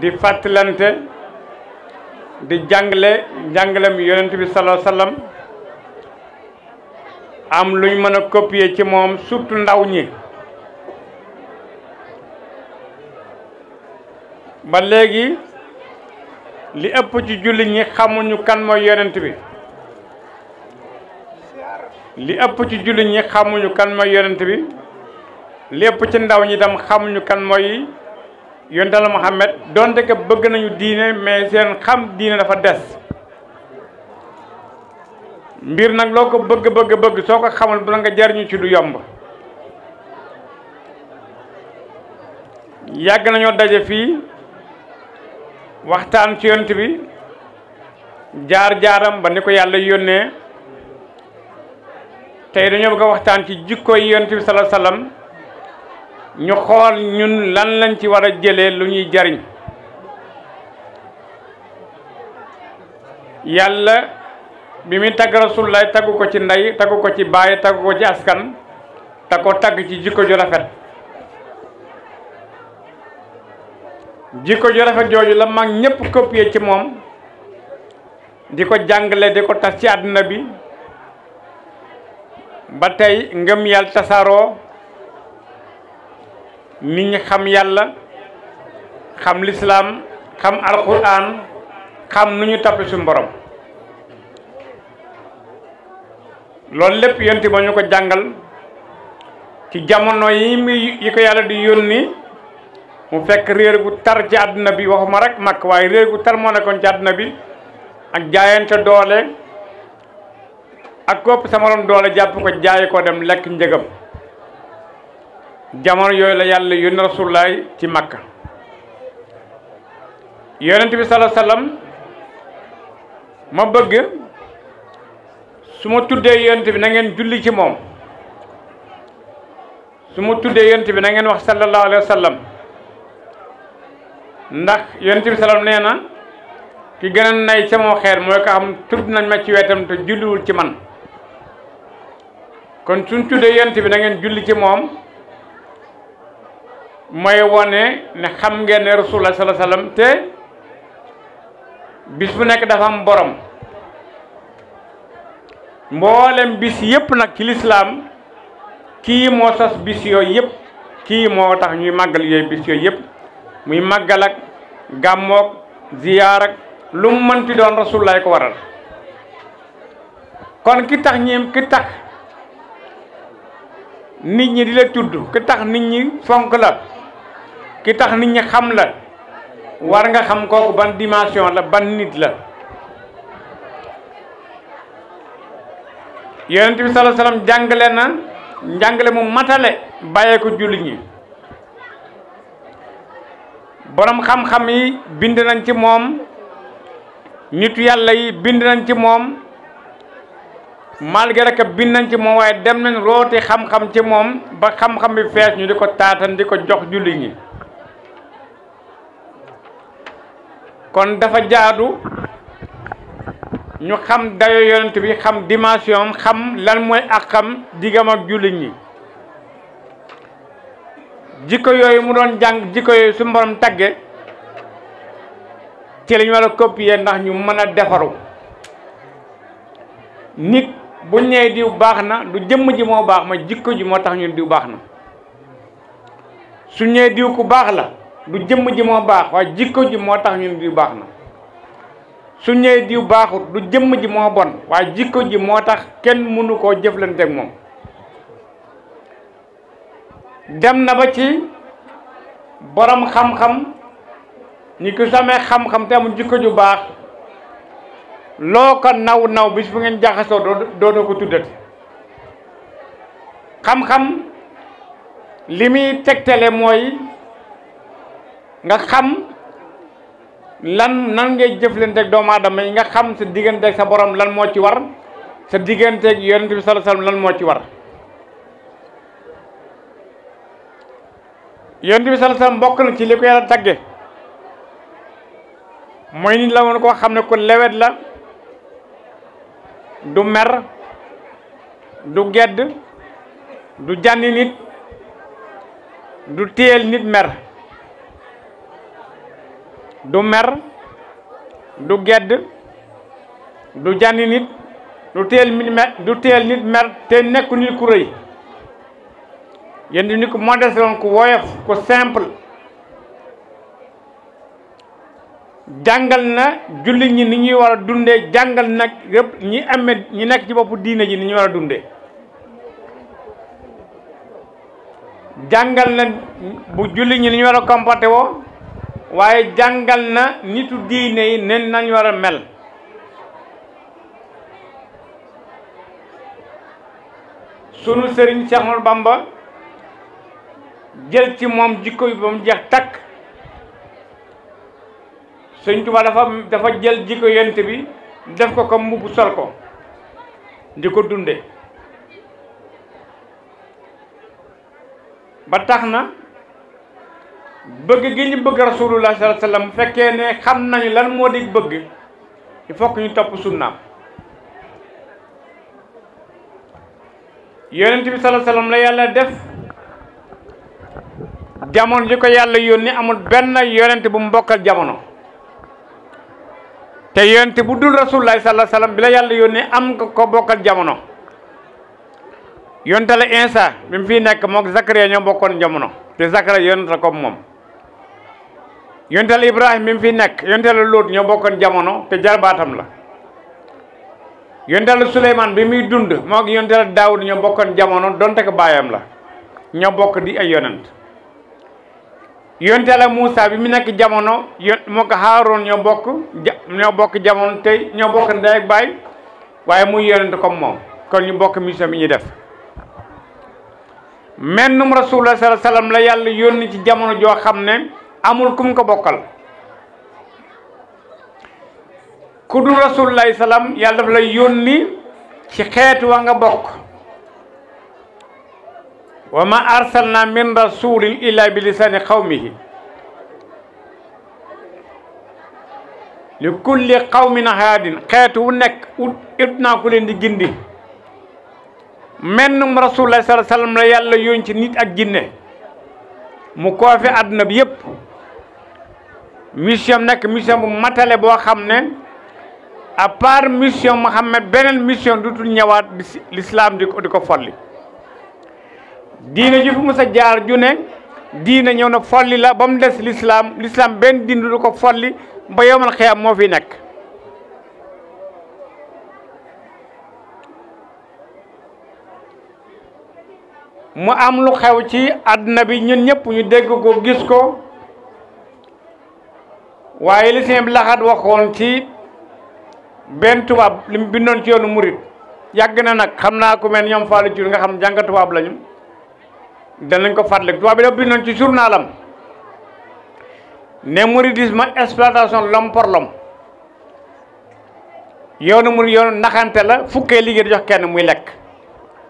di fàttalante di jàngale njàngalem yonent bi sallallahu alayhi wasallam am luñ mën a copier ci moom surtout ndaw ñi ba léegi li ëpp ci jullit ñi xamuñu kan mooy yonent bi li ëpp ci jullit ñi xamuñu kan mooy bi li ci ndaw ñi tam xamuñu kan mooy yontal Muhammad donte que bëgg nañu diine mais seen xam diine dafa des mbir nag loo ko bëgg bëgg bëgg soo ko xamul ba nga jariñu ci du yomb yàgg nañoo daje fii waxtaan ci yont bi jaar-jaaram ba ni ko yàlla yónnee tey dañoo bëgg a waxtaan ci jikko yi yont bi sallallahu ñu xool ñun lan lañ ci war a jëlee lu ñuy jariñ yàlla bi muy tagg rasulullaay taggu ko ci ndey taggu ko ci baay taggu ko ci askan te ko tagg ci jikko ju rafet jikko ju rafet jooju la mag ñépp copier ci moom di ko jàngale di ko tas ci àdduna bi ba tey ngëm yàlla tasaaroo nit xam yàlla xam lislaam xam alquran xam nu ñu tappe suñu borom loolu lépp yonti ñu ko jàngal ci jamono yi muy yi ko yàlla di yónni mu fekk réer gu tar ci àdduna bi waxuma rek mag waaye réer gu tar moo nekkoon ci àdduna bi ak jaayante doole ak kopp sama morom doole jàpp ko jaay ko dem lekk njëgam jamono yooyu la yàlla yónni rasulullaay ci makka yonent bi sala sallam ma bëgg su ma tuddee yonent bi na ngeen julli ci moom su ma tuddee yonent bi na ngeen wax sallallahu sallam ndax yonent bi sallam nee na ki gën a nay sama xeer mooy ko xam tudd nañ ma ci wetam te julliwul ci man kon suñ tuddee yonent bi nangeen ngeen julli ci moom may woné né xam ngeen rasulullah sallallahu alaihi wasallam te bis bu nek dafa am borom mboolem bis yépp nak ci l'islam ki mo tass bis yooyu yépp ki mo tax ñuy magal bis yépp muy magal ak gamok ak lu mënti doon rasulullah ko waral kon ki tax ñeem ki tax nit ñi di la tuddu ki tax nit ñi fonk la ki tax nit ñi xam la war nga xam kooku ban dimension la ban nit la yonent bi sallallahu alayhi jàngale na njàngale mu matale bàyyee ko jullit ñi borom xam-xam yi bind nañ ci moom nit yàlla yi bind nañ ci moom malgré que bind nañ ci moom waaye dem nañu rooti xam-xam ci moom ba xam-xam bi fees ñu di ko taatan di ko jox julli ñi kon dafa jaadu ñu xam dayo yonent bi xam dimension xam lan moy akam digam ak jullit ñi jiko yoy mu don jang jiko yoy su mborom tagge ci lañu wala copier ndax ñu mëna défaru nit bu ñëwee diw baxna du jëm ji mo bax ma jikko ji mo tax ñun diw baxna su diw ku bax la du jëm ji mo bax wa jikko ji mo tax ñun di baax na su ñëwee du jëm ji mo bon wa jikko ji mo tax kenn mënu jëflante ak mom dem na ba ci borom xam-xam ni ko samé xam-xam te amul jikko ju bax loo ko naw naw bis bu ngeen do do ko tuddati xam-xam limi tektele moy nga xam lan nan ngay jëflanteeg doomu aadama yi nga xam sa digënté ak sa borom lan mo ci war sa digganteeg yonent bi sallallahu alayhi wasallam lan mo ci war yonent bi sallallahu alayhi wasallam bokk na ci liko yalla taggé moy ni la won ko xam ko lewet la du mer du gedd du jànni nit du tiel nit mer du mer du gedd du jànni nit du teel nit mer te nekku nit ku rëy yéen di nit ku modeste woon ku woyof ku simple jàngal na jullit ñi ni ñuy war a dundee jàngal nag yëpp ñi amee ñi nekk ci boppu diine ji ni ñuy war a dundee jàngal na bu jullit ñi ni ñu war a comporté waaye jàngal na nitu diine yi nen nañ war a mel sunu sëriñ Cheikh Ahmadou Bamba jël ci moom jikko yi ba mu jeex takk Sëriñ Tuubaa dafa dafa jël jikko yent bi def ko ko mbubb sol ko di ko dunde ba tax na bëgg gi ñu bëgg rasulullah sallallahu alayhi fekkee ne xam nañu lan moo di bëgg il faut ñu topp sunnaam yonent bi sallallahu alayhi wasallam la yàlla def jamono ji ko yàlla yónni amul benn yonent bu mu bokkal jamono te yonent bu dul rasulullah sallallahu alayhi wasallam bi la yàlla yónni am nga ko bokkal jamono yonent la Insa bi mu fii nekk mook Zakariya ñoo bokkoon jamono te Zakariya yonent la comme moom yontel Ibrahima bi mu fi nekk yontel Lóot ñoo bokkoon jamono te jarbaatam la yontel Souleymane bi muy dund moo ak yontel Daawud ñoo bokkoon jamono donte ko baayam la ñoo bokk di ay yonent yontel Moussa bi mu nekk jamono yon moo ko Haaroon ñoo bokk ñoo bokk jamono te ñoo bokk ndey ak baay waaye muy yonent kom moom kon ñu bokk mission bi ñuy def mennum Rasulullah sallallahu alayhi la yàlla yónni ci jamono joo xam ne amul kum ko bokkal ku dul rasulullahi salaam yàlla daf lay yónni ci xeetu wa nga bokk wa ma arsalna min rasulin illa bi lisani qawmihi li kulli qawmin haadin xeetu wu nekk ut naa ku leen di gindi mennum rasulullahi salaam la yàlla yónni ci nit ak jinne mu koo fi bi yépp mission nekk mission bu matale boo xam ne à part mission Mouhamed beneen mission dutul ñëwaat l'islam di di ko folli diine ju fi mës a jaar ju ne diine ñëw na folli la ba mu des l'islam l'islam benn diine du ko folli ba yomal xiyam moo fi nekk mu am lu xew ci àdduna bi ñun ñëpp ñu dégg ko gis ko waaye li sëñ bi laxat waxoon ci benn tubaab li mu bindoon ci yoonu murit yàgg na nag xam naa ku mel ñoom Fallou Diouf nga xam jàng tubaab lañu danañ ko fàttali tubaab bi dafa bindoon ci journalam ne mouridisme exploitation l'homme pour l'homme yoonu murit yoonu naxante la fukkee liggéey di jox kenn muy lekk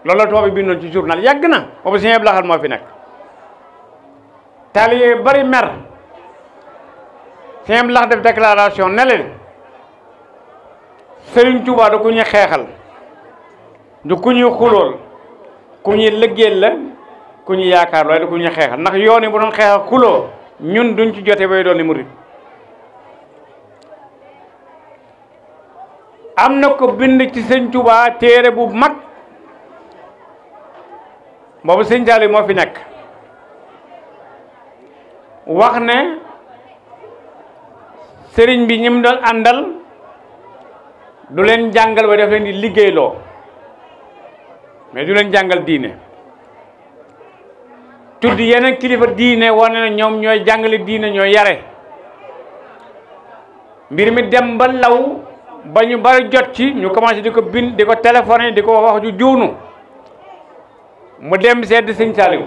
loolu la tubaab bi bindoon ci journal yàgg na boobu sëñ bi laxat moo fi nekk taalibe bari mer sëñ lax def déclaration ne sëriñ Serigne du ku ñuy xeexal du ku ñuy xulool ku ñuy lëggeel la ku ñuy yaakaar looy du ku ñuy xeexal ndax yoon yi bu doon xeexal xuloo ñun duñ ci jote bay doon ni murit am na ko bind ci sëñ Touba téere bu mag boobu sëñ Jaali moo fi nekk wax ne sëriñ bi ñim doon àndal du leen jàngal ba daf leen di liggéeyloo mais du leen jàngal diine tudd yeneen kilifa diine wane na ñoom ñooy jàngale diine ñooy yare mbir mi dem ba law ba ñu bari jot ci ñu commencé di ko bind di ko téléphoné di ko wax ju juunu mu dem sedd sëñ Saaliw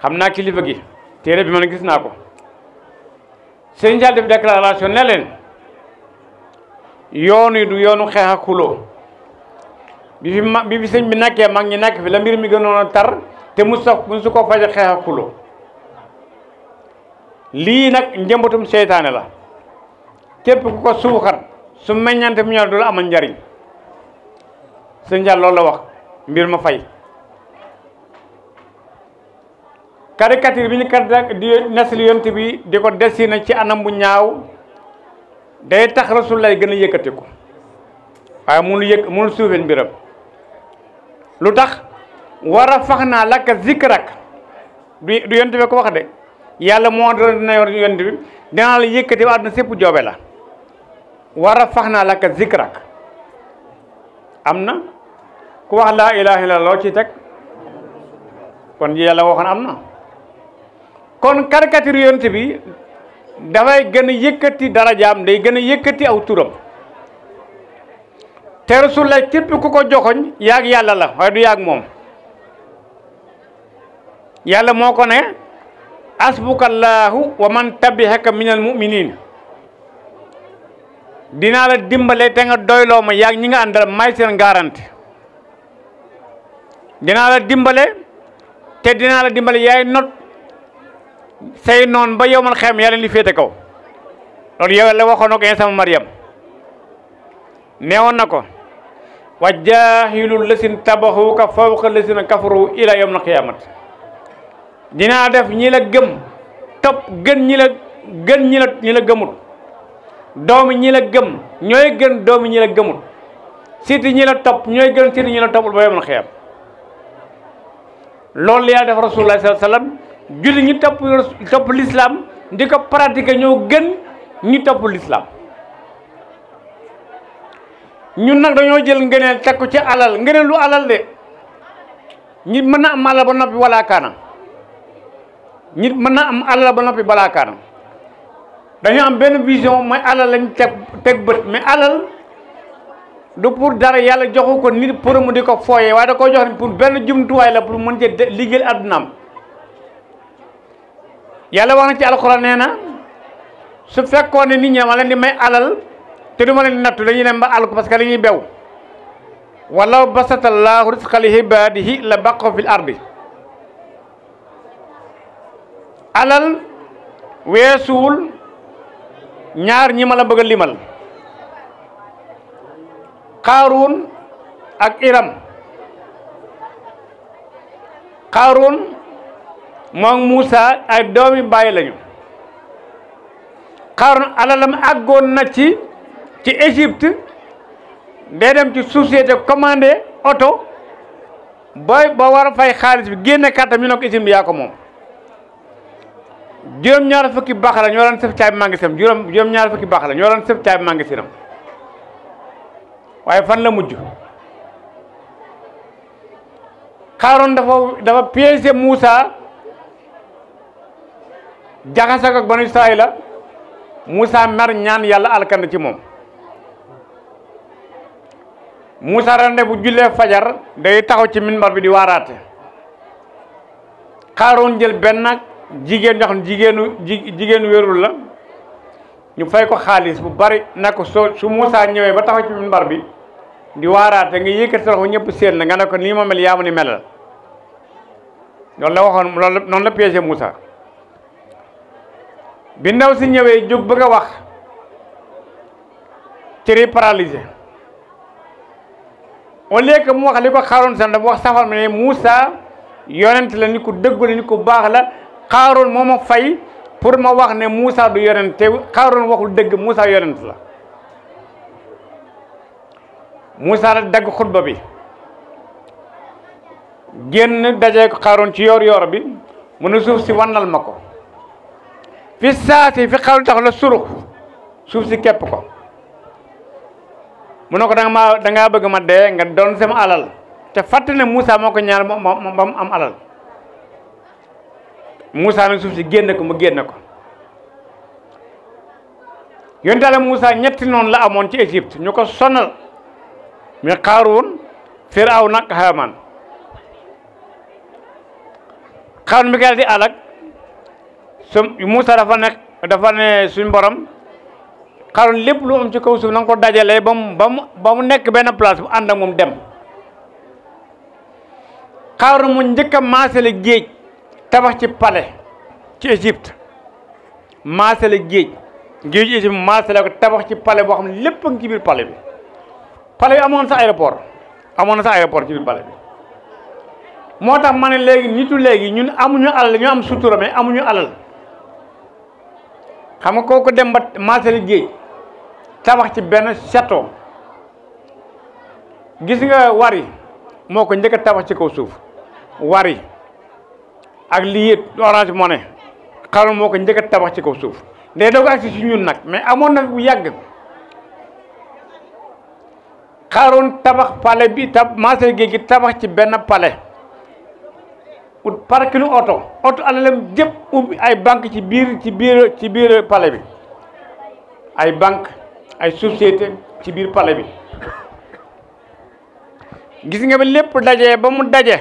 xam naa kilifa gi téere bi man gis naa ko Sénégal def déclaration ne leen yoon du yoonu xeex ak bi fi ma bi fi señ bi nekkee mag ñi nak fi ya, la mbir mi gënono tar té mu sax mu su ko faje xeex ak xuloo lii nag njëmbatum la képp ku ko suxat su meññante mi ñor du la amal njariñ sëñ loolu la wax mbir ma fay caricature bi ñu kat di nettali yonent bi di ko dessiné ci anam bu ñaaw day tax rasul lay gën a yëkkatiku waaye munu yëkk lu tax war a naa lakka zikrak du du yonent ko wax de yàlla moo doon dina yor yonent bi dinaa la yëkkati ba àdduna sépp joobe la war a fax naa lakka zikrak am na ku wax laa ilaha illallah ci teg kon yàlla waxoon am na kon caricature yonent bi dafay gën a yëkkati darajaam day gën a yëkkati aw turam te Rasulullah képp ku ko joxoñ yaag yàlla la waaye du yaag moom yàlla moo ko ne asbukallaahu wa man tabihaka minal muminin dinaa la dimbale te nga doyloo ma yaag ñi nga àndal may seen garante dinaa la dimbale te dinaa la dimbale yaay not say noon ba yow man xem yaa leen di féete kaw loolu yow la waxoon na ko Iisaa Maryam na ko wa jaahilul lasin tabaxuuka fawqa lasina kafaru ila yawmil qiyaamat dinaa def ñi la gëm topp gën ñii la gën ñi la ñi la doomi ñi la gëm ñooy gën doomi ñi la gëmut siti ñi la topp ñooy gën siti ñi la toppul ba yawmil qiyaam loolu def rasulullah sallallahu julli ñi topp topp l'islam di ko pratiquer ñoo gën ñi topp l'islam ñun nak dañoo jël ci alal ngëneel lu alal de nit mana am alal ba noppi wala kana nit am alal ba noppi kana? kaana dañoo am ben vision alal lañ teg teg bët mais alal du pour dara yalla joxoko nit pour mu diko ko way da ko jox pour jumtu way la pour mën ci liggéeyal yalla wax na ci alxuraan na su fekkone nit ñi ma leen di may alal te duma leen di nattu dañuy dem ba àll ko parce que dañuy bew walaw basata allah rizqalihi badihi la baqa fil ardi alal wesul, ñaar ñi ma la bëgg limal qarun ak iram qarun moom Moussa ay doomi bàyyi lañu xaaroon alalam àggoon na ci ci Égypte day dem ci société commandé oto booy ba war fay xaalis bi génne kàttam ñu ne ko Égypte yaa ko moom juróom-ñaar fukki baax la ñoo doon sëf caay màngisinam juróom juróom-ñaar fukki baax la ñoo doon sëf caay màngisinam waaye fan la mujj xaaroon dafa dafa piégé Moussa jaxasoo ak banu israila musa mer ñaan yalla alkan ci mom musa rande bu julle fajar day taxaw ci minbar bi di warate xaron jël ben nak jigen xam jigenu jigéenu la ñu fay ko xaliss bu bari nak So su musa ñewé ba taxaw ci minbar bi di warate nga yëkkati sa loxo ñepp seen nga nak ni ma mel yaamu ni melal non la waxon non la piégé musa bi ndaw si ñëwee jóg bëgg a wax cëri paralysé au que mu wax li ko xaaroon san dafa wax safar ma ne Moussa yonent la nit ku dëggu la nit ku baax la xaaroon moom ma fay pour ma wax ne Moussa du yonent te xaaroon waxul dëgg Moussa yonent la Moussa la dagg xutba bi génn dajee ko xaaroon ci yoor yoor bi mu ne suuf si wannal ma ko fi saasi fi xaw tax la surux suuf si képp ko mu ne ko danga maa dangaa bëgg ma dee nga doon sama alal te fàtte ne Moussa moo ko ñaar ba mu am alal Moussa nag suuf si génn ko mu génn ko yonent Yàlla Moussa ñetti noonu la amoon ci Égypte ñu ko sonal mi Qaaruun Firawna ak Haamaan Qaaruun mi ko yàlla di alak su Moussa dafa dafa ne suñ borom xaroon lépp lu am ci kaw suuf na nga ko dajalee ba mu ba mu ba mu nekk benn place bu ànd ak moom dem xaaroon mu njëkk a maasale géej tabax ci pale ci Égypte maasale géej géej Égypte maasale ko tabax ci pale boo xam ne lépp a ngi ci biir palais bi palais bi amoon sa aéroport amoon na sa aéroport ci biir palais bi moo tax ma ne léegi nitu léegi ñun amuñu alal ñu am sutura mais amuñu alal xam nga kooku dem ba maasali géej tabax ci benn château gis nga wari moo ko njëkk tabax ci kaw suuf wari ak lii orange money xarum moo ko njëkk tabax ci kaw suuf day doog agsi si ñun nag mais amoon na bu yàgg xaaroon tabax pale bi tab maasali géej gi tabax ci benn pale ut parkilu oto oto alalem jëpp ubbi ay banque ci biir ci biir ci biir palais bi ay banque ay société ci biir pale bi gis nga ba lépp daje ba mu daje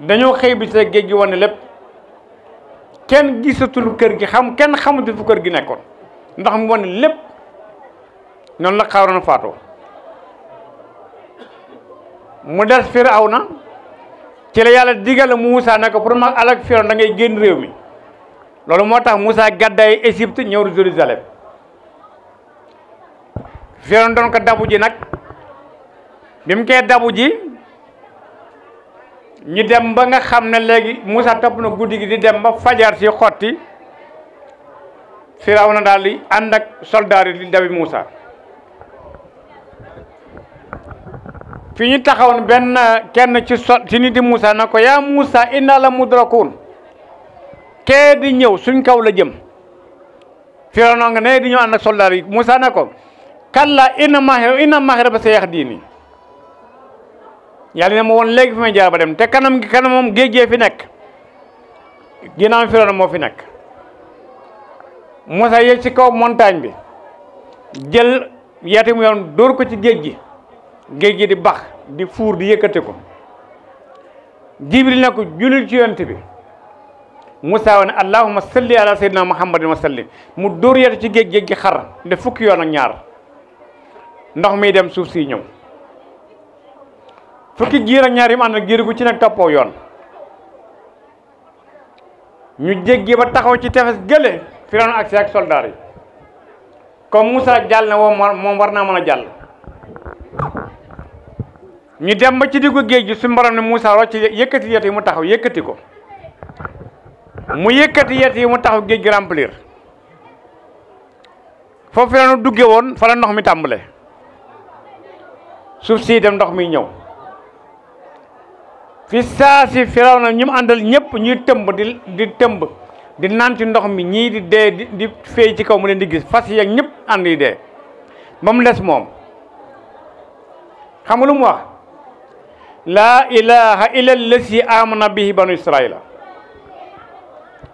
dañoo xëy bi sa géej gi wane lépp kenn gisatul kër gi xam kenn xamutul fu kër gi nekkoon ndax mu wane lépp noonu la xaaroon faatoo mu des Firawna ci la yàlla digal Moussa ne ko pour ma alak Firawna da ngay génn réew mi loolu moo tax Moussa gàddaay Égypte ñëw Jérusalem Firawna doon ko dabu ji nag bi mu koy dabu ji ñu dem ba nga xam ne léegi Moussa topp na guddi gi di dem ba fajar si xotti na daal di ànd ak soldaar yi di dabi Moussa fiñu taxawon ben eh, kenn ci so di Musa na ya Musa inna la mudrakun ke di ñew suñ kaw la jëm Firawna nga ne di ñu and ak soldaar yi Musa nako kala inna ma inna ma raba sa yax diini ne mo won legi fi ma jaar ba dem te kanam gi kanam mom geejje fi nekk ginnaaw Firawna mo fi nek Musa yëg ci kaw montagne bi jël yeeti mu yoon ko ci géej gi di bax di fuur di yëkkati ko jibril na ko julil ci yonent bi Moussa woon allahuma salli ala sayyidina muhammadin wa sallim mu dóor yetu ci géej géej gi xar de fukki yoon ak ñaar ndox mi dem suuf si ñëw fukki giir ak ñaar yi mu ànd giir gu ci nag toppoo yoon ñu jéggi ba taxaw ci tefes gële Firawna agsi ak soldaar yi comme Moussa jàll na woo moom war naa mën a jàll ñu dem ba ci diggu geejju suñu borom ni Musa rocc yëkkati yati mu taxaw yëkkati ko mu yëkkati yati mu taxaw geej gi remplir fofu la nu duggé won fa la ndox mi tambalé suuf si dem ndox mi ñëw fi saasi si firaw na ñu andal àndal ñëpp ñuy tëmb di di tëmb di nan ci ndox mi ñi di dé di di ci kaw mu leen di gis fas yi ak ñëpp andi dé bam ba mom des xam lu mu wax La ilaha illa lasi amana bihi banu israila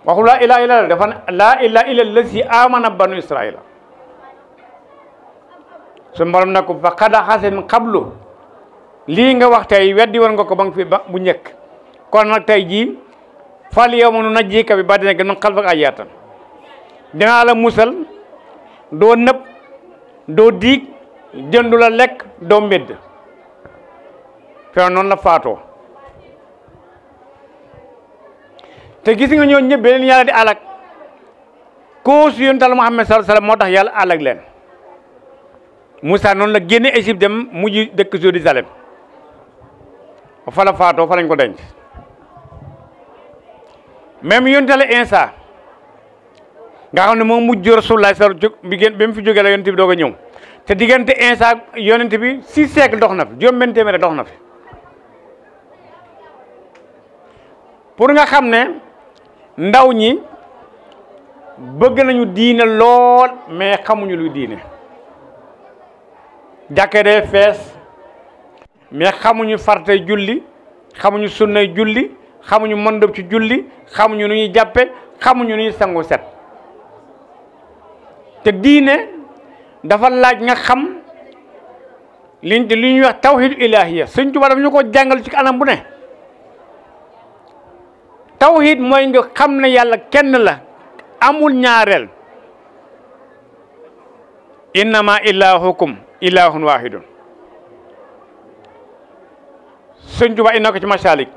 wa la ilaha illa la ilaha illa lasi amana banu israila sun borom nak fa qad xasen qablu li nga wax tay weddi won nga ko ba fi bu ñek kon nak tay ji fal yow najika bi badina gën la musal do nepp do dik jëndula lek do feew noonu la faatoo te gis nga ñooñu ñëpp beneen yàlla di alak koosu yonent Yàlla Muhammad sallallahu alayhi moo tax yàlla alak leen Moussa noonu la génne Égypte dem mujj dëkk Jérusalem fa la faatoo fa lañ ko denc même yonent Yàlla Insa nga xam ne moom mujj Rasulullah sar bi gën bi mu fi jógee la yonent bi doog ñëw te diggante Insa yonent bi six siècle dox na fi juróom benn téeméer dox na fi pour nga xam ndaw ñi bëgg nañu diiné lool mais xamuñu lu diiné jàkke fess mais xamuñu farté julli xamuñu sunna julli xamuñu mëndëb ci julli xamuñu nu ñuy jàppe xamuñu nu ñuy sangu set té diiné dafa laaj nga xam liñ di liñ wax tawhid ilahiyya Sëñ Tuubaa dafa ko jangal ci anam bu ne tawhid mooy nga xam ne yàlla kenn la amul ñaareel innama ilahukum ilahun wahidun sëñ Tuubaa ina ko ci masalik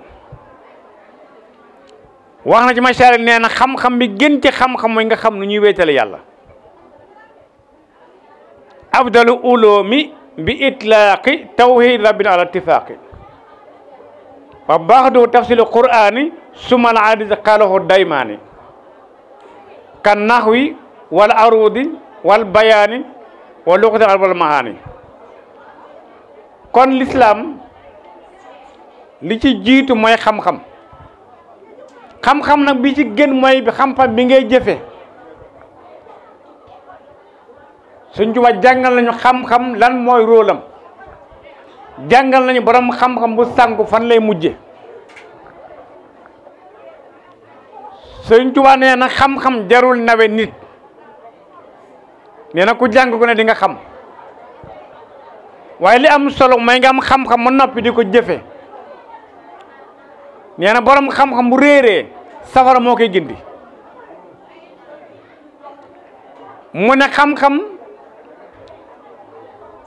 wax na ci masalik nee na xam-xam bi gën ci xam-xam mooy nga xam nu ñuy wéetale yàlla afdalu uloomi bi itlaaqi tawhid rabbina ala ittifaaqi wa baxdu tafsil qur'ani suma al adis qalahu daymani kan nahwi wal arudi wal bayani wa luqati wal mahani kon lislaam li ci jiitu mooy xam-xam xam-xam nag bi ci gën mooy bi xam bi ngay jëfe suñ juba jàngal nañu xam-xam lan mooy róolam jàngal nañu borom xam-xam bu sànku fan lay mujje sëñ Tuubaa nee na xam-xam jarul nawe nit nee na ku jàng ku ne di nga xam waaye li am solo may nga am xam-xam ma noppi di ko jëfe nee na borom xam-xam bu réeree safara moo koy gindi mu ne xam-xam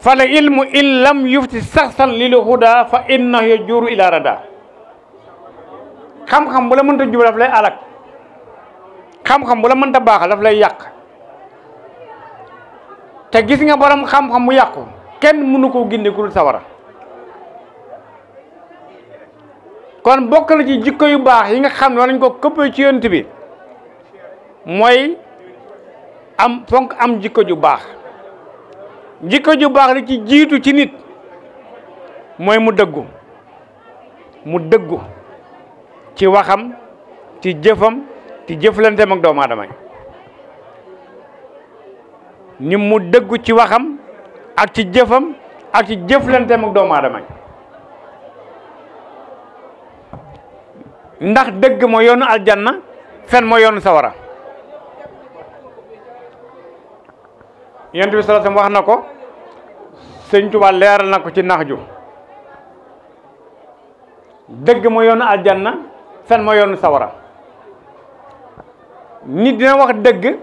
fala ilmu illam yufti saxsan lil huda fa inna yajuru ila rada xam-xam bu la mënta jub lay alak xam-xam bu la mënta bax daf lay yak te gis nga borom xam-xam mu yakku kenn mënu ko gindi kul sawara kon bokkal ci jikko yu bax yi nga xam lañ ko këppee ci yonent bi am fonk am jikko ju bax jikko ju baax li ci jiitu ci nit mooy mu dëggu mu dëggu ci waxam ci jëfam ci jëflanteem doomu aadama ni mu dëggu ci waxam ak ci jëfam ak ci jëflanteem doomu aadama ndax dëgg moo yoonu aljanna fen moo yoonu sawara yonent bi sallallahu alayhi wasallam wax na ko sëñ Tuubaa leeral na ko ci nax ju dëgg moo yoonu aljanna fen moo yoonu sawara nit dina wax dëgg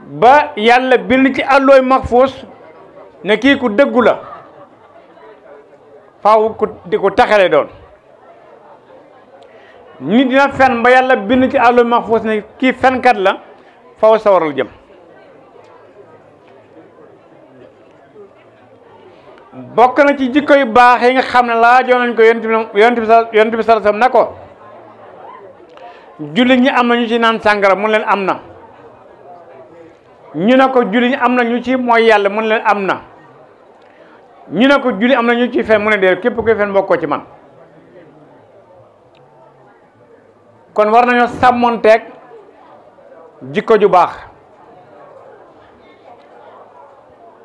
ba yàlla bind ci àllooy maxfuus ne kii ku dëggu la faaw ku di ko taxale doon nit dina fen ba yàlla bind ci àllooy maxfuus ne kii fenkat la faaw sawaral jëm mbokk na ci jikko yu baax yi nga xam ne laajoon nañ ko yonent bi yonent bi sa yonent bi salasam na ko jullit ñi am na ñu ci naan sàngara mu leen am na ñu ne ko jullit ñi am na ci mooy yàlla mun leen am na ñu ne ko jullit am na ñu ci fen mu ne dee képp koy fen bokkoo ci man kon war nañoo sàmmoonteeg jikko ju baax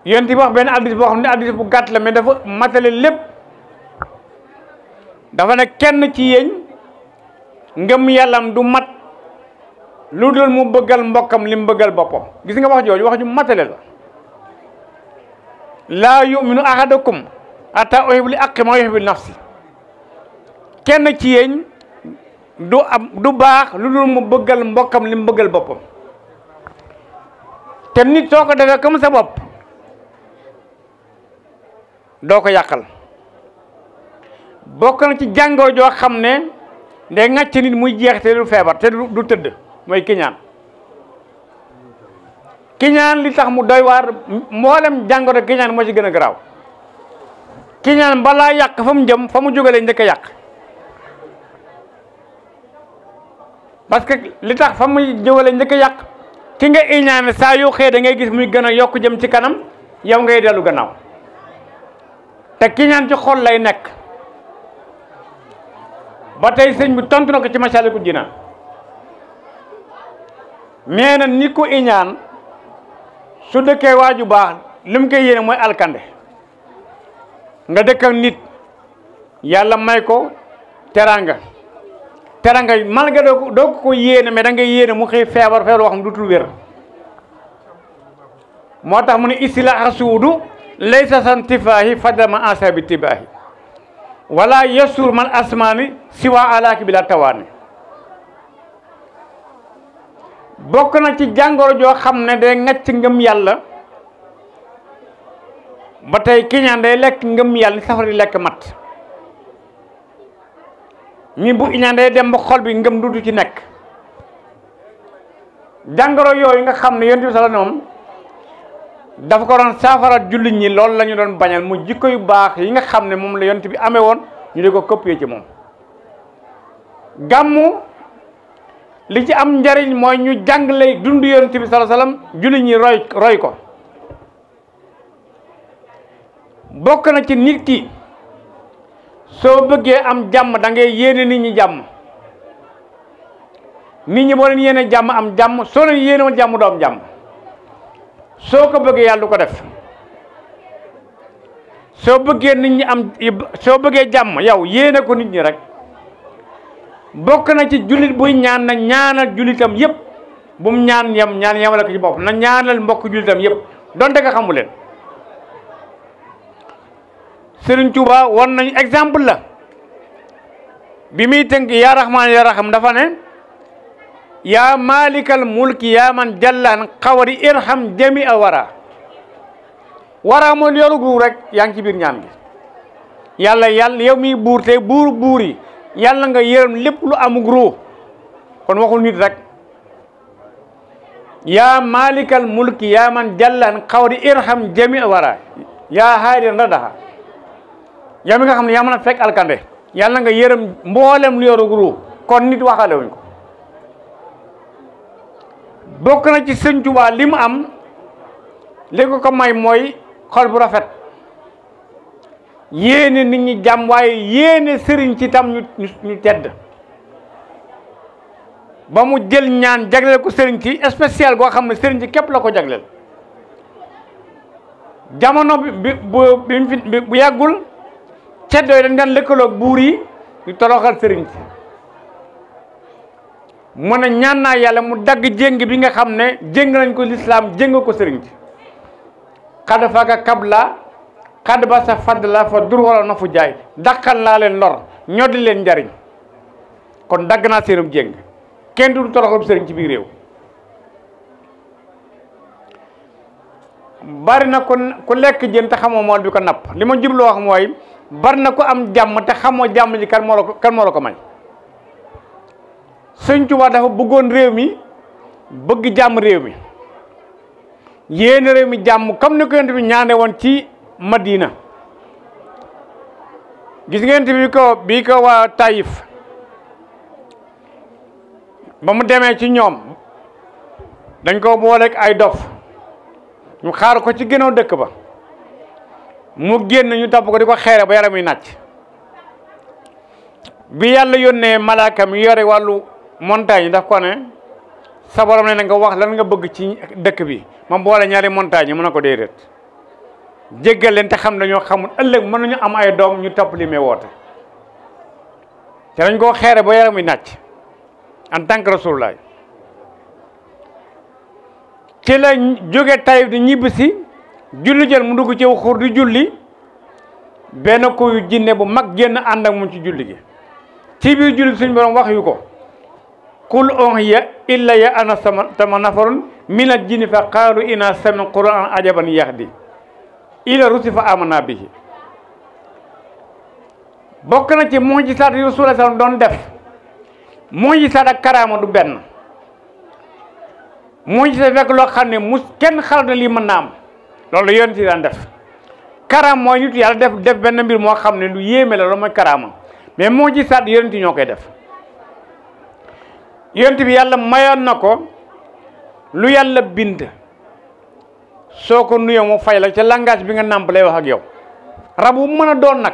yonent bi wax benn addis boo xam ne addis bu gàtt la mais dafa matale lépp dafa ne kenn ci yéen ngëm yàllam du mat lu dul mu bëggal mbokkam li mu bëggal boppam gis nga wax jooju wax ju matale la laa yuminu ahadakum ata uhibbu li aqi ma yuhibbu nafsi kenn ci yéen du am du baax lu dul mu bëggal mbokkam li mbëggal boppam te nit soo ko defee comme sa bopp doo ko yàqal bokk na ci jàngoo joo xam ne ndey ŋàcc nit muy jeex te du feebar te du tëdd mooy kiñaan kiñaan li tax mu doy waar mboolem jàngoro kiñaan moo ci gën a garaaw kiñaan balaa yàq fa mu jëm fa mu jógalee njëkk yàq parce que li tax fa muy jógalee njëkk a yàq ki nga iñaane saa yoo xëy da ngay gis muy gën a yokk jëm ci kanam yow ngay dellu gannaaw te ki ci xol lay nekk ba tey sëñ bi tontu na ko ci Masaalikul Jinaan nee na ni ko iñaan su dëkkee waaju baax li mu koy yéene mooy alkande nga dëkka nit yàlla may ko teranga teranga malgré doo doo ko yéene mais da nga yéene mu xëy feebar feebar wax mu dutul wér moo tax mu ne istila xasuudu laysa san tifaahi fadama asabi tibaahi wala yasur man asmaani siwa alaaki bi la tawaani bokk na ci jàngoro joo xam ne day ngacc ngëm yàlla ba tey kiñaan day lekk ngëm yàlla ni safara lekk mat mi bu iñaan day dem ba xol bi ngëm duutu ci nekk jàngoro yooyu nga xam ne yonent bi sala noom dafa ko doon saafara julli ñi loolu lañu doon bañal mu jikko yu baax yi nga xam ne moom la yont bi amee woon ñu di ko copier ci moom gàmmu li ci am njariñ mooy ñu jàngale dund yont bi sallallahu alayhi wasallam jullit ñi roy roy ko bokk na ci nit ki soo bëggee am jàmm dangay ngay yéene nit ñi jàmm nit ñi boo leen yéene jàmm am jàmm soo leen yéene woon jàmm doo jàmm soo ko bëggee yàlla du ko def soo bëggee nit ñi am soo bëggee jàmm yow yéene ko nit ñi rek bokk na ci jullit buy ñaan na ñaanal jullitam yëpp bu mu ñaan yam ñaan yemale ko ci bopp na ñaanal mbokk jullitam yëpp donte nga xamu leen Serigne Touba war nañu exemple la bi muy tënk yaa rahmaan dafa ne ya malikal mulki ya man jallaan xawari irham jami a wara wara mooy yoru guur rek yaa ngi ci biir ñaan gi yàlla yàlla yow miy buur te buur buur yi yàlla nga yërëm lépp lu amug ruu kon waxul nit rek ya malikal mulki ya man jallaan xawari irham jami a wara yaa haari radaha yow mi nga xam ne yaa mën alkande yàlla nga yërëm mboolem lu yoru ruu kon nit waxalewuñ ko bokk na ci sëñ Tuubaa li mu am li ko may mooy xol bu rafet yéene nit ñi jàmm waaye yéene sëriñ ci tam ñu ñu tedd ba mu jël ñaan jagleel ko sëriñ ci spécial boo xam ne sëriñ ci képp la ko jagleel jamono bi bi bu yàggul ceddooy dañ daan lëkkaloog buur yi ñu toroxal sëriñ ci mona ne ñaan naa yàlla mu dag jeng bi nga xamne ne nañ ko l'islam jeng ko ci bi fa ka kabla xad ba sa fadla fa dur wala na fu jaay dakal la len lor ñoddi len jariñ kon dag na serum jeng kenn du toroxal serigne ci bi rew bari kon ku lek jeen ta xamoo mo bi ko nap lima jiblu wax moy bari ko am jam ta xamoo jam ji kan mo kan mo may sëñ Tuubaa dafa bëggoon réew mi bëgg jàmm réew mi yéen réew mi jàmm comme ni ko yonent bi ñaane woon ci Madina gis ngeen bi ko bii ko waa Taïf ba mu demee ci ñoom dañ ko booleeg ay dof ñu xaar ko ci ginnaaw dëkk ba mu génn ñu tab ko di ko xeere ba yaram yi nàcc bi yàlla yónnee malaaka mi yore wàllu yi daf ko ne sa borom na nga wax lan nga bëgg ci dëkk bi ma boole ñaari yi mën na ko déedéet jéggal leen te xam dañoo xamul ëllëg mën nañu am ay doom ñu topp li may woote te dañ koo xeere ba yaram wi nàcc en tant que rasulullah ci la jóge Taïf di ñibbi si julli jël mu dugg ci xur di julli benn koyu yu jinne bu mag génn ànd ak moom ci julli gi ci biir julli suñ borom wax yu ko kul ya illa ya ana sama nafarun min al-jinn fa qalu inna sami al-quran ajaban yahdi ila rusifa amana bihi bokna ci moji sa rasul sa don def moji sa karama du ben moji sa fek lo xamne mus ken xal na li manam lolou yonti dan def karam moy nit yalla def def ben mbir mo xamne du yeme la lo moy karama mais moji sa ñokay def yonent bi yàlla mayoon na ko lu yàlla bind soo ko nuyoo mu fay la ca langage bi nga nàmp lay wax ak yow rab mën a doon nag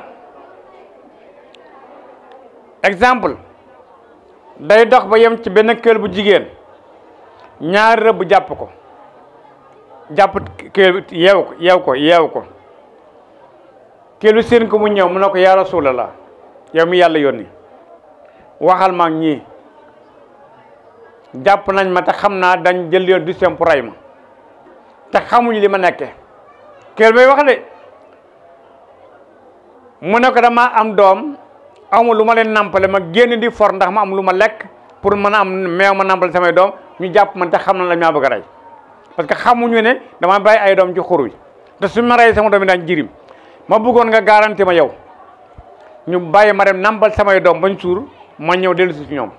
exemple day dox ba yem ci benn kéwél bu jigéen ñaari rëbb jàpp ko jàpp kéwél bi yeew ko yeew ko yeew ko séen ko mu ñew mu ne ko yaa rasulallah yow mi yàlla yónni waxal ma ñii japp nañ ma te xamna dañ jël yoon deuxième pour ma te xamuñu lima ma kër bay wax de mu ne ko am dom amu luma len nampalé ma génn di for ndax ma am luma lek pour mëna am meew ma sama samay doom ñu japp man te xamna la bëgg ray parce que xamuñu né dama bay ay dom ci xuru te ma ray sama doom dañ jirim ma bëggon nga garantie ma yow ñu baye ma dem nampal samay dom bañ suur ma ñew delu ci ñom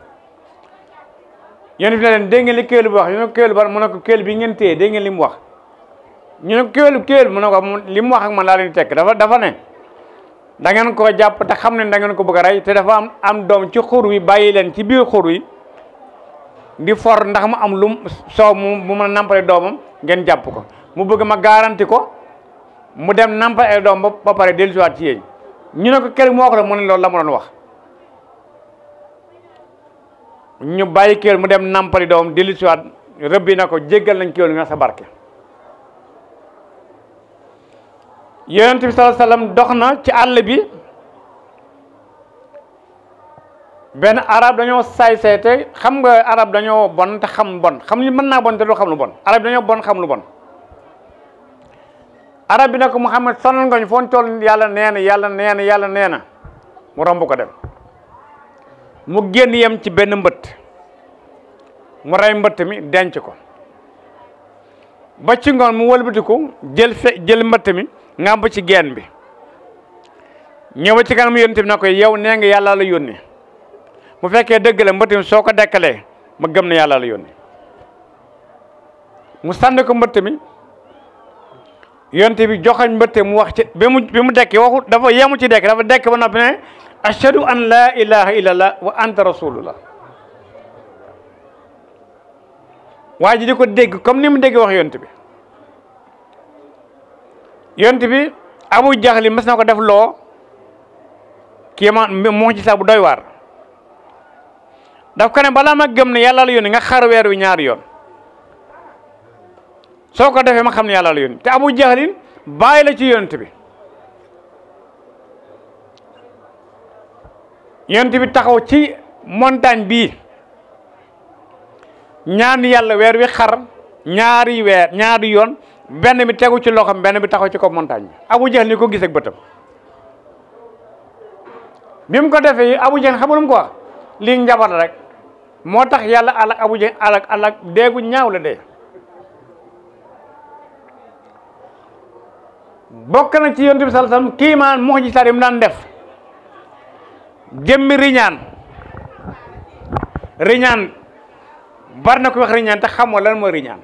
yéen bi ne leen dégg ngeen li kéwél bi wax ñu ne ko kéwél bar mu ne ko kéwél bi ngeen téye dégg ngeen wax ñu kéelu ko kéwél mu ne ko li mu wax ak man laa leen tekk dafa dafa ne da ngeen ko jàpp te xam ne dangeen ko bëgg a rey te dafa am am doom ci xur wi bàyyi leen ci biir xur wi di for ndax mu am lu soow mu mu mën a doomam ngeen jàpp ko mu bëgg ma garanti ko mu dem nampale doom ba ba pare dellusiwaat ci yéen ñu ne ko kër moo ko doon mu ne loolu la ma doon wax ñu bàyyi kéwél mu dem nàmpali doom dellu siwaat na ko jéggal nañ kéwél nga sa barke yonent bi sallallahu alayhi dox na ci àll bi benn arab dañoo saay saay te xam nga arab dañoo bon te xam bon xam ni mën naa bon te du xam lu bon arab bi dañoo bon xam lu bon arab bi nag Muhammad sonal nga ñu yàlla nee na yàlla nee yàlla nee na mu romb ko dem mu génn yem ci benn mbëtt mu rey mbëtt mi denc ko ba ci ngoon mu wëlbatiku jël fe jël mbëtt mi ngàmb ci geen bi ñëw ba ci kanam yónni bi na ko yow nee ngi yàlla la yónni bu fekkee dëgg la mbëtt mi soo ko dekkalee mu gëm na yàlla la yónni mu sànni ko mbëtt mi yónni bi joxañ mbëtt mu wax ci bi mu bi mu dekkee waxu dafa yemu ci dekk dafa dekk ba noppi ne asyhadu an la ilaha illallah wa anta rasulullah Waji diko deg comme nim deg wax yont bi yont bi abu Jahl mas na ko def loo ma mo ci saa bu doy war. daf kané bala ma gem ne Yalla la yoni nga xar wer wi ñaar yoon Soko defé ma xamni Yalla la yoni. te abu Jahl bayila ci yont bi yonent bi taxaw ci montagne bii ñaani yàlla weer wi xar ñaari weer ñaari yoon benn bi tegu ci loxam benn bi taxaw ci ko montagne bi Abu Jahl ni ko gisee bëtam bi mu ko defee Abu Jahl xamulum ko lii njabar rek moo tax yàlla alak Abu Jahl alak alak ñaaw la dee bokk na ci yonent bi sallallahu alayhi wasallam moo mu'jizaat yi mu daan def jëmmi riñaan riñaan bari na ko wax riñaan te xamoo lan mooy riñaan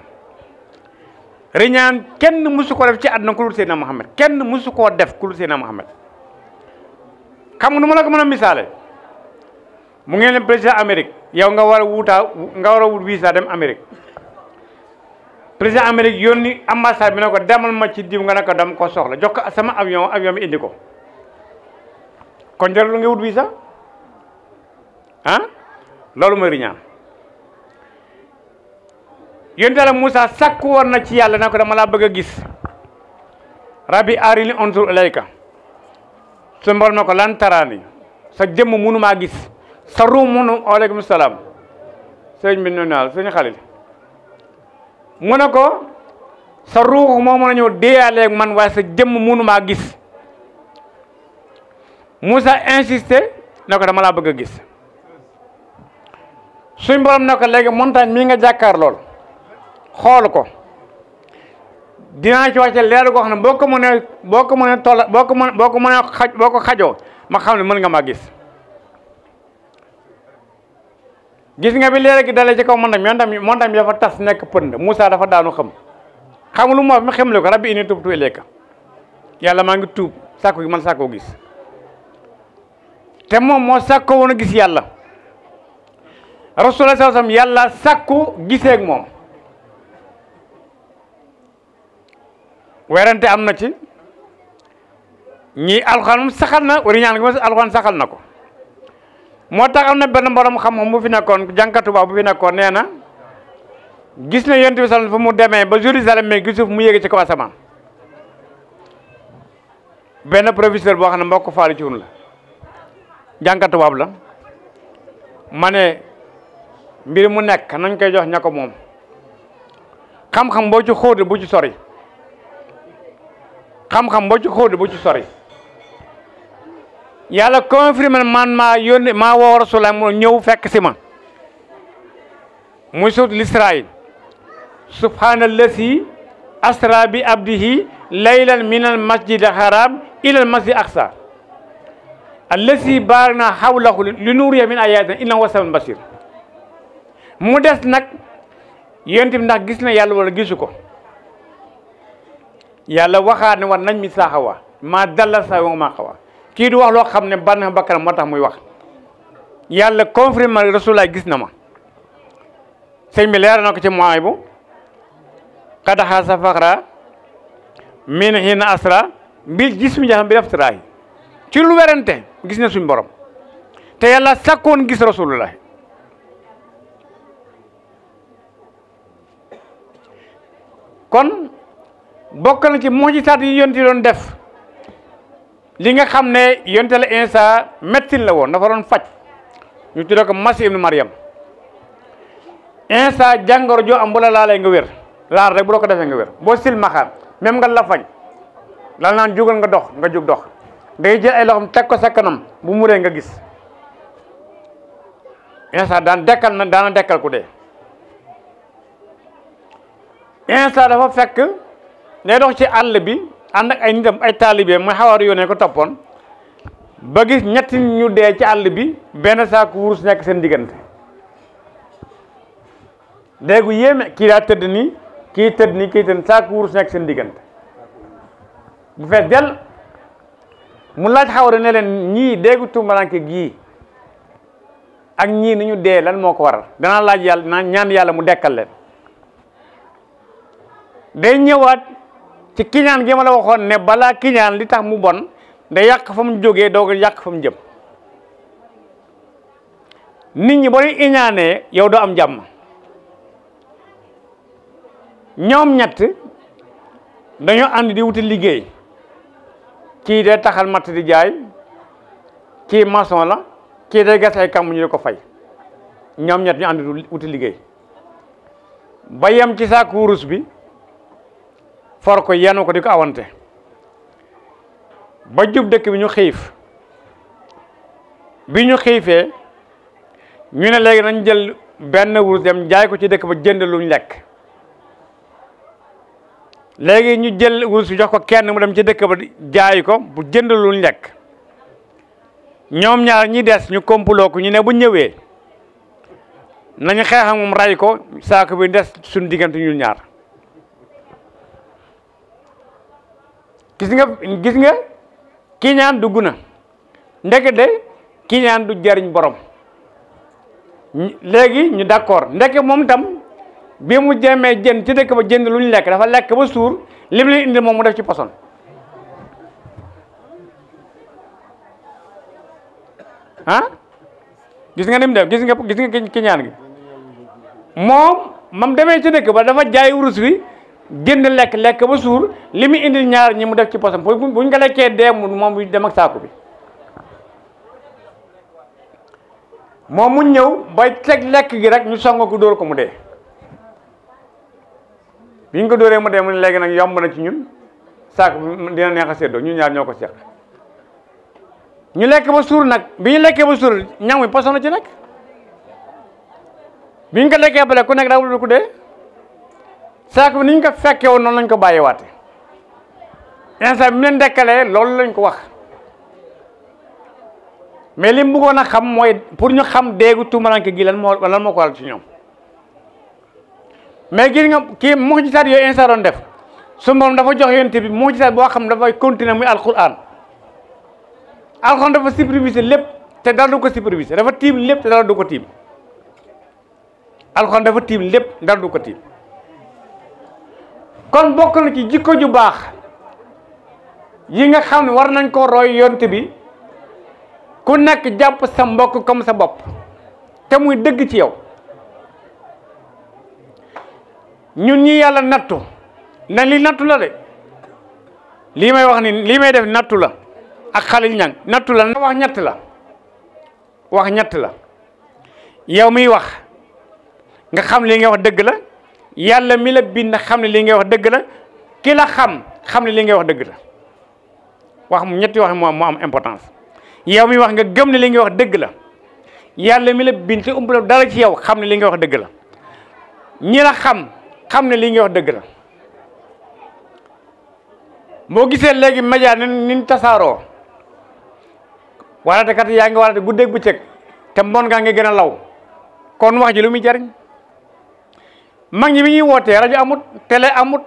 riñaan kenn musu ko def ci àdduna ku dul Muhammad kenn musu koo def ku dul Muhammad xam nga nu ma la ko mën a misaale mu ngeen leen président Amérique yow nga war a wutaa nga war a wut visa dem Amérique président Amérique yónni ambassade bi ne ko demal ma ci diw nga ne dam ko soxla jox sama avion avion bi indi ko kon lu nga wut visa ah loolu mooy riñaan yonent musa sakku sàkku na ci yàlla dama bëgg gis rabbi arini unzur ilayka su mbor na ko lan taraani sa jëmm mënumaa gis sa ruum mënu aleykum salaam sëñ bi mu sa man wa sa gis Musa insisté nako dama la bëgg gis suñu borom nako légui montagne mi nga jàkkaar lool xol ko dina ci waccé lér go xamna boko mo né boko mo né mënee boko mo boko mo xaj boko ko ma xam mën nga ma gis gis nga bi lér gi dalé ci kaw montagne montagne montagne ya fa tass nek pënd Musa dafa daanu xam xam lu moo fi xamle ko rabbi inni tubtu ilayka yalla ma nga tub sakku man sakku gis te moom moo sàkko woon a gis yàlla rasulullah sallallahu alayhi yàlla sàkku gisee ak moom werante am na ci ñii alxuraan saxal na wari ñaan gi saxal na ko moo tax am na benn borom xam-xam bu fi nekkoon jànkatu baa bu fi nekkoon nee na gis na yonent bi sallallahu alayhi mu demee ba Jérusalem mais gisuf mu yéegi ci kaw asamaan benn professeur boo xam ne mbokk faalu ci woon la jànkat tubaab la ma ne mbir mu nekk nañ koy jox ña ko moom xam-xam boo ci xóote bu ci sori xam-xam boo ci xóote bu ci sori yàlla confirmé man maa yónni maa woo rasulaay mu ñëw fekk si ma muy sut l'israil subhaanallazi asra bi abdihi laylan min al masjid haram ila al masjid aqsa allazi baarna hawlahu li nuuriya min ayatina innahu wasamul basir mu des nag yonent ndax gis na yàlla wala gisu ko yàlla waxaat ne war nañ mi saaxawa maa dalla saa wa kii du wax loo xam ne bànneex bakkanam moo tax muy wax yàlla confirme rasulullah gis na ma sëñ bi leer na ko ci mooy bu xadaxaa sa faxra min hina asra mbil gis mi jaxam bi def ci lu werante gis na suñ borom te yàlla sàkkoon gis rasulullah kon bokk na ci mujjisaat yi yonti doon def li nga xam ne yonte la insa médecine la woon dafa doon faj ñu tuddee ko Masih ibnu Maryam insa jàngoro joo am bu la laalee nga wér laal rek bu la ko defee nga wér boo silmaxaan même nga la fañ laal naan jógal nga dox nga jóg dox day jël ay loxoom teg ko sa kanam bu muree nga gis insa daan dekkal na daana dekkal ku dee insa dafa fekk day dox ci àll bi ànd ak ay nitam ay taalibe mooy xawaaru yoone ko toppoon ba gis ñetti ñu dee ci àll bi benn saaku wurus nekk seen diggante déegu yéeme kii daa tëdd ni kii tëdd ni kii tëdd saaku wurus nekk seen diggante bu fees dell mu laaj xawra ne ñi degu tu tumaranke gi ak ñi ni ñu lan moko war dana danaa laaj yàlla naa ñaan yalla mu dekkal len day ñewat ci kiñaan gi ma la waxon ne bala kiñaan li tax mu bon da yak fam joge dogal yak fam jëm nit ñi boo leen yow do am jam. ñom ñatt dañu andi di wuti liggey kii day taxal matt di jaay kii maçon la kii day gas ay kàmb ñu di ko fay ñoom ñett ñu ànd wuti liggéey ba yem ci saaku wurus bi for ko yenn ko di ko awante ba jub dëkk bi ñu xiif bi ñu xiifee ñu ne léegi nañ jël benn wurus dem jaay ko ci dëkk ba jënd luñ lekk léegi ñu jël wurus bi jox ko kenn mu dem ci dëkk ba jaayi ko bu jënd lu ñu ñoom ñaar ñi des ñu kompuloo ko ñu ne bu ñëwee nañu xeex ak moom ray ko saako bi des suñu diggante ñun ñaar gis nga gis nga kiñaan dugg na ndeke de kiñaan du jariñ borom léegi ñu d'accord ndeke moom tam bi mu jemee jën ci dëkk ba jënd lu ñu lekk dafa lekk ba suur lim leen indi moom mu def ci poson ah gis nga ni mu def gis nga gis nga ki ñaan gi moom mam demee ci dëkk ba dafa jaay wurus wi jënd lekk lekk ba suur li mu indi ñaar ñi mu def ci poson bu ñu ko lekkee dee mu moom bu dem ak saaku bi moom mu ñëw ba teg lekk gi rek ñu songo ko dóor ko mu dee biñ nga dóoree mu dee mu ne léegi nag yomb na ci ñun saako dina neex a séddoo ñu ñaar ñoo ko seq ñu lekk ba suur nag bi ñu lekkee ba suur ñam wi poson na ci nekk bi ñu ko lekkee bale ku nekk daa wul ku dee saako bi ni ñu ko fekkee woon noonu lañ ko bàyyiwaate instant bi mu leen dekkalee loolu lañ ko wax mais li mu bëggoon a xam mooy pour ñu xam déegu tumaranke gi lan moo lan moo ko waral ci ñoom mais gis nga kii mujisaat yooyu Insa doon def su moom dafa jox yonent bi mujisaat boo xam dafay continuer muy alquran alquran dafa superviser lépp te dara ko superviser dafa tiim lépp te dara du ko tiim alquran dafa tiim lépp dara ko tiim kon bokk na ci jikko ju baax yi nga xam ne war nañ koo roy yonent bi ku nekk jàpp sa mbokk comme sa bopp te muy dëgg ci yow ñun ñi yàlla nattu na li nattu la de lii may wax ni lii may def nattu la ak xalil ñang nattu la wax ñett la wax ñett la yow miy wax nga xam li nga wax dëgg la yàlla mi la bind xam ne li ngay wax dëgg la ki la xam xam ne li ngay wax dëgg la wax mu ñetti wax mu am importance yow mi wax nga gëm ne li ngay wax dëgg la yàlla mi la bind te umb dara ci yow xam ne li ngay wax dëgg la ñi la xam xam ne lii nga wax dëgg la boo gisee léegi média ni niñ tasaaroo warate yaa ngi warate guddeeg bëccëg te mbon ngaa ngi gën a law kon wax ji lu muy jariñ mag ñi bi ñuy wootee rajo amut télé amut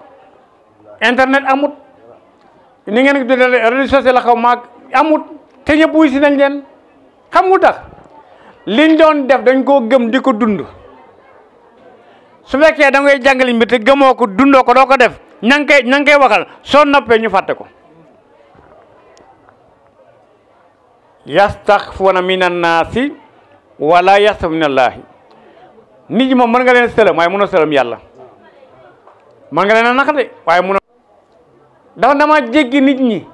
internet amut ni ngeen la xaw maag amut te ñëpp wuy si nañ leen xam nga tax liñ doon def dañ koo gëm di ko dund su fekke da ngay jangal mbi te gëmoo dundo ko doo ko def ña ngi tak ña waxal so noppé ñu faté ko yastaghfuna minan nasi wala yastaxfu min nit ñi moom mën nga leen sëlëm way yalla mën nga leen a de waaye mënoo dafa dama jéggi nit ñi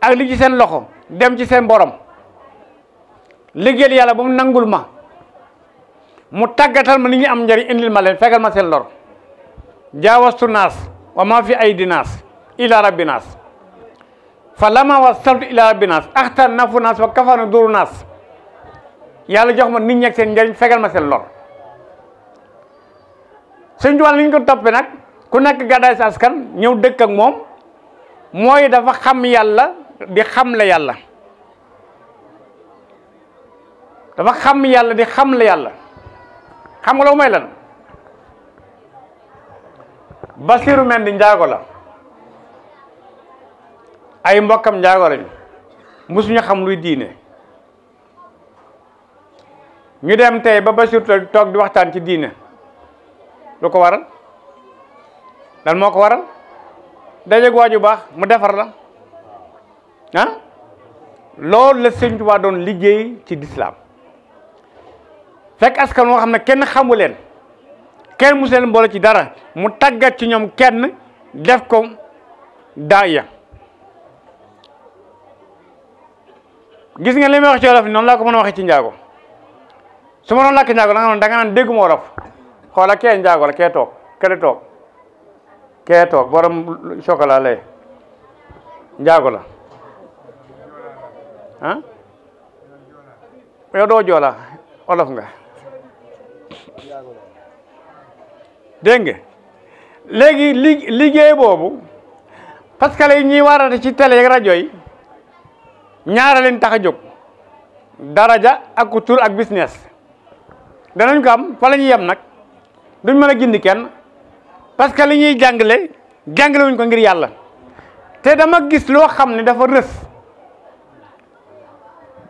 ak li ci seen loxo dem ci seen borom liggéeyal yalla bu nangul ma mu tagatal ma li am njëriñ indil ma fegal ma sen lor jawastu nas wa ma fi ay nas ila rabbi naas fa lama wasaltu ila rabbi naas axtar nafu nas wa kafana dur nas yalla jox ma nit ñek sen fegal ma sen lor sen duwaan ni ko topé nak ku nekk gaday sa askan ñëw dëkk ak mom moy dafa xam yalla. di xam la yalla dafa xam yalla di xam la yalla xam nga loolu mooy lan Basiru Mendy njaago la ay mbokkam njaago lañ musuñu xam luy diine ñu dem tey ba Basiru toog di waxtaan ci diine lu ko waral lan moo ko waral dajeeg waaju baax mu defar la ah loolu la Sëñ Tuubaa doon liggéey ci lislaam fekk askan woo xam ne kenn xamu leen kenn mu leen boole ci dara mu tàggat ci ñoom kenn def ko daaya gis nga li may wax ci wolof noonu laa ko mën a waxee ci njaago su ma doon làkk njaago da nga naan da nga naan dégguma wolof xoola kee njaago la kee toog kele toog kee toog borom chocolat lay njaago la ah yow doo joola olof nga dégg nga léegi li liggéey boobu parce que lay ñuy warate ci télé ak rajo yi ñaara leen tax a jóg daraja ak tur ak business danañ ko am fa la yem nag duñ mën a gindi kenn parce que li ñuy jàngale jàngale wuñ ko ngir yàlla te dama gis loo xam ne dafa rës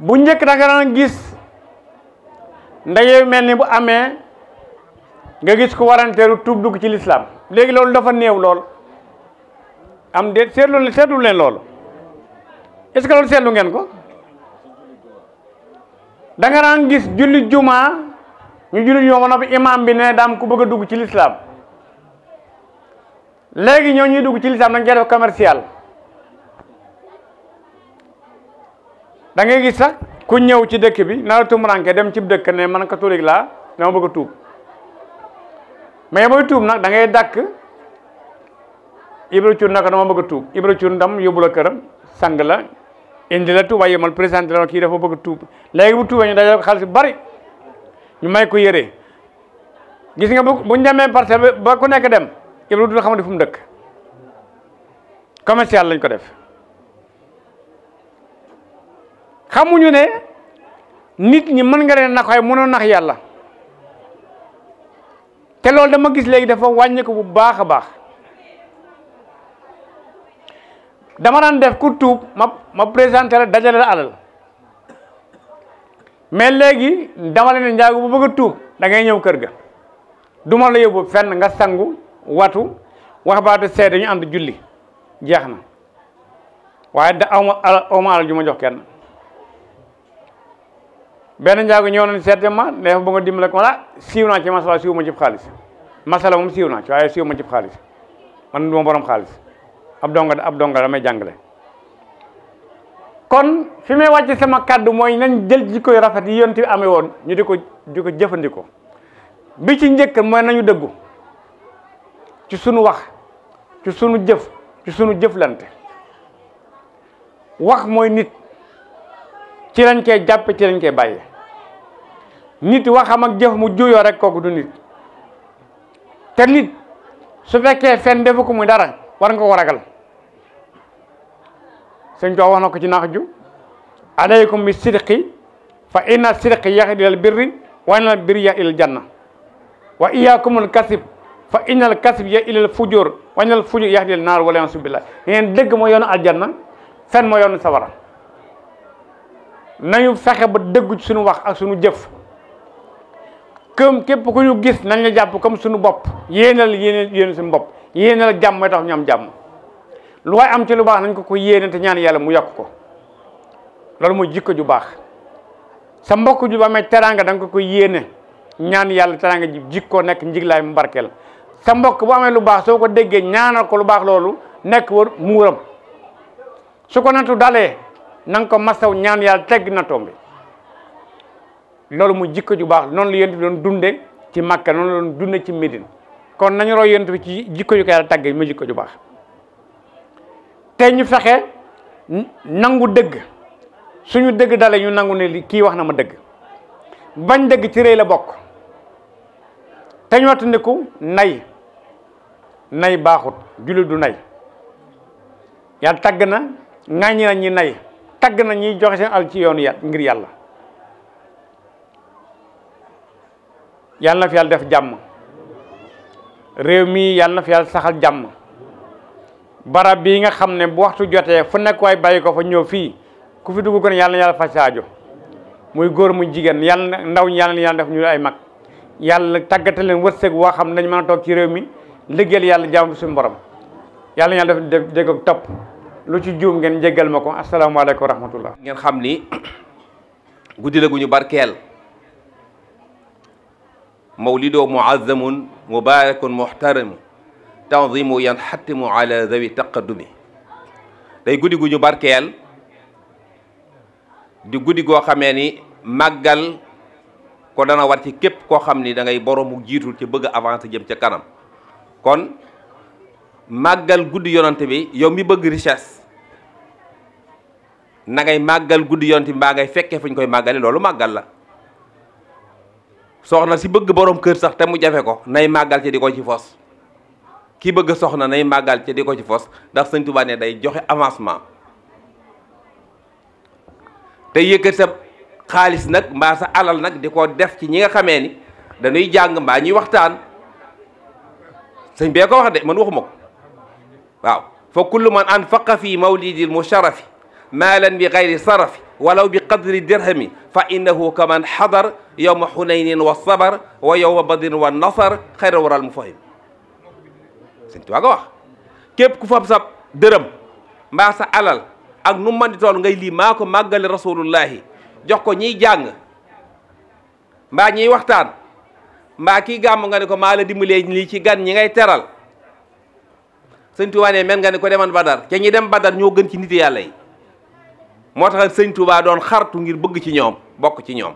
bu njëkk da nga gis ndaje mel ni bu amee nga gis ku warantelu tuub dug ci l'islam léegi lolou dafa lol am setlu seetlu setlu len lol est-ce que lolou setlu ngeen ko da nga ran gis julli juma ñu julli ñoo ba imam bi ne dam ku bëgg dug ci l'islam léegi ñoo ñuy dug ci l'islam dañ cee def commercial da nga gis sax ku ñew ci dekk bi na tu tumuranke dem ci dekk ne man catholique la dama bëgg tuk mais booy tuub nak da ngay dak ibru Cuun nak dama bëgg tuub ibru Cuun dam yobul ak këram sang la indi la tubaab yemal présenté la ki dafa bëgg tuub bu ñu dajal bari ñu may ko yéré gis nga bu bu ñu demee parcelle ba ku nekk dem ibru du xamni fu mu dëkk commercial lañ ko def ñu ne nit ñi mën nga leen nakoy mënon nak yalla te loolu dama gis léegi dafa wàññi bu baax a baax dama daan def ku tuub ma ma présenté la dajale la alal mais léegi dama la ne njaagu bu bëgg a tuub da ngay ñëw kër ga duma la yóbbu fenn nga sangu watu wax baatu seede ñu ànd julli jeex na waaye da awma awma alal ju ma jox kenn benn njaago ñëw nañ seet ma ne fa ba nga dimbale ko la ah, siiw naa ci masala siiw ma ci xaalis masala moom siiw naa ci waaye siiw ma ci xaalis man du boroom xaalis ab donga ab donga damay jàngale kon fi may wàcce sama kàddu mooy nañ jël ji koy rafet yi yonent ti amee woon ñu di ko di jëfandikoo bi ci njëkk mooy nañu dëggu ci sunu wax ci sunu jëf ci sunu jëflante wax mooy nit ci lañ koy jàppe ci lañ koy bàyyee nit waxam ak jëf mu juyoo rek kooku du nit te nit su fekkee fen defu ko muy dara war nga ko ragal sëñ Tuubaa wax na ko ci naax ju alaykum bi sidqi fa inna sidqi yahdi ilal birri wa inal birri yahdi ilal janna wa iyaakumul kasib fa innal kasib yahdi ilal fujur wa innal fujur yahdi ilal naar wala yaasu billah yéen dëgg moo yoonu aljanna fen moo yoonu sawara nañu fexe ba dëggu sunu wax ak suñu jëf këm képp ko ñu gis nañ la jàpp comme suñu bopp yéenal yéene yéene suñu bopp yéenal jàmm mooy tax ñu am jàmm lu waay am ci lu baax nañ ko ko yéene te ñaan yàlla mu yokk ko loolu mooy jikko ju baax sa mbokk ju ba amee teraanga da ko ko yéene ñaan yàlla teraanga ji jikko nekk njiglaay mu barkeel sa mbokk bu amee lu baax soo ko déggee ñaanal ko lu baax loolu nekk war muuram su ko nattu dalee na nga ko masaw ñaan yàlla tegg na tombi loolu mu jikko ju baax noonu la yonent bi doon dunde ci Makka noonu la doon dunde ci Médine kon nañu roy yonent bi ci jikko ju ko yàlla tàgge mu jikko ju baax te ñu fexe nangu dëgg suñu dëgg dale ñu nangu ne kii wax na ma dëgg bañ dëgg ci réy la bokk te ñu wattandiku nay nay baaxut jullit du nay yàlla tagg na ŋàññi na ñi nay tàgg na ñiy joxe seen al ci yoonu yàlla ngir yàlla Yalna fi yalla def jàmm rew mi yalla na fi yalla saxal jam. barab bi nga xamne bu waxtu joté fu nek way bayiko fa ñëw fi ku fi duggu ko yalla yàlla na yàlla faj saajo muy góor muy jigen yalla ndaw yalla yàlla na yàlla def ñu ay mag yalla tagata leen wërsek wo xam dañ mën ci rew mi liggel yalla jàmm suñu borom yalla na def dégg ak top lu ci joom ngeen jéggal mako assalamu alaykum warahmatullahi ngeen xam ni مولده معظم مبارك محترم tanzimu yanxatimu ala zawi taqaddumi day guddi gu ñu barkeel di guddi goo xamee ni màggal ko dana war ci képp koo xam ni da ngay boroomu jiitul ci bëgg a avancer jëm ca kanam kon màggal guddi yonante bi yow mi bëgg richesse na ngay màggal guddi yonante bi mbaa ngay fekkee fu ñu koy màggale loolu màggal la soxna si bëgg boroom kër sax te mu jafe ko nay màggal ci di ko ci fos ki bëgg soxna nay màggal ci di ko ci fos ndax sëñ Tuubaa ne day joxe avancement te yëkkat sa xaalis nag mbaa sa alal nag di ko def ci ñi nga xamee ni dañuy jàng mbaa ñuy waxtaan sëñ bee ko wax de man waxuma ko waaw fa kullu man anfaqa fi mawlidil musharafi مالا بغير صرف ولو بقدر الدرهم فانه كمن حضر يوم حنين والصبر ويوم بدر والنصر خير وراء المفاهيم. سنتي واقع كيف كفاب سب درم ما سالل اك نمان تول غاي لي ماكو ماغال رسول الله جوكو ني جان ما ني وقتان ما كي غام غاني كو مالا ديملي لي سي غان ني غاي تيرال سنتي واني مين غاني كو ديمان بدر كي ني ديم بدر ньо گن سي نيت يالله moo tax sëñ Touba doon xartu ngir bëgg ci ñoom bokk ci ñoom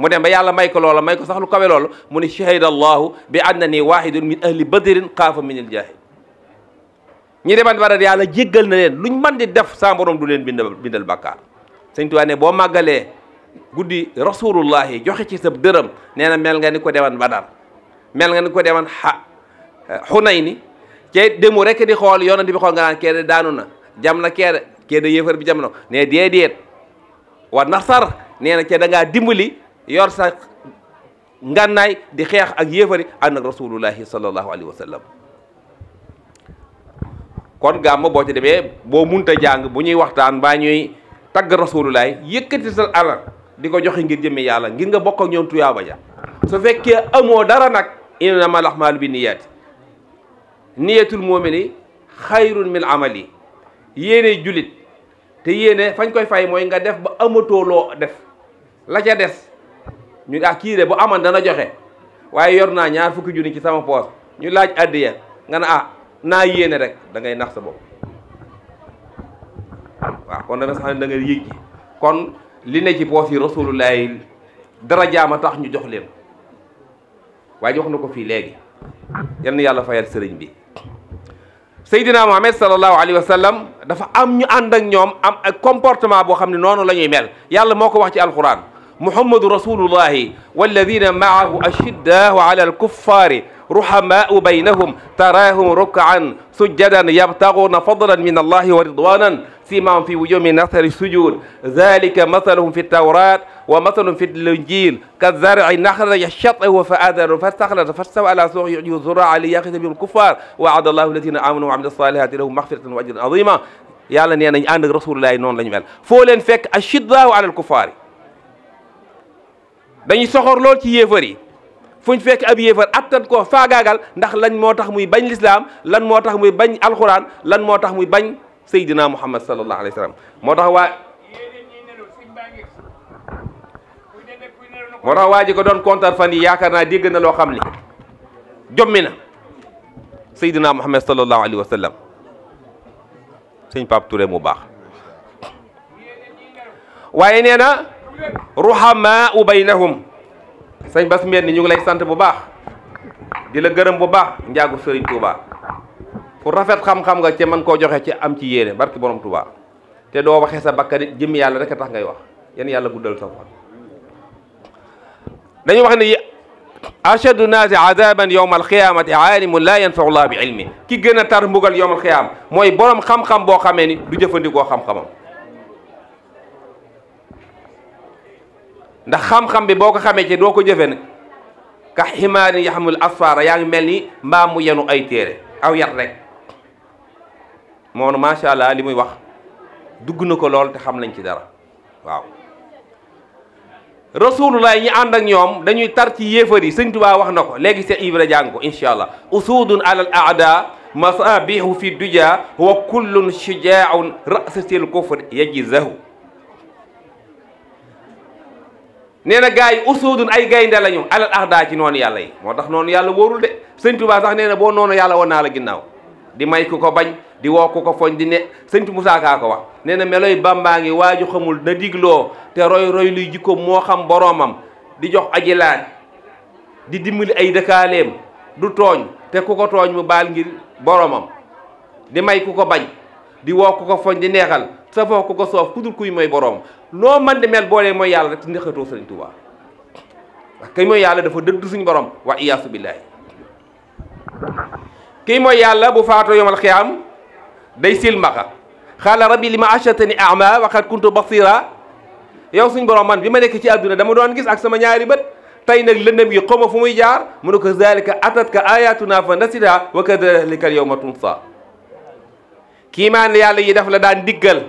mu dem ba yàlla may ko loola may ko sax lu kawe loola mu ne shahida allahu bi annani wahidun min ahli badrin xaafa min al jaahil ñi deman badar yàlla jéggal na leen lu mën di def sa borom du leen bind bindal bàkkaar sëñ Touba ne boo màggalee guddi rasulullahi joxe ci sa dërëm nee na mel nga ni ko deman badar mel nga ni ko deman xa xunay ni ca demu rek di xool yonent bi xool nga naan kee na jam na kee kee da bi jamono ne wa nasar nee na ca da dimbali yor sa ngànnaay di xeex ak yéefari ànd ak rasulullahi sallallahu alayhi wa sallam kon gàmm boo ci demee boo munta jàng bu ñuy waxtaan baa ñuy tagg rasulullahi yëkkati sa di ko joxe ngir jëmee yàlla ngir nga bokk ak ñoom tuyaaba ja su fekkee amoo dara nag innamal a'maalu bi niyaati niyatul mu'mini xayrun min amali yéene julit te yene fañ koy fay moy nga def ba amato lo def la ca des ñu da ki re bu amoon dana joxe waye yor na ñaar fukki juuni ci sama poste ñu laaj addiya nga na ah na yene rek da ngay nax sa bopp wa kon dama sax da ngay yegg kon li ne ci poste yi rasulullahi dara jaama tax ñu jox leen waaye jox nako fi legi yalla fayal serigne bi Seydina Mohamed sallallahu alayhi wa sallam dafa am ñu ànd ak ñoom am ak comportement boo xam ne noonu la ñuy mel yàlla moo ko wax ci alxuraan. محمد رسول الله والذين معه أشداء على الكفار رحماء بينهم تراهم ركعا سجدا يبتغون فضلا من الله ورضوانا سيماهم في وجوه من أثر السجود ذلك مثلهم في التوراة ومثل في الإنجيل كالزرع نخرج شطه فآذر فاستخرج فاستوى على سوق يعجب زرع ليأخذ بهم الكفار وعد الله الذين آمنوا وعملوا الصالحات لهم مغفرة وأجرا عظيما يالا نينا عند رسول الله نون لن فولن فك الشدة على الكفار dañuy soxor lool ci yéefar yi fuñ fekk ab yéefar attan koo faagaagal ndax lan moo tax muy bañ lislaam lan moo tax muy bañ alxuraan lan moo tax muy bañ saydina muhammad sallallahu alayhi wa sallam moo tax waa moo tax waa ji ko doon contar fan yi yaakaar naa dégg na loo xam ni jommi na saydina muhammad sallallahu alayhi wa sallam sëñ Pape Touré mu baax waaye nee na ruhamaa u saya sëñ Bass Mbenn ñu ngi lay sant bu baax di la gërëm bu baax njaagu sëriñ Touba ku rafet xam-xam nga ci man koo joxe ci am ci yéene barki borom Touba te doo waxee sa bakkan jëm yàlla rek tax ngay wax yéen yàlla guddal sa fan dañu wax ashadu azaban yowma alqiyamati aalimun laa yanfaullah bi ilmi ki gën a tar mbugal yowma alqiyama mooy borom xam-xam bo ni du xam-xamam ndax xam-xam bi boo ko xamee ci doo ko jëfee nag ka ximaarin yaxamul asfaara yaa ngi mel ni mbaa mu yenu ay téere aw yat rek moom macha allah li muy wax dugg na ko lool te xam nañ ci dara waaw rasulullah ñi ànd ak ñoom dañuy tar ci yéefar yi sëñ Tuubaa wax na ko léegi Seex Ibra jàng ko incha allah usudun ala al aada masabihu fi duja wa kullun shujaaun rasatil kufr yajizahu nee na gars yi ursóodun ay gaynde lañu alal daa ci noonu yàlla yi moo tax noonu yàlla wóorul de sëñ Tuubaa sax nee na boo noonu yàlla woon naa la ginnaaw di may ku ko bañ di woo ku ko foñ di ne sëñ Musaa Kaa ko wax nee na meloy bàmbaa ngi waaju xamul na digloo te roy roy luy jikkoom moo xam boroomam di jox aji laaj di dimbali ay dëkkaaleem du tooñ te ku ko tooñ mu baal ngir boroomam di may ku ko bañ di woo ku ko foñ di neexal safoo ko ko soof ku dul kuy mooy boroom noo man di mel boolee mooy yàlla rek neexatoo sëriñ Tuubaa wax kay mooy yàlla dafa dëdd suñu borom wa iyaasu billaahi kii mooy yàlla bu faatoo yomal xiyaam day silmaxa xaala rabbi li ma achatani ama waxat kuntu basira yow suñ borom man bi ma nekk ci àdduna dama doon gis ak sama ñaari bët tey nag lëndëm gi xawma fu muy jaar mu zalika atatka ayatuna fa nasita wa kadalika al yawma tunsa kiimaan yàlla yi daf la daan diggal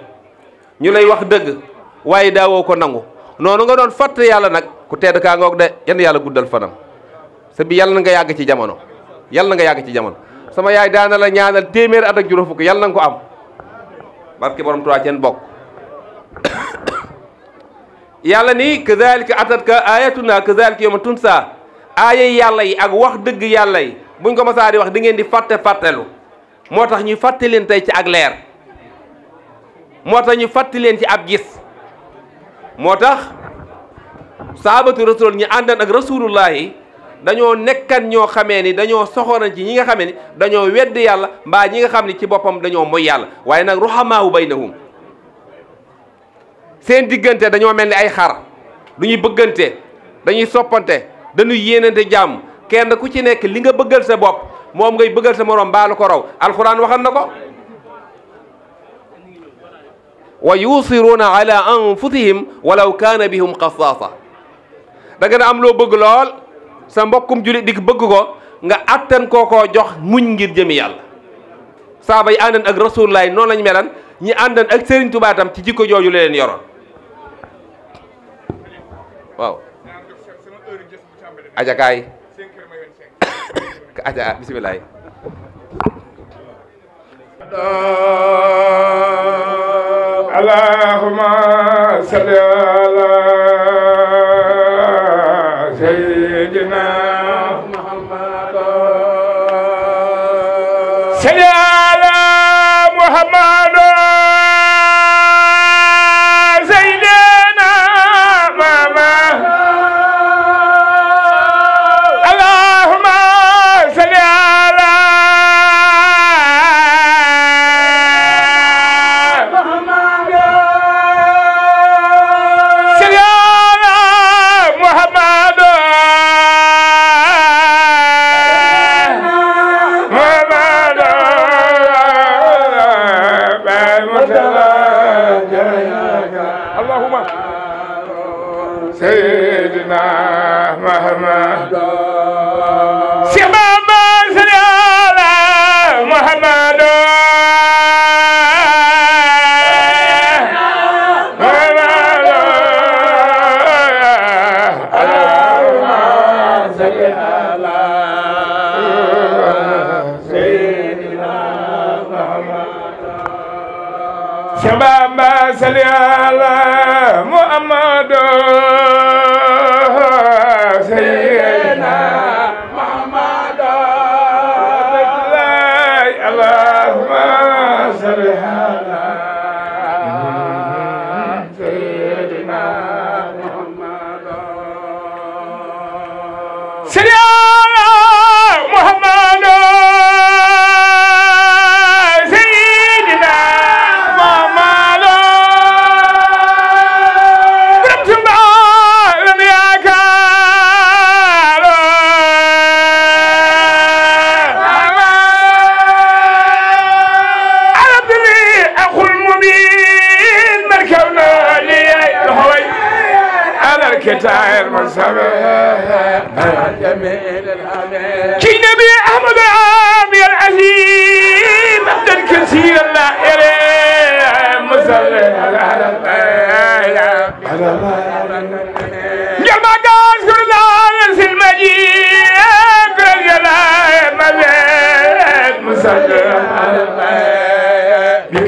ñu lay wax dëgg waaye daawoo ko nangu noonu nga doon fàtt yàlla nag ku tedd kaa ngoog de yan yàlla guddal fanam sa bi yàlla na nga yàgg ci jamono yàlla na nga yàgg ci jamono sama yaay daana la ñaanal téeméeri atak ak juróom fukk yàlla na nga ko am barke borom tuwaa seen bokk yàlla ni kazalika atatka ayatuna kazalika yawma tunsa aaya yàlla yi ak wax dëgg yàlla yi buñ ko masaa di wax di ngeen di fàtte fàttelu moo tax ñuy fàtte leen tey ci ak leer moo tax ñu fàttali leen ci ab gis moo tax saabatu rasul ñi àndan ak rasulullahi dañoo nekkan ñoo xamee ni dañoo soxoran ji ñi nga xamee ni dañoo wedd yàlla mbaa ñi nga xam ni ci boppam dañoo moy yàlla waaye nag ruhamaahu baynahum seen diggante dañoo mel ni ay xar du ñuy bëggante dañuy soppante dañuy yéenante jàmm kenn ku ci nekk li nga bëggal sa bopp moom ngay bëggal sa morom mbaa lu ko raw alxuraan waxal na ko wa yusiruna ala anfusihim walaw kaana bihum xasaasa da nga am lo bëgg lool sa mbokum julit dik bëgg ko nga atten koo koo jox muñ ngir jëmi yalla sa bay andan ak rasulullah non lañ melan ñi andan ak serigne touba tam ci jikko joju leen yoro waaw aja kay aja bismilaay اللهم صل على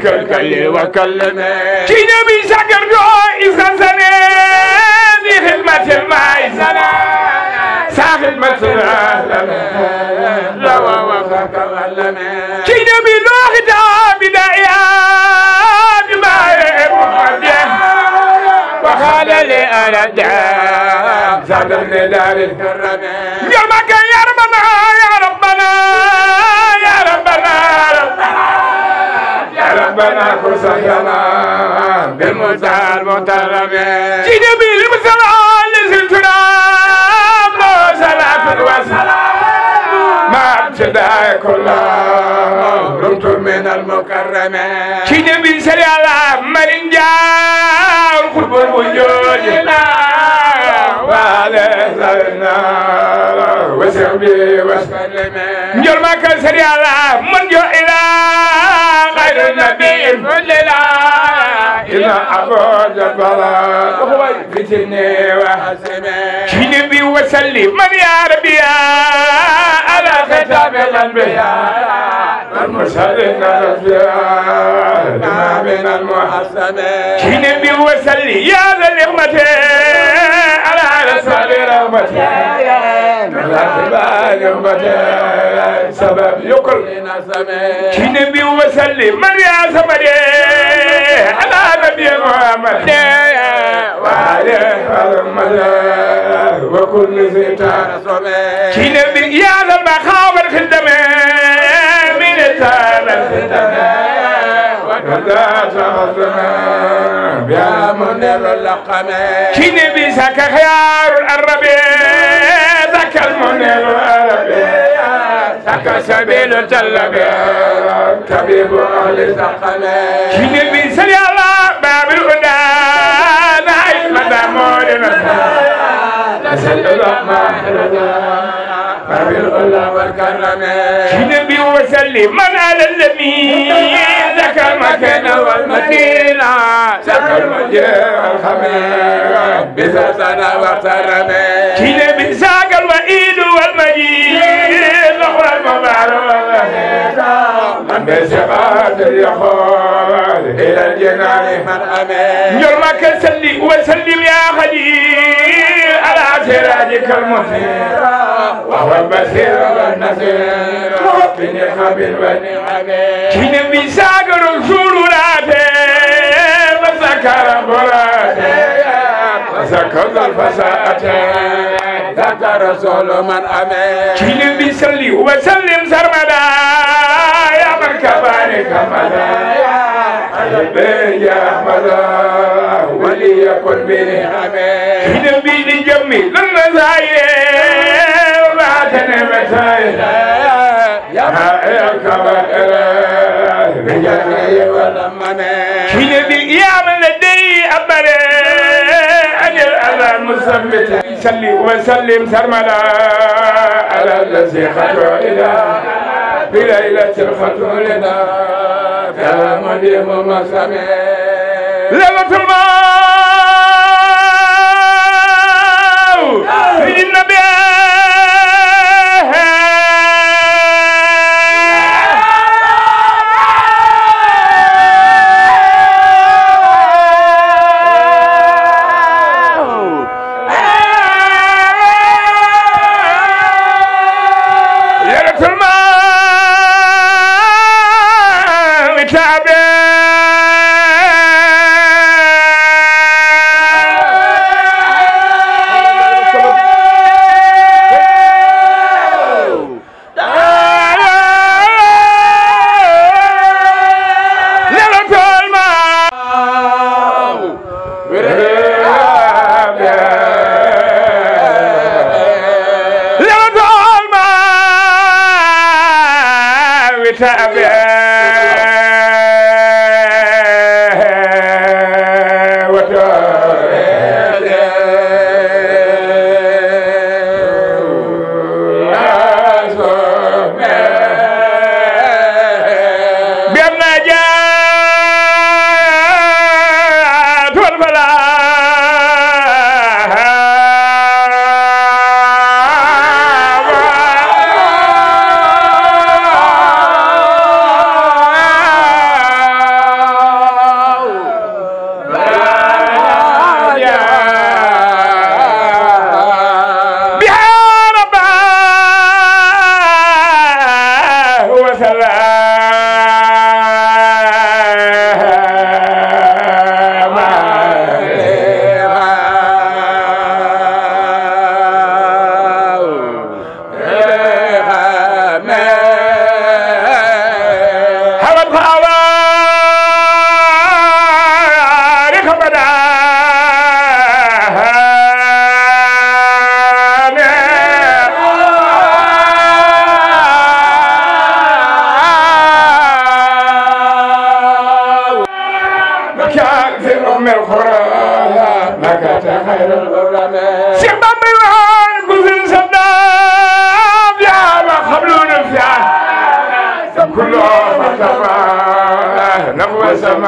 كل وكلمة كنا بيسكر إذا سنة بخدمة الماء سنة سخدمة العالم لو وفاك علمة كنا بلوحدة بداية بما يحب وخال لأردها أهل دار الكرم يرمك يا ربنا يا ربنا يا ربنا يا ربنا خصينا بالمنتهى المكرم جينا بالمسلم لزلتنا صلاة وسلام ما ابتدى كلها رمت من المكرمين جينا بالسلام مرنجا القلب الوجود يلا من جو إلى غير نبي فللا إلى أبو جبلا فتني وحسمي كنبي وسلم من يا ربي على ختام الأنبياء المشهدين الأسبياء ما من المحسنين كنبي وسلم يا ذا على رسول رحمته الأسباب سبب يقل كنبي وسلم من يا سمري على نبي محمد وعليه المدى وكل زيتان كنبي يا لما خابر في الدم من التالف في الدم وكذا تغزنا يا منير اللقمين كنبي سكخيار الربيع كالمنير العربي سكى سبيل التلبي طبيب اهل سقمي جنبي سري الله باب الهدى نعيم دمورنا نسال الرحمن باب الهدى والكرم جنبي وسلم من على الذي ذاك المكان والمدينة ذاك المجيء الخميس بسرطان وسرمي جنبي سري بالجمال يقول إلى الجنان من أمين يرمك سلي وسلم يا خليل على سراجك المثير وهو البصير والنصير بالنعم والنعم كن بساق رسول راته وسكر براته وسكر الفساته ذاك رسول من أمين كن بسلي وسلم سرمدا كمنايا قلبي يا أحمد وليكن بنعمه إذا بيدي جمي لما زايد وبعد نعمتي يا الكبائر بجمعي ولمني إذا بيدي يعمل لدي أبري أجل على المثبت صلي وسلم سرمدا على الذي خلق إله في ليلة الخطر لنا كما ديم ما سمع ليلة الماء سيدنا بيه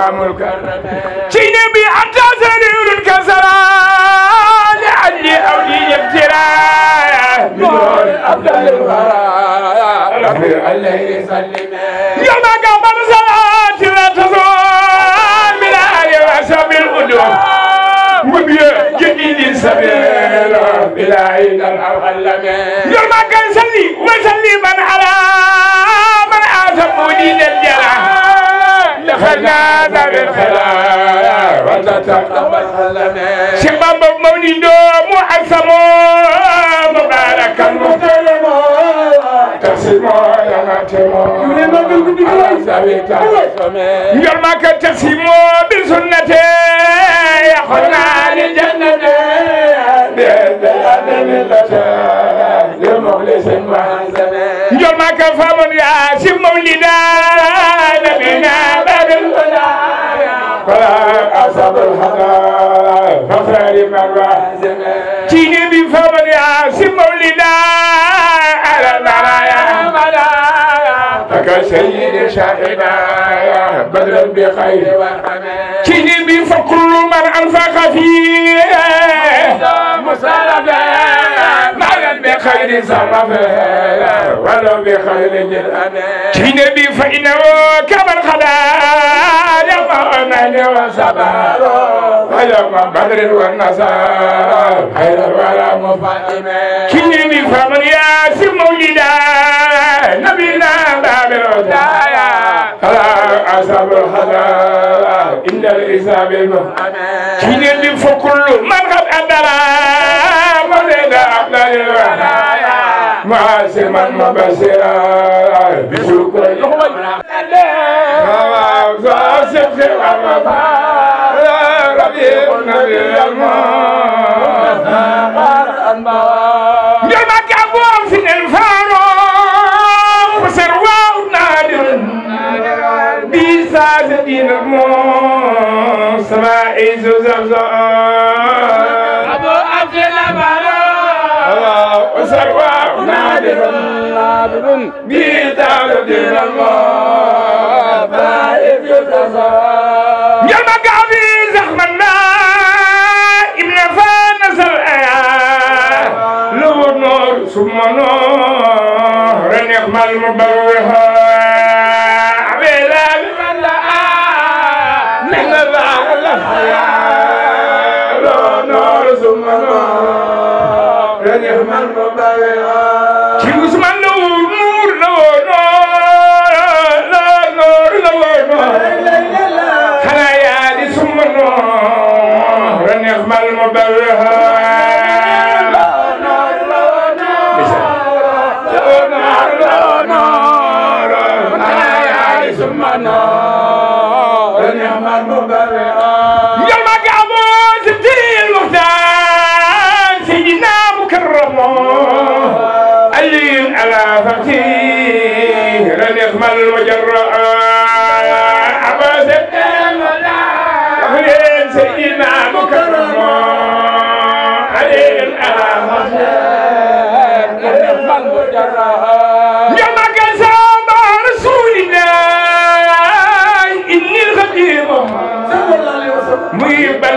كرام الكرمين شيني بي أنت سرير الكسرى لأني أولي ابترى نور أفضل الورى ربي عليه سلم يا مقام الصلاة لا تزول من آل وسب الأدوم مبيا جديد سبيل بلا عيد الأغلم يا مقام سلي وسلي من على من آسف دين الجلال خرنانا بالخلايا وتتقبل لنا شباب مولد معصم مباركا مكرم تسمى يا ناتم يا مكة تسمى بسنته سيد شاهدا يا بدر بخير وحمد بي فكل من انفق فيه مسلفا مالا بخير ولو بخير جرأنا كلمي فانه كمن خدا يوم امن ويوم بدر والنصر خير ولا مفائما كلمي فمن ياسر نبينا باب الهدايا خلا أصحاب الخلايا إن الإسلام المهدى كي ندي فكل من قد أدرى من أبنى الوحايا ما سمن مبصرا بشكر يقبل ما وصف في ربي النبي المهدى الزمان أبو عبد الأبرار وسواه نادر يا مقابي زخمنا ابن فان نزل لو نور ثم نور يقبل مبروها i Palmer Berry.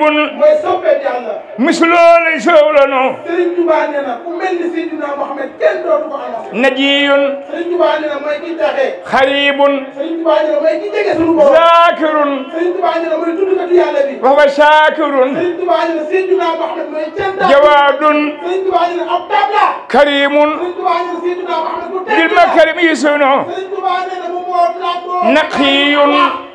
muhibbun mooy soppeeti yàlla misloo lay sowlanoo Serigne Touba nee na ku mel ni Seydina Mouhamed kenn dootu ko am najiyun Serigne Touba nee na mooy ki taxe xaribun Serigne Touba nee na mooy ki jege sunu borom zakirun Serigne Touba nee na mooy tuddkatu yàlla bi wa huwa shakirun Serigne Touba nee na Seydina Mouhamed mooy canta jawaadun Serigne Touba nee na ab tab la karimun Serigne Touba nee na Seydina Mouhamed ku bil makarim yi sunu Serigne Touba nee na mu moo naqiyun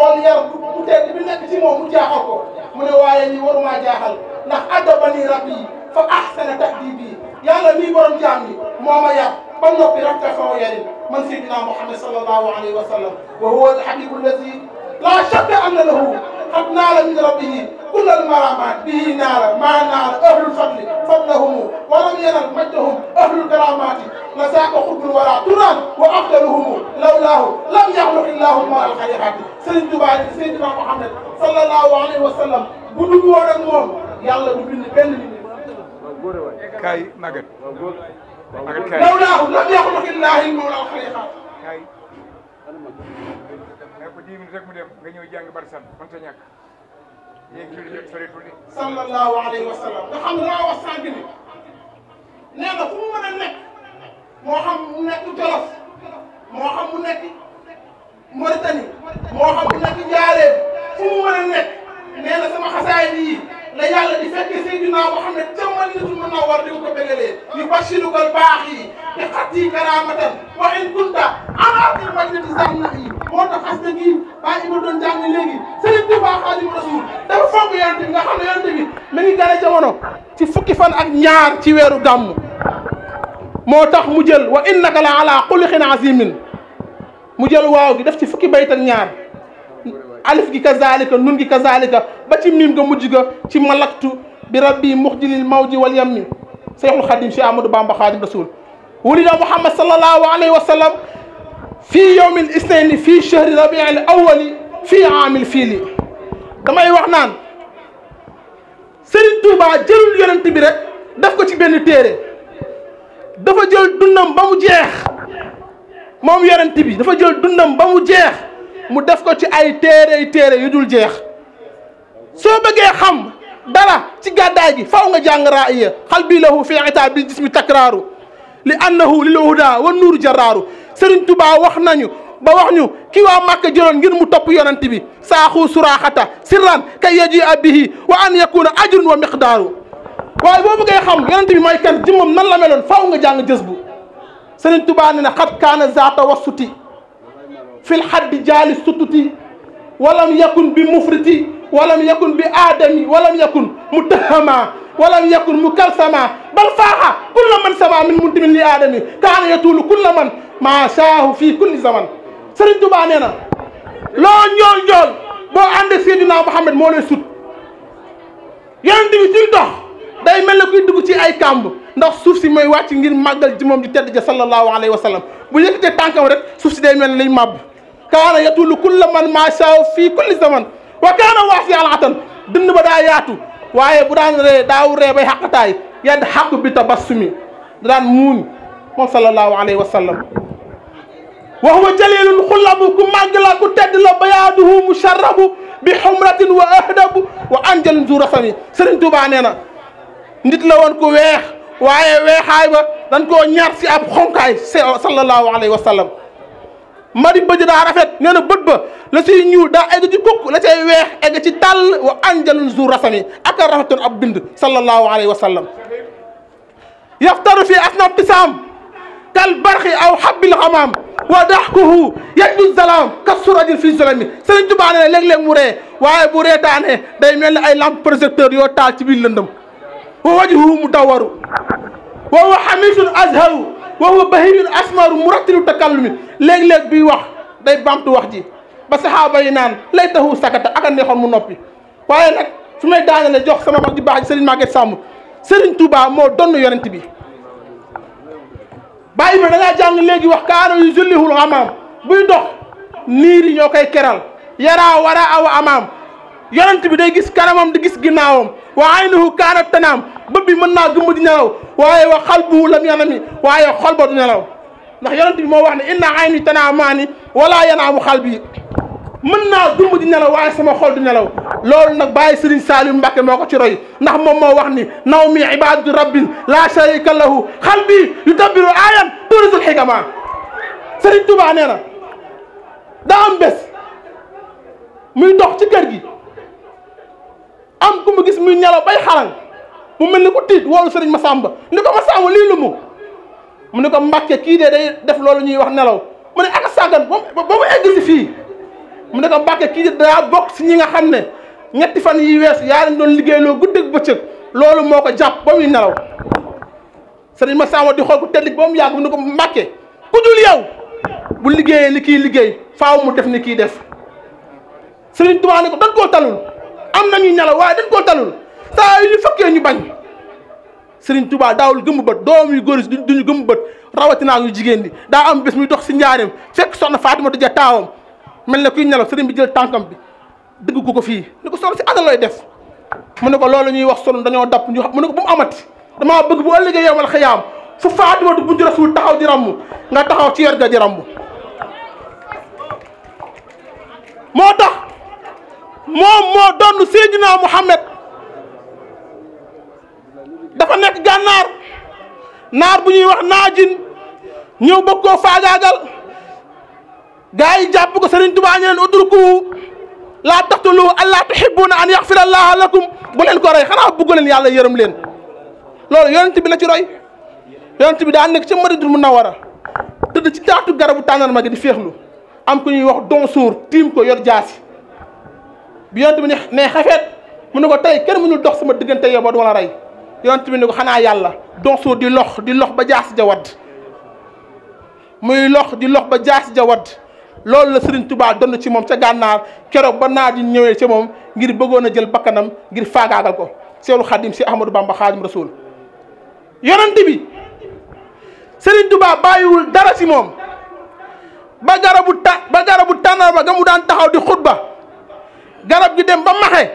xool yar bu bu tedd bi nekk ci moom mu jaaxal ko mu ne waaye lii warumaa jaaxal ndax addabani rabbi fa ahsana tahdibi yàlla mii borom jaam yi moo ma yar ba noppi rafet ak sama yarin man sayyidina Muhammad sallallahu alayhi wa sallam wa huwa al habibu allazi la shakka anna lahu أبناء نال من ربه كل المرامات به نار ما نار أهل الفضل فضلهم ولم ينل مجدهم أهل الكرامات نساق خد الورى تران وأفضلهم لولاه لم يخلق الله ما الخيرات سيد دبي سيدنا محمد صلى الله عليه وسلم بدون ورد موم يلا بدون بن كاي مجد لولاه لم يخلق الله ما الخيرات dix minutes rek mu dem nga ñëw jàng bari sant mënta ñàkk léegi julli jot sori tuuti sallallahu alayhi wa sallam nga xam na fu mu mën a nekk moo xam mu nekk Jolof moo xam mu nekk Mauritanie moo xam mu nekk Njaaréem fu mu mën a nekk nee na sama xasaay yi la yàlla di fekkee Seydina Muhammad ca Madinatul Munawwar di nga ko bégalee yu bashirugal baax yi te xatti karaamatan wa in kunta ala di madinati zanna yi moo tax xasida gi baa ima doon jàng léegi Sëriñ Tuubaa Xaadimu Rasuul dafa fonk yonente bi nga xam ne yonente bi mi ngi gane jamono ci fukki fan ak ñaar ci weeru gàmm moo tax mu jël wa innaka la ala xuluqin azimin mu jël waaw gi def ci fukki bayt ak ñaar alif gi kazalika nun gi kazalika ba ci miim ga mujj ga ci malaktu bi rabbi muxjilil mawji wal yammi seyxul xadim cheikh ahmadou bamba xaadim rasul wulida muhammad sallallahu alayhi wa sallam fii yowmi l isnaini fii chahri rabii al awali fii aamil fiili damay wax naan Serigne Touba jëlul yonent bi rek daf ko ci benn téere dafa jël dundam ba jeex moom yonent bi dafa jël dundam ba jeex mu def ko ci ay téré téré yu dul jeex so beugé xam dara ci gàddaay gi faaw nga jàng raaya qalbi lahu fi itab bi jismi takraaru li annahu lil huda wan nur jaraaru Serigne Touba wax nañu ba wax ñu ki wa Màkka jëron ngir mu top yonent bi khu surahata sirran kay yaji abihi wa an yakuna ajrun wa miqdaaru way bo beugé xam yonent bi moy kan jëmum nan la meloon faaw nga jàng jës bu Serigne Touba ne na xat zaata wasuti في الحد جالس السطتي ولم يكن بمفرتي ولم يكن بآدمي ولم يكن متهما ولم يكن مكلسما بل فاح كل من سمع من من لآدمي كان يطول كل من ما شاه في كل زمن سرين توبا نينا لو نيول نيول بو عند سيدنا محمد مو لي سوت ياندي بي تي دوخ day mel na kuy dugg ci ay ndax suuf si mooy wàcc ngir màggal ji moom di tedd ja sallallahu alayhi wa sallam bu yëkkatee tànkam rek suuf si day mel ni màbb كان يطول كل من ما شاء في كل زمن وكان واسيا العتن دن بدا ياتو واي بودان داو ري باي حقتاي يد حق بتبسمي دان مون مو صلى الله عليه وسلم وهو جليل الخلب كما قال كو لا بياده مشرب بحمره واهدب وانجل زرفني سيرن توبا نينا نيت لا وون كو ويخ waye we hayba dan ko ñaar ci ab xonkay sallallahu alayhi wasallam mari bëj da rafet neena beut ba la sey ñuul da ay ci kukk la sey weex egg ci tal wa anjalun zu rasami ak a rafetoon ab bind sallallahu alayhi wa sallam yaftaru fi asna tisaam kal barhi aw habil hamam wa dahkuhu yajdu zalaam ka fi zalami serigne touba ne leg leg mu re waye bu reetaanee day mel ay lamp projecteur yo tal ci bi lëndëm wa wajhu mu dawaru wa wa xamisun wa huwa bahirun asmaru murattilu takallumi léeg-léeg biy wax day bamtu wax ji ba saxaaba yi naan lay taxu sakata ak a mu noppi waaye nag su may daanale jox sama mag di baax Serigne Maguette Samb Serigne Touba moo donn yonent bi bàyyi ma da ngaa jàng léegi wax kaano yu jullihul amaam buy dox niir yi ñoo koy keral yaraa wara awa amaam yonent bi day gis kanamam di gis ginnaawam wa aynuhu kaanat tanaam bët bi mën naa gëmm di nelaw waaye wa xalbuhu lam yanami waaye xol ba du nelaw ndax yonent bi moo wax ne inna ayni tanaamaani wala yanaamu xalbi mën naa gëmm di nelaw waaye sama xol du nelaw loolu nag bàyyi Serigne Saliou Mbacke moo ko ci roy ndax moom moo wax ni nawmi ibadatu rabbin la sharika lahu xalbi yudabbiru aayam turisul xikama Serigne Touba nee na daa am bés muy dox ci kër gi am ku ma gis muy ñelaw bay xalang mu mel ni ku tiit woolu sëriñ Masamba ni ko Masamba lii lu mu mu ni ko Mbàkke kii de day def loolu ñuy wax nelaw mu ne ak sàggan ba mu egg si fii mu ne ko Mbàkke kii dee daa bokk si ñi nga xam ne ñetti fan yi wees yaa leen doon liggéeyloo guddeeg bëccëg loolu moo ko jàpp ba muy nelaw sëriñ Masamba di xool ku tedd ba mu yàgg mu ne ko Mbàkke ku dul yow bu liggéeyee li kii liggéey faaw mu def ni kii def sëriñ Tuubaa ko dañ am nañu ñelaw waaye dañ koo dalul saa yu ñu fekkee ñu bañ Serigne Touba daawul gëmmu bët doom yu góor yi duñu gëmmu bët rawatina yu jigéen ñi daa am bés muy dox si njaareem fekk soxna Fatima ja taawam mel na kuy ñelaw sëriñ bi jël tànkam bi dëggu ko fii ni ko soxna si ana looy def. mu ne ko loolu ñuy wax sonn dañoo dapp ñu mu ne ko bu mu amati damaa bëgg bu ëllëgee yow mal xëyaam fu Fatima du buntu rasul taxaw di ràmm nga taxaw ci yor ga di ràmm tax. moom moo doon naa Muhammad dafa nekk gànnaar naar bu ñuy wax naajin ñëw bëgg koo faagaagal gaa yi jàpp ko Sëriñ Tuubaa ñu leen udrukuhu laa taqtulu allaa tuhibbuuna an yaxfira allaahu lakum bu leen ko rey xanaa bëgg leen yàlla yërëm leen loolu yonent bi la ci roy yonent bi daa nekk ca Madinatul Munawwara tëdd ci taatu garabu tàndarma gi di féexlu am ku ñuy wax don suur tiim ko yor jaasi bi yonent bi ne ne xafet mu ne ko tey kenn mënul dox sama digënté yow ba du la rey yonent bi ne ko di lox di lox ba jaas ja muy lox di lox ba jaas ja wadd loolu la Serigne Touba don ci mom ca gannaar keroog ba naa di ñëwee ca ngir bëggoon jël bakkanam ngir faagaagal ko seelu khadim si Ahmadou Bamba khadim Rasul yonent bi Serigne Touba bayiwul dara ci mom ba garabu ta ba garabu tanaba gamu taxaw di khutba garab gi dem ba maxe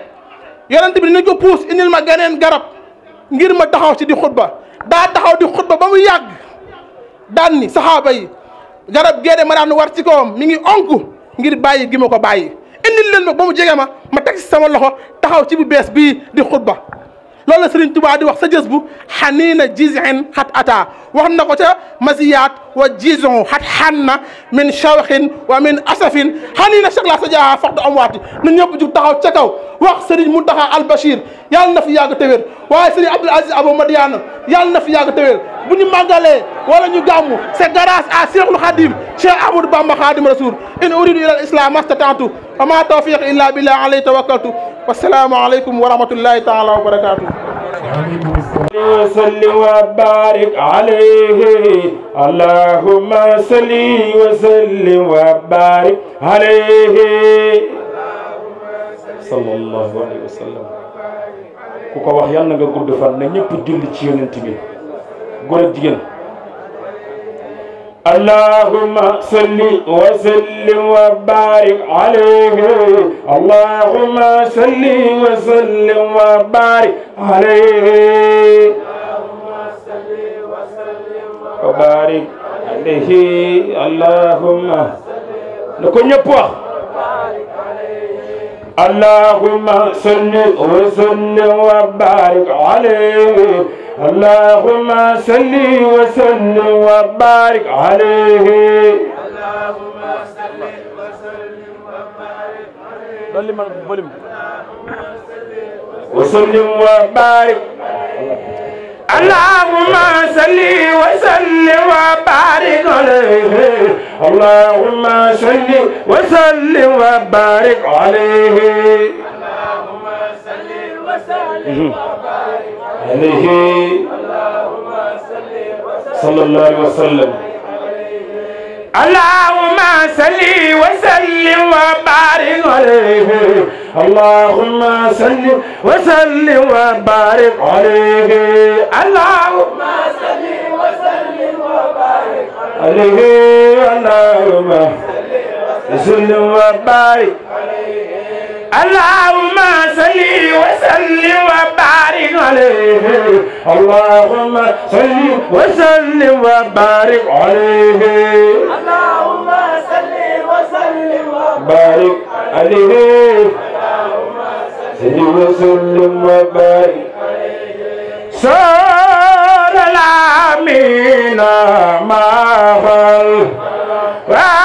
yonent bi dinañ ko puus indil ma geneen garab ngir ma taxaw ci di xutba daa taxaw di xutba ba mu yàgg daan ni saxaaba yi garab gee de ma daan war ci kawam mi ngi onk ngir bàyyi gi ma ko bàyyi indil leen ma ba mu jege ma ma teg ci sama loxo taxaw ci bu bees bii di xutba loolu la Serigne Touba di wax sa jës bu xaniina jizin xat ata wax na ko ca masiyaat wa jizon xat xanna min shawxin wa min asafin xaniina shakla sa jaa faqdu amwaati ñun ñëpp jug taxaw ca kaw wax Serigne Mountakha Al Bachir yàlla na fi yàgg te wér waaye Serigne Abdoul Aziz Abou Madiana yàlla na fi yàgg te wér bu ñu màggalee wala ñu gàmmu c'est grâce à Cheikhul Khadim Cheikh Ahmadou Bamba Khadim Rasoul in uridu ila al islam mastata'tu فما توفيق الا بالله عليه توكلت والسلام عليكم ورحمه الله تعالى وبركاته صلي وبارك عليه اللهم صلي وسلم وبارك عليه صلى الله عليه وسلم كوكا واخ يالنا غا غود فان نييب جولي تي يونتي بي غور جيجن اللهم صل وسلم وبارك عليه اللهم صل وسلم وبارك عليه وبارك عليه اللهم نكون يبوخ اللهم صل وسلم وبارك عليه اللهم صل وسلم وبارك عليه اللهم صل وسلم وبارك عليه اللهم وسلم وبارك اللهم صل وسلم وبارك عليه اللهم صل وسلم وبارك عليه اللهم صل عليه صلى الله عليه وسلم اللهم صل وسلم وبارك عليه اللهم صل وسلم وبارك عليه اللهم صل وسلم وبارك عليه اللهم صل وسلم وبارك عليه اللهم صل وسلم وبارك عليه اللهم صل وسلم وبارك عليه اللهم صل وسلم وبارك عليه صل وسلم وبارك عليه وسلم وبارك عليه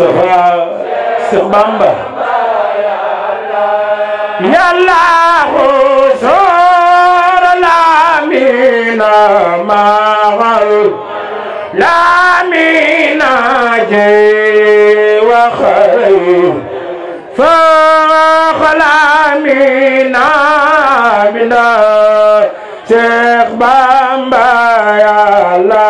Moustapha Cheikh Bamba yàlla xusoor laamina maaxal laamina jee waxal foox laamina bina Cheikh Bamba yàlla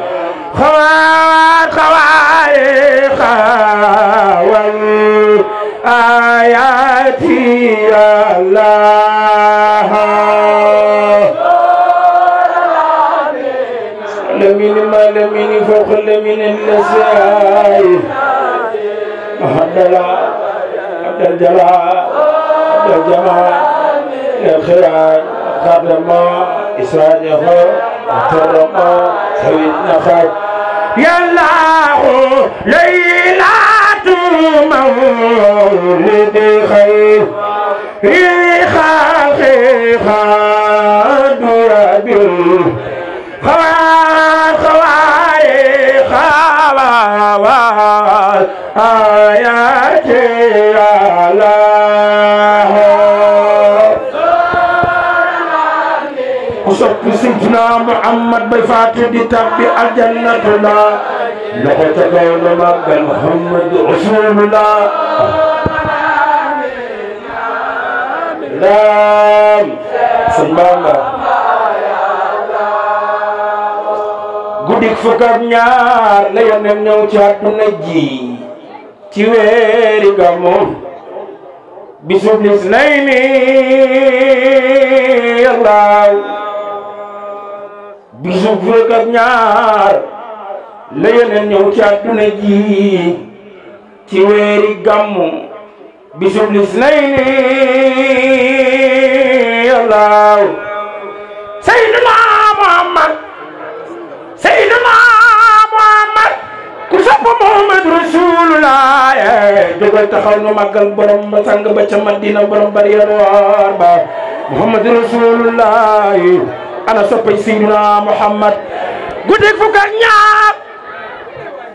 خوار خوار خوار آياتي الله لمن ما لمن فوق لمن النسائي عبد الله عبد الجلال عبد الجمال الخيرات قدما إسرائيل احترما سيدنا خير يلاه ليلة مولد خير خلق خاد رب خوار خوار خوار آياتي على soppi sidna Muhammad bay faati di tabbi aljannatu la loxo ca kaw la màggal Muhammad usulu la laam sëñ Bamba guddik fukk ak ñaar la yoneen ñëw ci àdduna ci weeri gàmmu bisub lis nay ni bisu fukk ak ñaar la yeneen ñëw ci àdduna ji ci weeri gàmmu bisu lis nay ni yàllaaw sayyiduna Muhammad sayyiduna Muhammad ku sopp Muhammad rasulullah eh, jógal taxaw nu màggal borom ba sàng ba ca Madina borom bari yar waar ba Muhammad rasulullah ana soppay Seydina Muhammad guddik fukk ñaar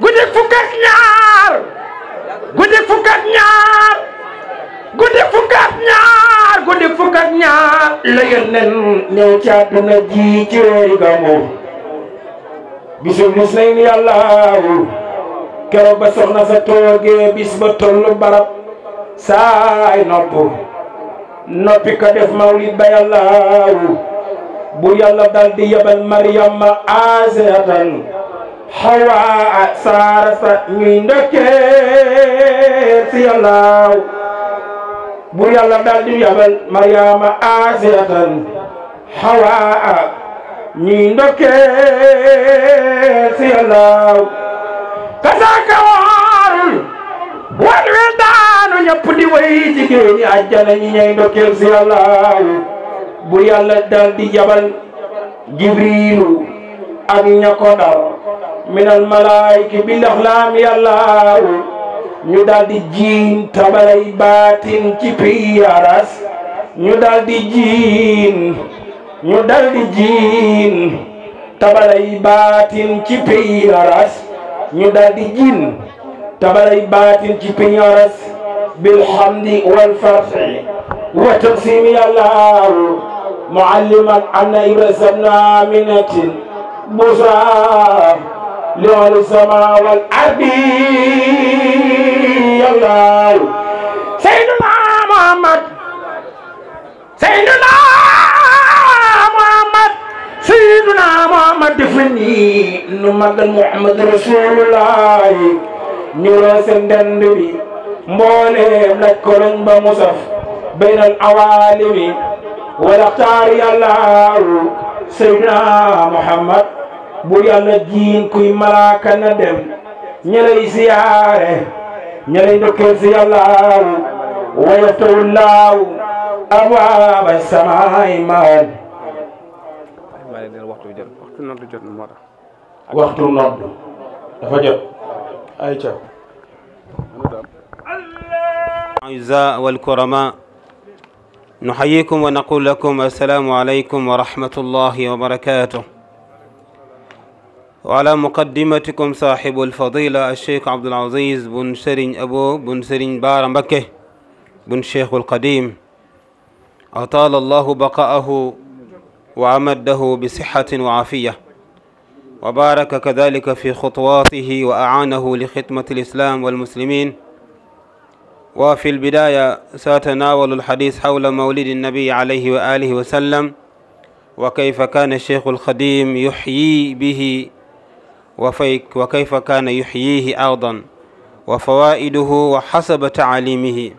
guddik fukk ñaar guddik fukk ñaar guddik fukk ñaar guddik fukk ak ñaar la yónneen ñëw ci àdduna ji ci weeri keroog ba soxna sa bis ba tollu saay nopp noppi def mawlid ba yàllaawu bu yàlla dal di yebal Mariama azatan xawaa saara sa ñuy si yàllaaw bu yàlla dal di yebal Mariama azatan xawaa ñuy ndokkee si yàllaaw kasaaka waarul wal wi daanu ñëpp di way jigéen ñi àjjana ñi ñay ndokkeel si yàllaaw bu yàlla daal di jabal jibriilu ak ña ko dar minal malaayki bi laxlaam yàllaaw ñu daal di jiin tabalay baatin ci piyaras ñu daal di jiin ñu daal di jiin tabalay baatin ci piyaras ñu daal di jiin tabalay baatin ci piyaras bilhamdi wal farxi wa taqsim yàllaaw معلما عن إبرز نامنة بشرى لأهل السماء والأرض يا الله سيدنا محمد سيدنا محمد سيدنا محمد فني نمد محمد رسول الله نراس الدندبي مولي لك كرنب مصف بين العوالم wala taar yàllaaru seydina muhammad bu yàlla jiin kuy malaaka na dem ña lay ziyaare ña lay ndokkeel si yàllaaru waya tawlaaw abwaaba samaay maan waxtu nodd jot na moo tax waxtu nodd dafa jot ay ca ayza wal kurama نحييكم ونقول لكم السلام عليكم ورحمة الله وبركاته وعلى مقدمتكم صاحب الفضيلة الشيخ عبد العزيز بن سرين أبو بن سرين بارمكة بن شيخ القديم أطال الله بقاءه وأمده بصحة وعافية وبارك كذلك في خطواته وأعانه لخدمة الإسلام والمسلمين وفي البداية سأتناول الحديث حول مولد النبي عليه وآله وسلم وكيف كان الشيخ الخديم يحيي به وفيك وكيف كان يحييه أرضا وفوائده وحسب تعاليمه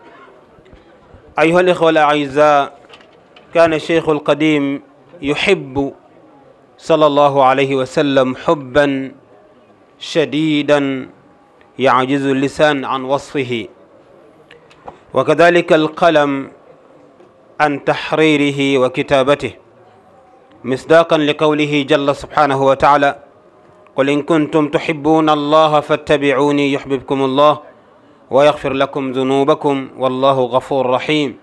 أيها الإخوة الأعزاء كان الشيخ القديم يحب صلى الله عليه وسلم حبا شديدا يعجز اللسان عن وصفه وكذلك القلم عن تحريره وكتابته مصداقا لقوله جل سبحانه وتعالى قل إن كنتم تحبون الله فاتبعوني يحببكم الله ويغفر لكم ذنوبكم والله غفور رحيم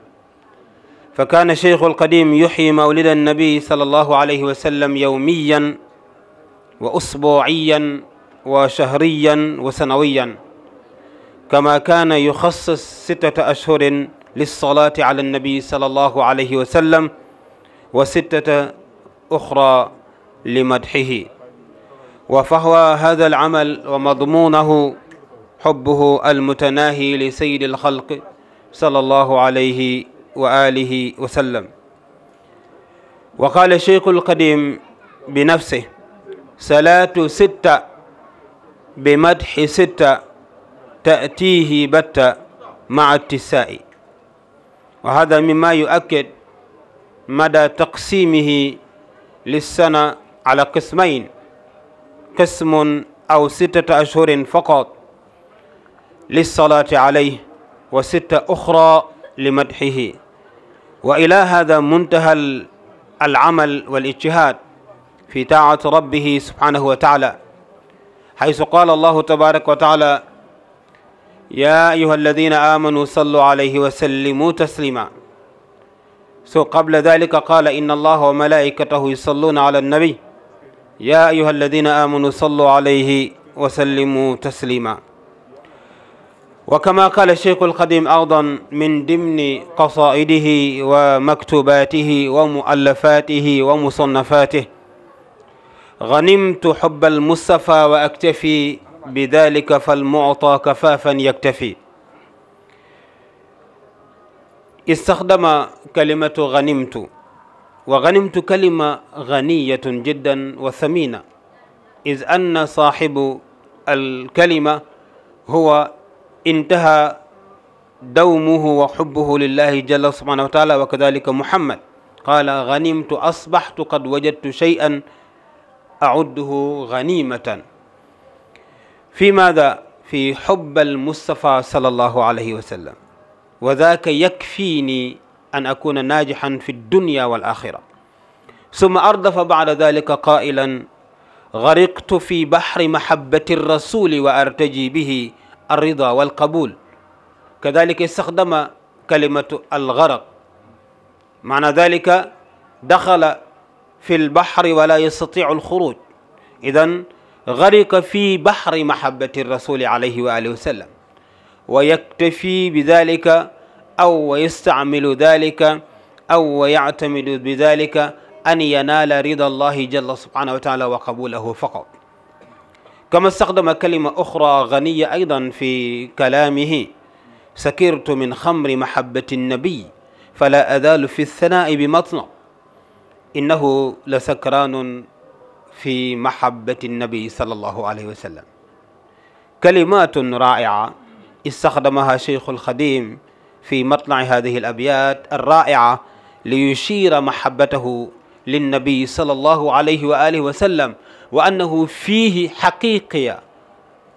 فكان شيخ القديم يحيي مولد النبي صلى الله عليه وسلم يوميا وأسبوعيا وشهريا وسنويا كما كان يخصص ستة أشهر للصلاة على النبي صلى الله عليه وسلم وستة أخرى لمدحه وفهو هذا العمل ومضمونه حبه المتناهي لسيد الخلق صلى الله عليه وآله وسلم وقال الشيخ القديم بنفسه صلاة ستة بمدح ستة تأتيه بتة مع اتساء وهذا مما يؤكد مدى تقسيمه للسنة على قسمين قسم أو ستة أشهر فقط للصلاة عليه وستة أخرى لمدحه وإلى هذا منتهى العمل والاجتهاد في طاعة ربه سبحانه وتعالى حيث قال الله تبارك وتعالى يا أيها الذين آمنوا صلوا عليه وسلموا تسليما سو so قبل ذلك قال إن الله وملائكته يصلون على النبي يا أيها الذين آمنوا صلوا عليه وسلموا تسليما وكما قال الشيخ القديم أيضا من ضمن قصائده ومكتوباته ومؤلفاته ومصنفاته غنمت حب المصطفى وأكتفي بذلك فالمعطى كفافا يكتفي استخدم كلمة غنمت وغنمت كلمة غنية جدا وثمينة إذ أن صاحب الكلمة هو انتهى دومه وحبه لله جل سبحانه وتعالى وكذلك محمد قال غنمت أصبحت قد وجدت شيئا أعده غنيمة في ماذا في حب المصطفى صلى الله عليه وسلم وذاك يكفيني أن أكون ناجحا في الدنيا والآخرة ثم أردف بعد ذلك قائلا غرقت في بحر محبة الرسول وأرتجي به الرضا والقبول كذلك استخدم كلمة الغرق معنى ذلك دخل في البحر ولا يستطيع الخروج إذا غرق في بحر محبة الرسول عليه وآله وسلم ويكتفي بذلك أو ويستعمل ذلك أو ويعتمد بذلك أن ينال رضا الله جل سبحانه وتعالى وقبوله فقط كما استخدم كلمة أخرى غنية أيضا في كلامه سكرت من خمر محبة النبي فلا أزال في الثناء بمطنع إنه لسكران في محبة النبي صلى الله عليه وسلم كلمات رائعة استخدمها شيخ الخديم في مطلع هذه الأبيات الرائعة ليشير محبته للنبي صلى الله عليه وآله وسلم وأنه فيه حقيقية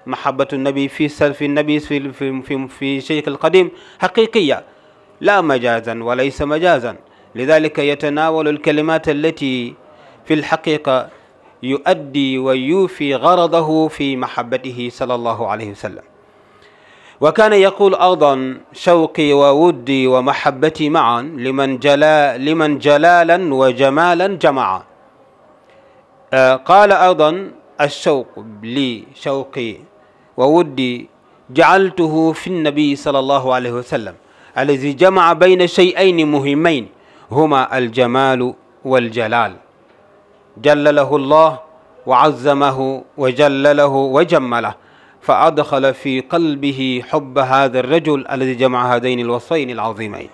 محبة النبي في سلف النبي في في في, في شيخ القديم حقيقية لا مجازا وليس مجازا لذلك يتناول الكلمات التي في الحقيقة يؤدي ويوفي غرضه في محبته صلى الله عليه وسلم وكان يقول أيضا شوقي وودي ومحبتي معا لمن, جلا لمن جلالا وجمالا جمعا آه، قال أيضا الشوق لي شوقي وودي جعلته في النبي صلى الله عليه وسلم الذي جمع بين شيئين مهمين هما الجمال والجلال جلله الله وعزمه وجلله وجمله فأدخل في قلبه حب هذا الرجل الذي جمع هذين الوصفين العظيمين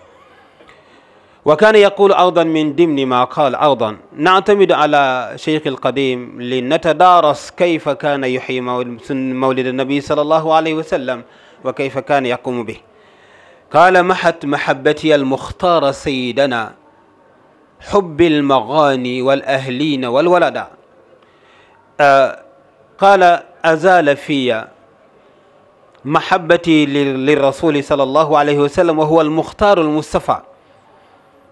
وكان يقول أيضا من ضمن ما قال أيضا نعتمد على شيخ القديم لنتدارس كيف كان يحيي مولد النبي صلى الله عليه وسلم وكيف كان يقوم به قال محت محبتي المختار سيدنا حب المغاني والأهلين والولد آه، قال أزال في محبتي للرسول صلى الله عليه وسلم وهو المختار المصطفى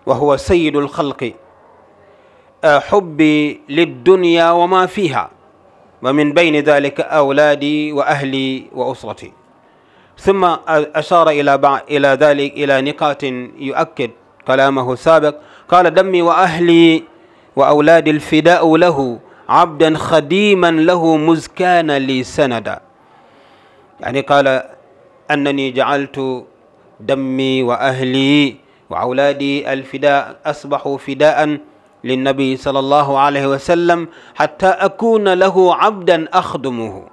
وهو سيد الخلق آه، حبي للدنيا وما فيها ومن بين ذلك أولادي وأهلي وأسرتي ثم أشار إلى إلى ذلك إلى نقاط يؤكد كلامه السابق قال دمي وأهلي وأولادي الفداء له عبدا خديما له مذ كان لي سندا يعني قال أنني جعلت دمي وأهلي وأولادي الفداء أصبحوا فداء للنبي صلى الله عليه وسلم حتى أكون له عبدا أخدمه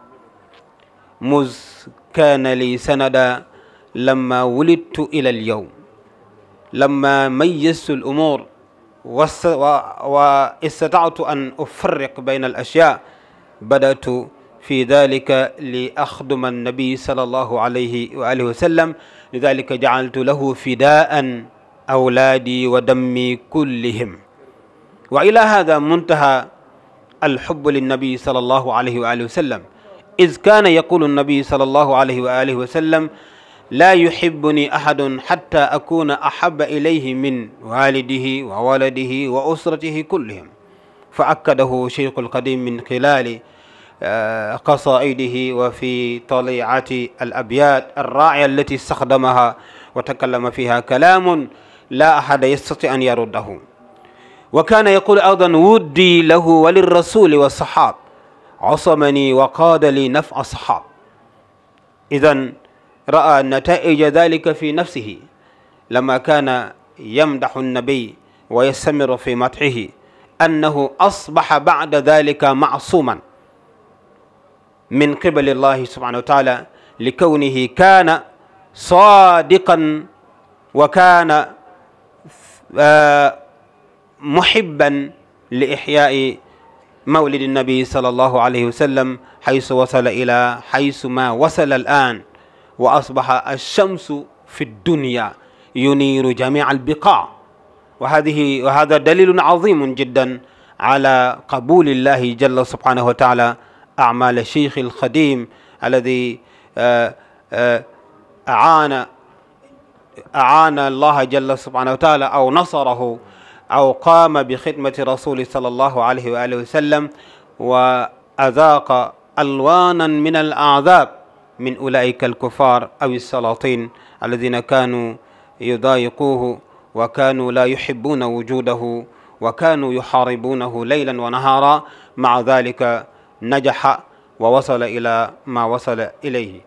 مذ كان لي سندا لما ولدت إلى اليوم لما ميزت الأمور واستطعت أن أفرق بين الأشياء بدأت في ذلك لأخدم النبي صلى الله عليه وآله وسلم لذلك جعلت له فداء أولادي ودمي كلهم وإلى هذا منتهى الحب للنبي صلى الله عليه وآله وسلم إذ كان يقول النبي صلى الله عليه وآله وسلم لا يحبني أحد حتى أكون أحب إليه من والده وولده وأسرته كلهم فأكده شيخ القديم من خلال آه، قصائده وفي طليعة الأبيات الراعية التي استخدمها وتكلم فيها كلام لا أحد يستطيع أن يرده وكان يقول أيضا ودي له وللرسول والصحاب عصمني وقاد لي نفع الصحاب إذا رأى نتائج ذلك في نفسه لما كان يمدح النبي ويستمر في مدحه أنه أصبح بعد ذلك معصوما من قبل الله سبحانه وتعالى لكونه كان صادقا وكان آه، محبا لإحياء مولد النبي صلى الله عليه وسلم حيث وصل إلى حيث ما وصل الآن وأصبح الشمس في الدنيا ينير جميع البقاع وهذه وهذا دليل عظيم جدا على قبول الله جل سبحانه وتعالى أعمال الشيخ الخديم الذي آه، آه، أعان أعان الله جل سبحانه وتعالى أو نصره أو قام بخدمة رسول صلى الله عليه وآله وسلم وأذاق ألوانا من الأعذاب من أولئك الكفار أو السلاطين الذين كانوا يضايقوه وكانوا لا يحبون وجوده وكانوا يحاربونه ليلا ونهارا مع ذلك نجح ووصل إلى ما وصل إليه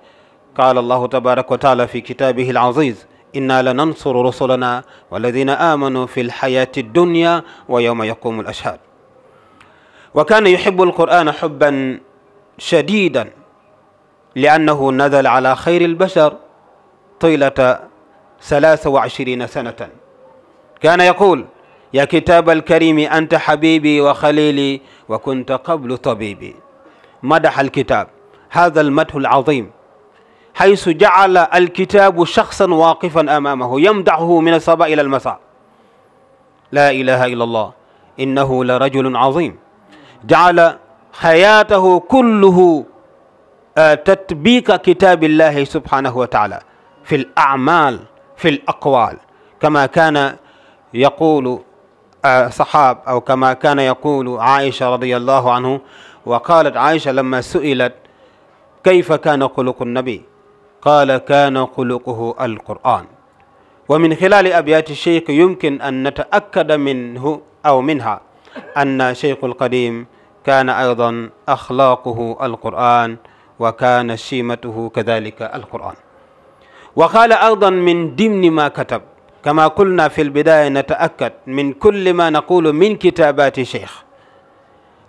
قال الله تبارك وتعالى في كتابه العزيز إنا لننصر رسلنا والذين آمنوا في الحياة الدنيا ويوم يقوم الأشهاد وكان يحب القرآن حبا شديدا لأنه نزل على خير البشر طيلة 23 وعشرين سنة كان يقول يا كتاب الكريم أنت حبيبي وخليلي وكنت قبل طبيبي مدح الكتاب هذا المدح العظيم حيث جعل الكتاب شخصا واقفا أمامه يمدحه من الصباح إلى المساء لا إله إلا الله إنه لرجل عظيم جعل حياته كله آه، تطبيق كتاب الله سبحانه وتعالى في الأعمال في الأقوال كما كان يقول آه، صحاب أو كما كان يقول عائشة رضي الله عنه وقالت عائشة لما سئلت كيف كان خلق النبي قال كان خلقه القرآن ومن خلال أبيات الشيخ يمكن أن نتأكد منه أو منها أن شيخ القديم كان أيضا أخلاقه القرآن وكان شيمته كذلك القرآن وقال أيضا من ضمن ما كتب كما قلنا في البداية نتأكد من كل ما نقول من كتابات شيخ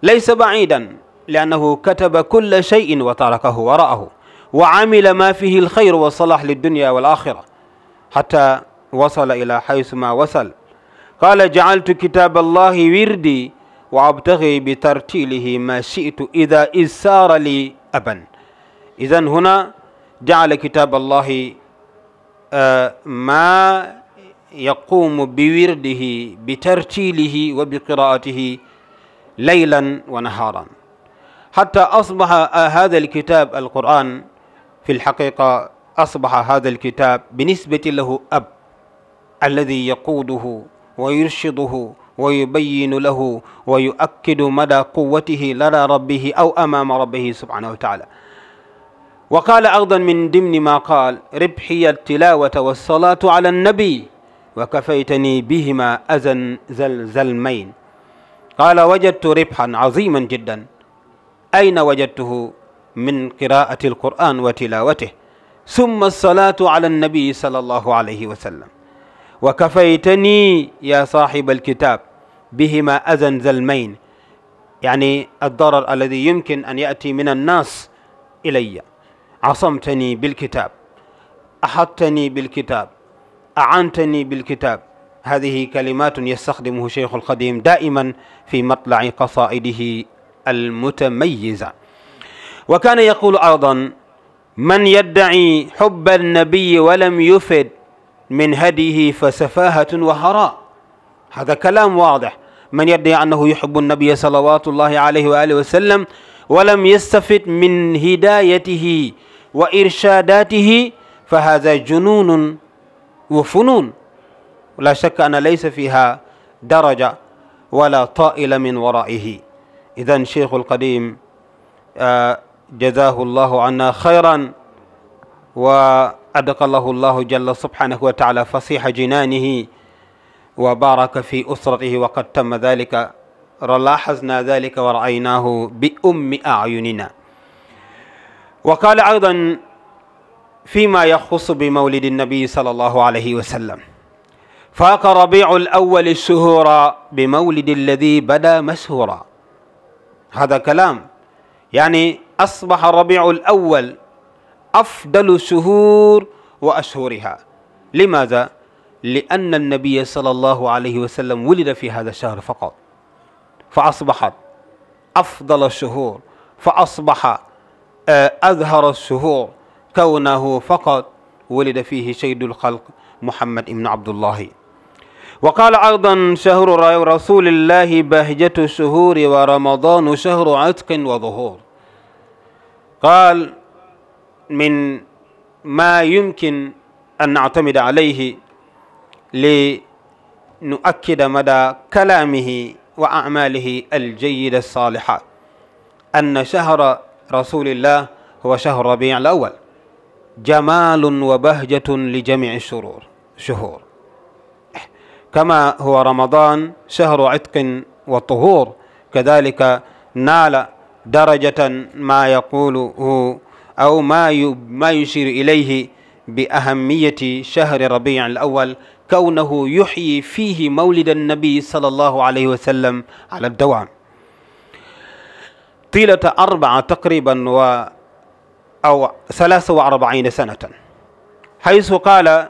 ليس بعيدا لأنه كتب كل شيء وتركه وراءه وعمل ما فيه الخير والصلاح للدنيا والآخرة حتى وصل إلى حيث ما وصل قال جعلت كتاب الله وردي وأبتغي بترتيله ما شئت إذا إسار لي أبا إذا هنا جعل كتاب الله آه، ما يقوم بورده بترتيله وبقراءته ليلا ونهارا حتى أصبح آه، هذا الكتاب القرآن في الحقيقة أصبح هذا الكتاب بالنسبة له أب الذي يقوده ويرشده ويبين له ويؤكد مدى قوته لدى ربه أو أمام ربه سبحانه وتعالى وقال أيضا من ضمن ما قال ربحي التلاوة والصلاة على النبي وكفيتني بهما أذى زلزلمين قال وجدت ربحا عظيما جدا أين وجدته من قراءة القرآن وتلاوته ثم الصلاة على النبي صلى الله عليه وسلم وكفيتني يا صاحب الكتاب بهما أذى زلمين يعني الضرر الذي يمكن أن يأتي من الناس إليّ عصمتني بالكتاب أحطتني بالكتاب أعنتني بالكتاب هذه كلمات يستخدمه شيخ القديم دائما في مطلع قصائده المتميزة وكان يقول أيضا من يدعي حب النبي ولم يفد من هديه فسفاهة وهراء هذا كلام واضح من يدعي أنه يحب النبي صلوات الله عليه وآله وسلم ولم يستفد من هدايته وإرشاداته فهذا جنون وفنون لا شك أن ليس فيها درجة ولا طائل من ورائه إذا شيخ القديم آه، جزاه الله عنا خيرا الله الله جل سبحانه وتعالى فصيح جنانه وبارك في أسرته وقد تم ذلك لاحظنا ذلك ورأيناه بأم أعيننا وقال أيضا فيما يخص بمولد النبي صلى الله عليه وسلم فاق ربيع الأول الشهور بمولد الذي بدا مسهورا هذا كلام يعني أصبح ربيع الأول أفضل شهور وأشهرها لماذا؟ لأن النبي صلى الله عليه وسلم ولد في هذا الشهر فقط فأصبحت أفضل الشهور فأصبح آه، أظهر السهور كونه فقط ولد فيه شيد الخلق محمد بن عبد الله وقال أيضا شهر رسول الله بهجة الشهور ورمضان شهر عتق وظهور قال من ما يمكن أن نعتمد عليه لنؤكد مدى كلامه وأعماله الجيدة الصالحة أن شهر رسول الله هو شهر ربيع الأول جمال وبهجة لجميع الشرور شهور كما هو رمضان شهر عتق وطهور كذلك نال درجة ما يقوله أو ما ما يشير إليه بأهمية شهر ربيع الأول كونه يحيي فيه مولد النبي صلى الله عليه وسلم على الدوام طيلة أربعة تقريبا و أو ثلاثة وأربعين سنة حيث قال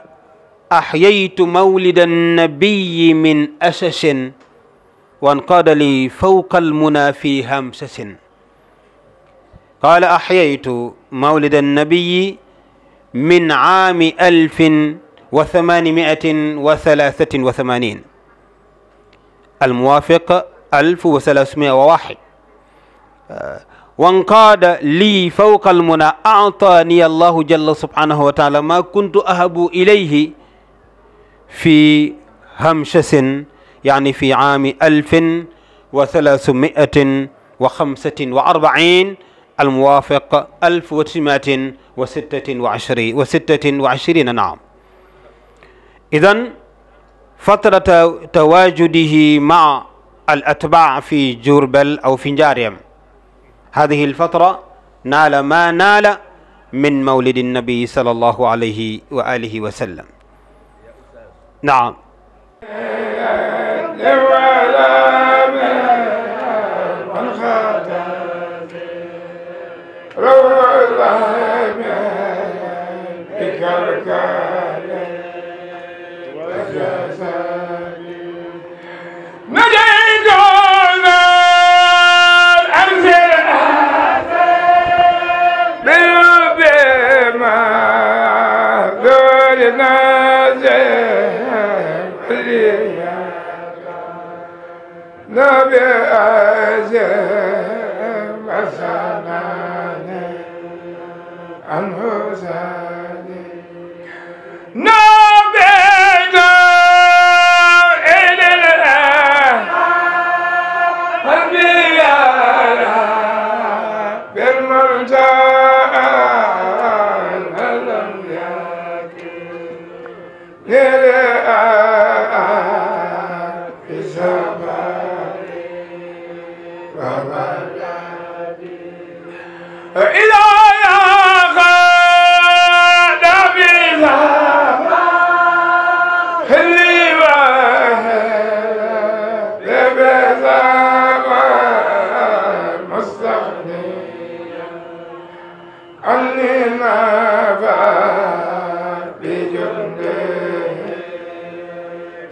أحييت مولد النبي من أسس وانقاد لي فوق المنى في همسس قال أحييت مولد النبي من عام ألف وثمانمائة وثلاثة وثمانين الموافق ألف وثلاثمائة وواحد وانقاد لي فوق المنى أعطاني الله جل سبحانه وتعالى ما كنت أهب إليه في همشس يعني في عام ألف وثلاثمائة وخمسة وأربعين الموافق ألف وتسعمائة وستة وعشرين وستة وعشرين نعم إذا فترة تواجده مع الأتباع في جربل أو في جاريم هذه الفترة نال ما نال من مولد النبي صلى الله عليه وآله وسلم نعم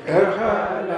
ارحل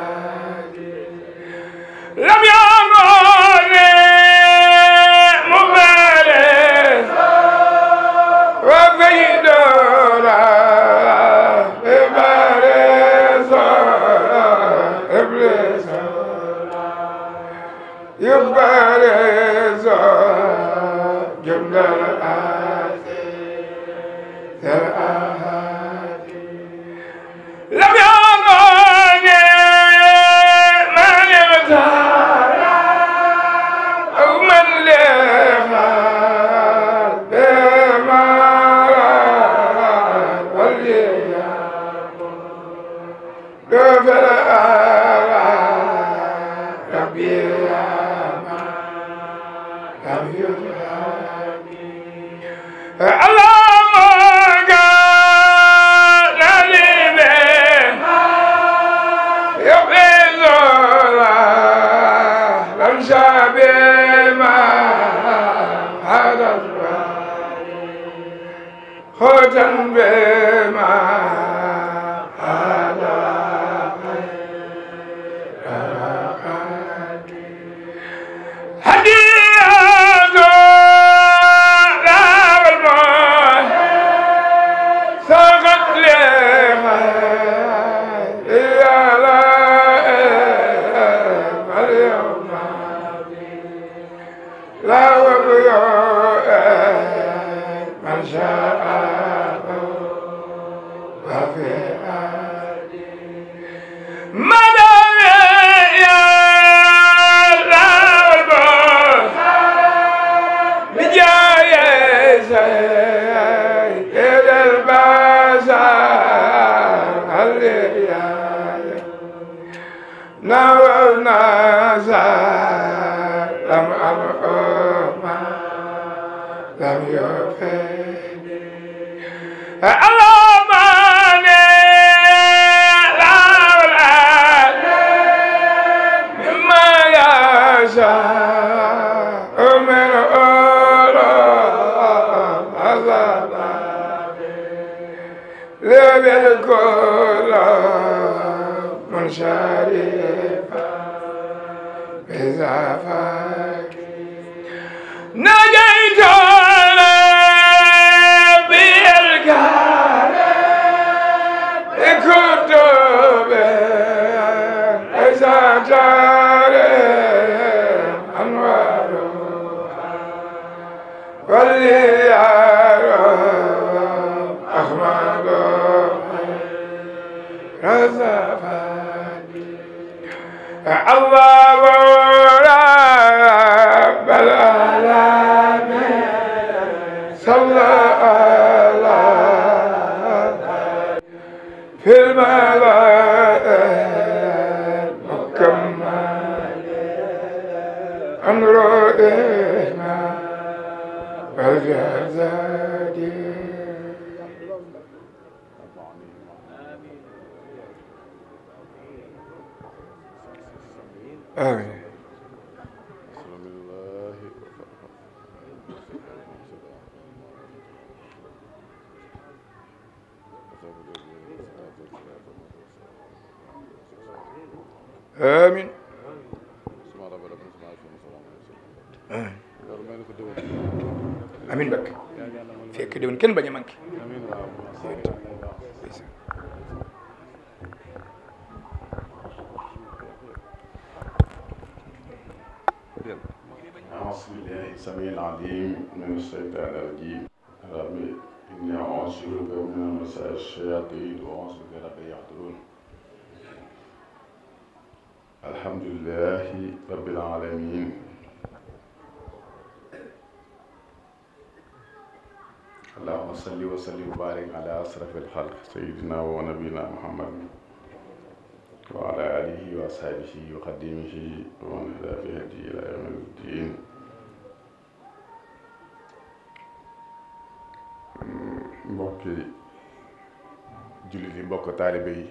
taalibe yi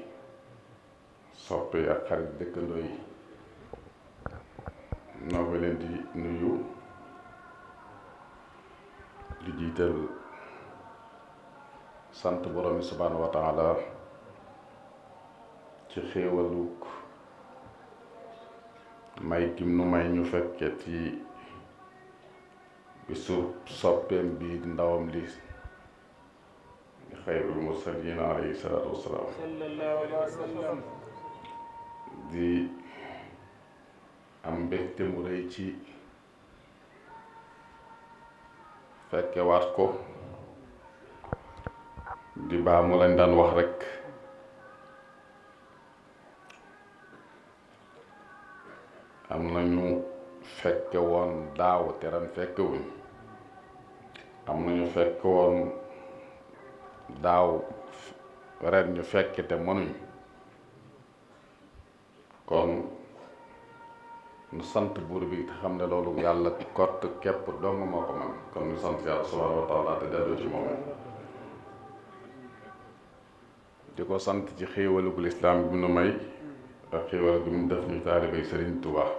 soppe ak xarit dëkkandoo noo ngi leen di nuyu di jiital sant borom bi subhaanahu ci xéewaluk may gim nu may ñu fekkee ci bisu soppeem bi ndawam lii خير المرسلين عليه الصلاة والسلام صلى الله عليه وسلم دي أم بيت مريتي فك واركو دي با مولان دان واخ رك ام نانيو فك وون داو تيران فك وون ام نانيو فك وون daaw ren ñu fekk te mënuñ kon ñu sant buur bi te xam ne loolu yàlla kott képp dong moo ko man kon ñu sant yàlla subhaanahu wa taala te delloo ci moom di ko sant ci xéewalug lislaam bi nu may ak xéewal bi mu def ñu taalibay Sëriñ Tuubaa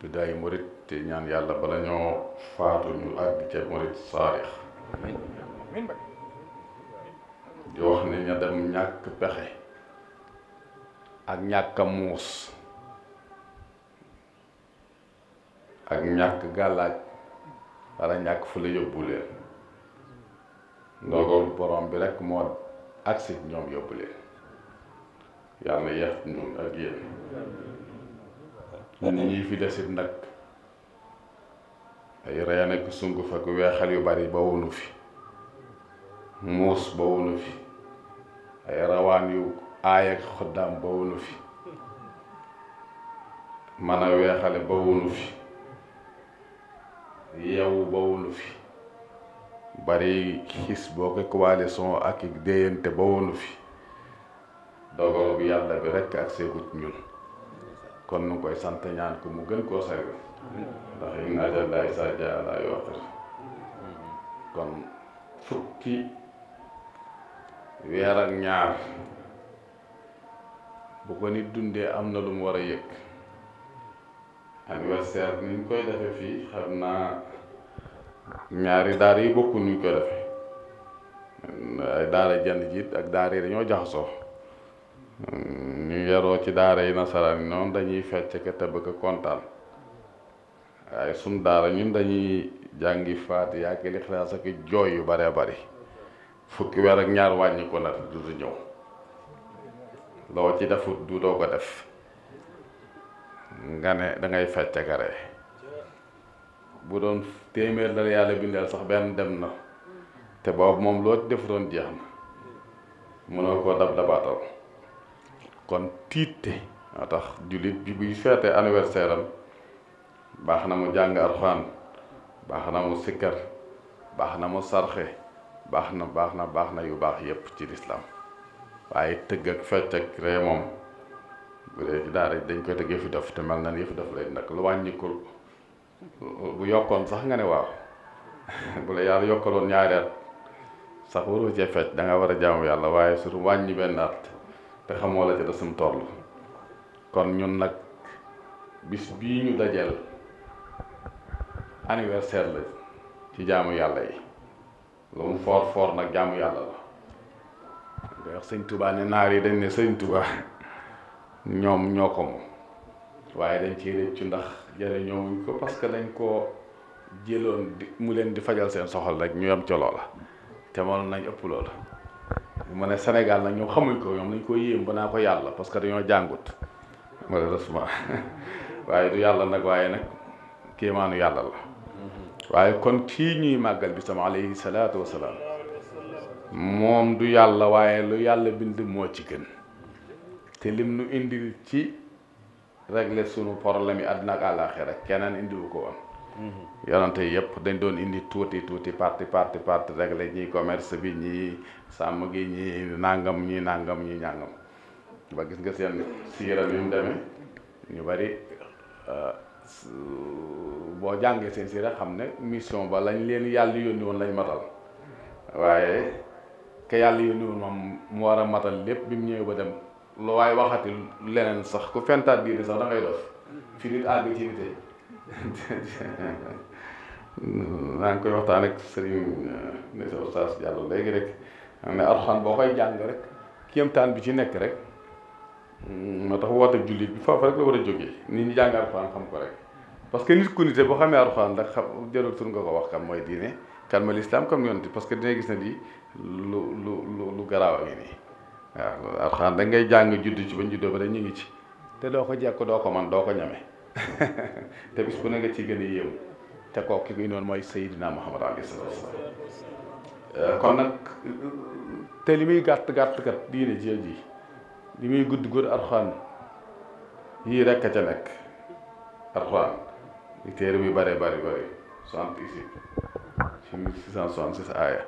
di daay murit te ñaan yàlla bala ñoo faatu ñu àgg ca murit saarix di wax ne ña dem ñàkk pexe ak ñàkk a muus ak ñàkk gàllaaj wala ñàkk fu la yóbbu leen ndogal borom bi rek moo agsi ñoom yóbbu leen yàlla yeex ñun ak yéen ñun ñi fi desit nag ay reen ak sunguf ak weexal yu bari ba wonu fi muus ba wonu fi ay rawaan yu aay ak xoddaam ba wunu fi mën a weexale ba wunu fi yeewu ba wunu fi bari xis boo ko coalition ak i déyante ba wunu fi dogal bu bi rekk ak seegut ñun kon nu koy sant ñaan ko mu gën koo sari ndax in ajallahi sa jaa laa yoo kon fukki weer ak ñaar bu ko nit dundee am na lu mu war a yëg anniversaire ni ñu koy defe fii xam naa ñaari daara yi bokkul ni koy defe ay daara jand jiit ak daara yi dañoo jaxasoo ñu yaroo ci daara yi nasaraan yi dañuy fecc ka tëb ka kontaan waaye sun daara ñun dañuy jàngi faat faatiha ak lixlaas ak jooy yu baree bari fukki weer ak ñaar wàññi ko na du ñëw loo ci defut du doo ko def nga ne da fecc gare bu doon téeméer la yàlla bindeel sax benn dem na te boobu moom loo ci defutoon jeex na mënoo koo dab dabaatal kon tiite moo tax jullit bi buy feete anniversaire baax na mu jàng alxuraan baax na mu sikkar baax na mu sarxe baax na baax na baax na yu baax yépp ci lislaam waaye tëgg ak fecc ak ree moom bu dee ci daara dañ koy tëgg yëfu def te mel na yëfu def lay nag lu wàññiku bu yokkoon sax nga ne waaw bu yàlla yokkaloon ñaareel sax waroo cee fecc da war a jaamu yàlla waaye su wàññi benn at te xamoo la ca desum kon ñun nag bis bii ñu dajeel anniversaire la ci jaamu yàlla yi lu mu foor foor nag jàmm yàlla la nga tubaa ne naar yi dañ ne sëñ tubaa ñoom ñoo ko moom waaye dañ ci rëccu ndax jëriñoo wuñ ko parce que dañ koo jëloon di mu leen di fajal seen soxal rek ñu yem ca loola te moom nañ ëpp loola mu ne senegal nag ñoom xamuñ ko ñoom dañ ko yéem ba naa ko yàlla parce que dañoo jàngut malheureusement waaye du yàlla nag waaye nag kéemaanu yàlla la waaye kon kii ñuy màggal bisam alayhi salaatu wasalaam moom du yàlla waaye lu yàlla bind moo ci gën te lim nu indil ci régler sunu problème yi àdduna ak àllaaxira keneen indiwu ko woon mhm. yonante yëpp dañ doon indi tuuti tuuti parti parti parti régler ñi commerce bi ñii sàmm gi ñi nàngam ñi nàngam ñi ñàngam ba gis nga seen siira bi mu demee ñu bari euh, boo jàngee seen siira xam ne mission ba lañ leen yàlla yónni woon lañ matal waaye ke yàlla yónni woon moom mu war a matal lépp bi mu ñëwee ba dem lu waaye waxati leneen sax ku fentaat biir sax da ngay dof fi nit àgg ci nit maa ngi koy waxtaan ak sëriñ monsieur Oustaz Diallo léegi rek xam ne alxuraan boo koy jàng rek kéemtaan bi ci nekk rek moo tax woote jullit bi foofu rek la war a jógee nit ñi jàng alxuraan xam ko rek parce que nit ku nite boo xamee alxuraan ndax xam jarul tur nga ko wax kan mooy diine kan ma lislaam kan yonent parce que dina gis ne lii lu lu lu lu garaaw a nii waaw alxuraan da ngay jàng judd ci bañ juddoo ba rek ñu ngi ci te doo ko jekk doo ko man doo ko ñame te bis bu ne nga ci gën a yéew te kooku ki ko indoon mooy Seydina Muhammad alayhi salaatu wasalaam euh, kon nag te li muy gàtt gàtt kat diine ji ji li muy gudd gudd alxuraan yii rek a ca nekk li téere bi bare bari bari soixante ici ci mille six cent soixante six aaya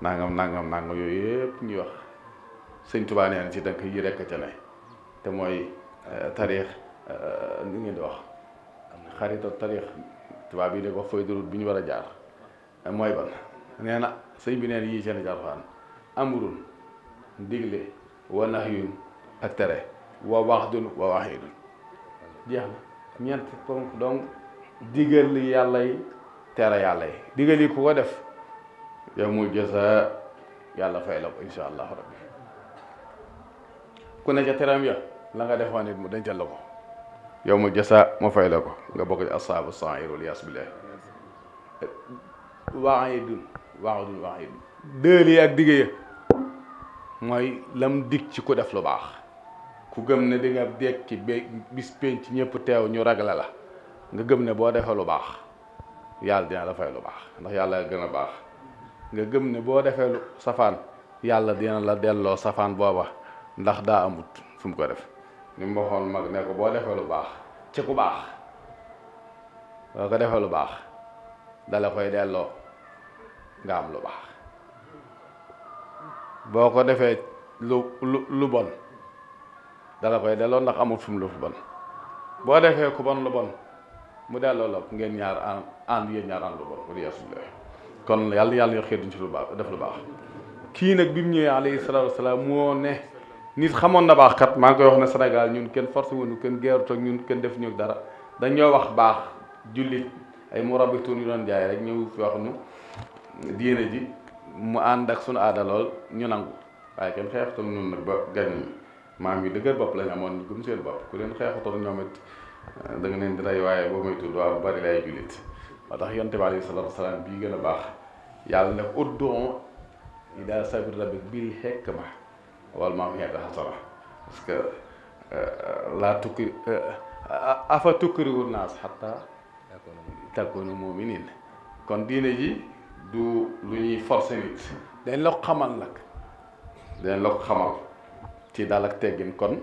nangam nangam nangam yooyu yëpp ñuy wax sëñ Tuubaa nee ci dënk yi rekk ca ne te mooy euh, tarix li euh, ngeen di wax xarito tarix tubaab yi de wax fooy durut bi ñu war a jaar mooy ban nee na sëñ bi neen yii seen jaar faan amrun digle wa nahyun ak tere wa wax dun wa wax yi dun jeex na ñeent ponk donc digal yàlla yi tere yàlla yi digal yi ku ko def yow mu jësa yàlla fay la ko insha allahu rabbi ku ne ca teram ya la nga def it mu dencal la ko yow mu jësa mu fay la ko nga bokk ci asaabu sair wal yas billah waaxa yi dun waaxa yi dun dël yi ak digge ya mooy lam dig ci ku def lu baax ku gëm ne di nga dekki ba bis penc ñëpp teew ñu ragla la nga gëm ne boo defee lu baax yàlla dina la lu baax ndax yàlla gën a baax nga gëm ne boo defee safaan yàlla dina la delloo safaan booba ndax daa amut fu mu ko def ni mu waxoon mag ne ko boo defee lu baax ci ku baax boo ko defee lu baax dala koy delloo nga am lu baax boo ko defee lu lu lu bon dala koy delloo ndax amut fu mu lu bon boo defee ku bon lu bon mu delloo la ngeen ñaar ànd yéen ñaar ànd lu bon kon yàlla yàlla yoo xeet duñ ci lu baax def lu baax kii nag bi mu ñëwee alayhi salaatu wasalaam moo ne nit xamoon na baax kat maa ngi koy wax ne Sénégal ñun kenn force wuñu kenn geerut ak ñun kenn def ñu dara dañoo wax baax jullit ay murabitun yu doon jaay rek ñëw fi wax nu diine ji mu ànd ak sunu aada lool ñu nangu waaye kenn xeexutoon ñun nag ba gañ maam yi dëgër bopp amoon ñu gëm ku leen xeexutoon ñoom it da nga leen di rey waaye boo moytu doo bari lay jullit moo tax yonte bi alayhi salaatu wasalaam bii gën a baax yàlla ne ud'u ila sabili rabbika bil hikma wal maw'izati hasana parce que euh, laa tukri euh, afa tukrihu naas xatta takunu muminin kon diine ji du lu ñuy nit dañ la xamal nag dañ la xamal ci dal ak teggin kon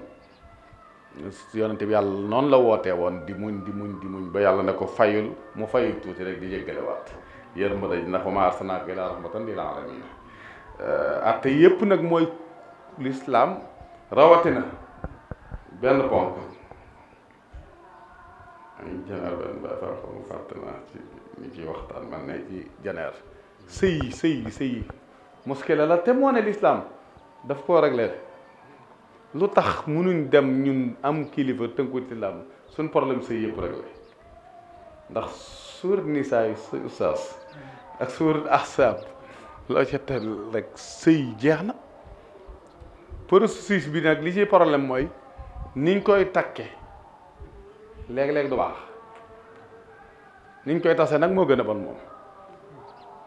yonente bi yàlla noonu la wootee woon di muñ di muñ di muñ ba yàlla na ko fayul mu fayul tuuti rek di jéggale waat yërmande ji na ko ma arsalnaaka illaa rahmatan lil aalamiin euh, atte yépp nag mooy lislaam rawatina benn ponk janeer benn ba farxom fàttna ci ñi ciy waxtaan man ne ci janeer sëy sëy sëy muskila la te moo ne lislaam daf koo réglé lu tax munuñ dem ñun am kilifa tënku ci làmb suñ problème say yëpp rek ndax suur nisaay sa ustaas ak suur ahsaab loo ca teel rek sëy jeex na processus bi nag li ci mooy niñ koy takke léeg-léeg du baax niñ koy tase nag moo gën a bon moom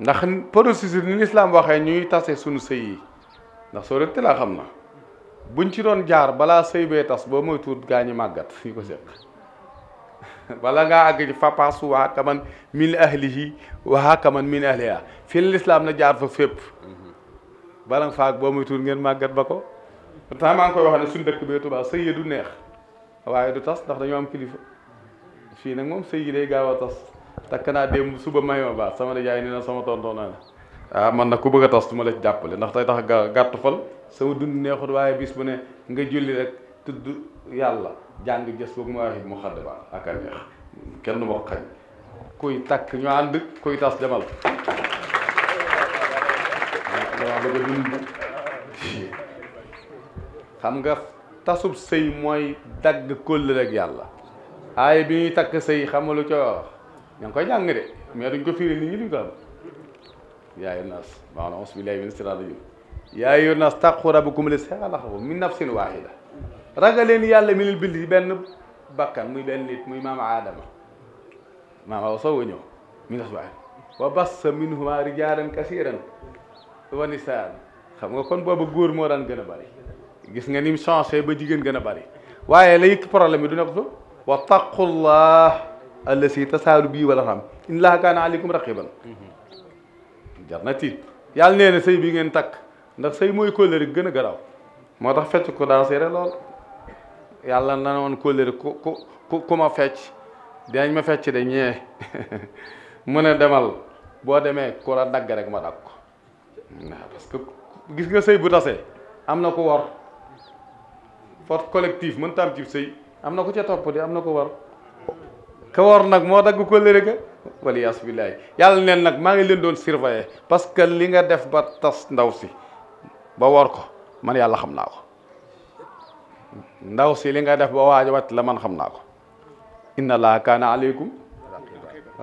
ndax processus ni lislaam waxee ñuy tase suñu sëy yi ndax soo rek te laa xam na buñ ci doon jaar balaa sëy bee tas boo mooy tuut gaa màggat ñu ko seq wala ngaa àgg ci fapasu wa hakaman min ahlihi wa hakaman min ahliha fi lislaam na jaar fa fépp bala nga faag boo muy tuut ngeen màggat ba ko pourtant maa ngi koy wax ne suñ dëkk bee Tuubaa sëy du neex waaye du tas ndax dañoo am kilifa fii nag moom sëy yi day gaaw a tas takk naa démb suba may ma baa sama nijaay nee na sama tonton naa la ah man na ku bëgg a tas du la jàppale ndax tey tax gàtt fal sama dund neexut waaye bis bu ne nga julli rek tudd yàlla jàng jës boog mu waxi mu xadd ba ak neex kenn du ma takk ñu ànd tas demal xam nga tasub sëy mooy dagg kóllëre ak yàlla aay bi ñuy takk sëy xamalu ca wax ña ngi koy jàng de mais duñ ko firi nit ñi duñ ko xam يا أيها الناس معنا أوصي بالله من سر الرجل يا يا الناس تقوا ربكم ليس هذا من نفس واحدة رجلين يلا من البلد بين بكر مي بين نت مي ما مع عالم ما ما أوصي وينه من نفس واحد وبس منهما رجالا كثيرا ونساء خم وكون بابا غور موران جنا باري gis nga nim changé ba jigen gëna bari waye lay problème du nakku wa taqullah allati tasalu bi wala ham in la kana alaykum raqiban jar na tiit yàlla nee na sëy bi ngeen takk ndax sëy mooy kóllëre gën a garaaw moo tax fecc ko daa seere lool yàlla na woon kóllëre ku ku ku ma fecc dinañ ma fecc de ñee mu ne demal boo demee ku dagg rek ma dagg ko parce que gis nga sëy bu tase am na ko war force collective mën tam ci sëy am na ku ca topp di am na ko war ka war nag moo dagg kóllëre ga waliyaas billaay yàlla neen nag maa ngi leen doon surveiller parce que li nga def ba tas ndaw si ba war ko man yàlla xam naa ko ndaw si li nga def ba waaj wat la man xam naa ko inna laa kaana aleykum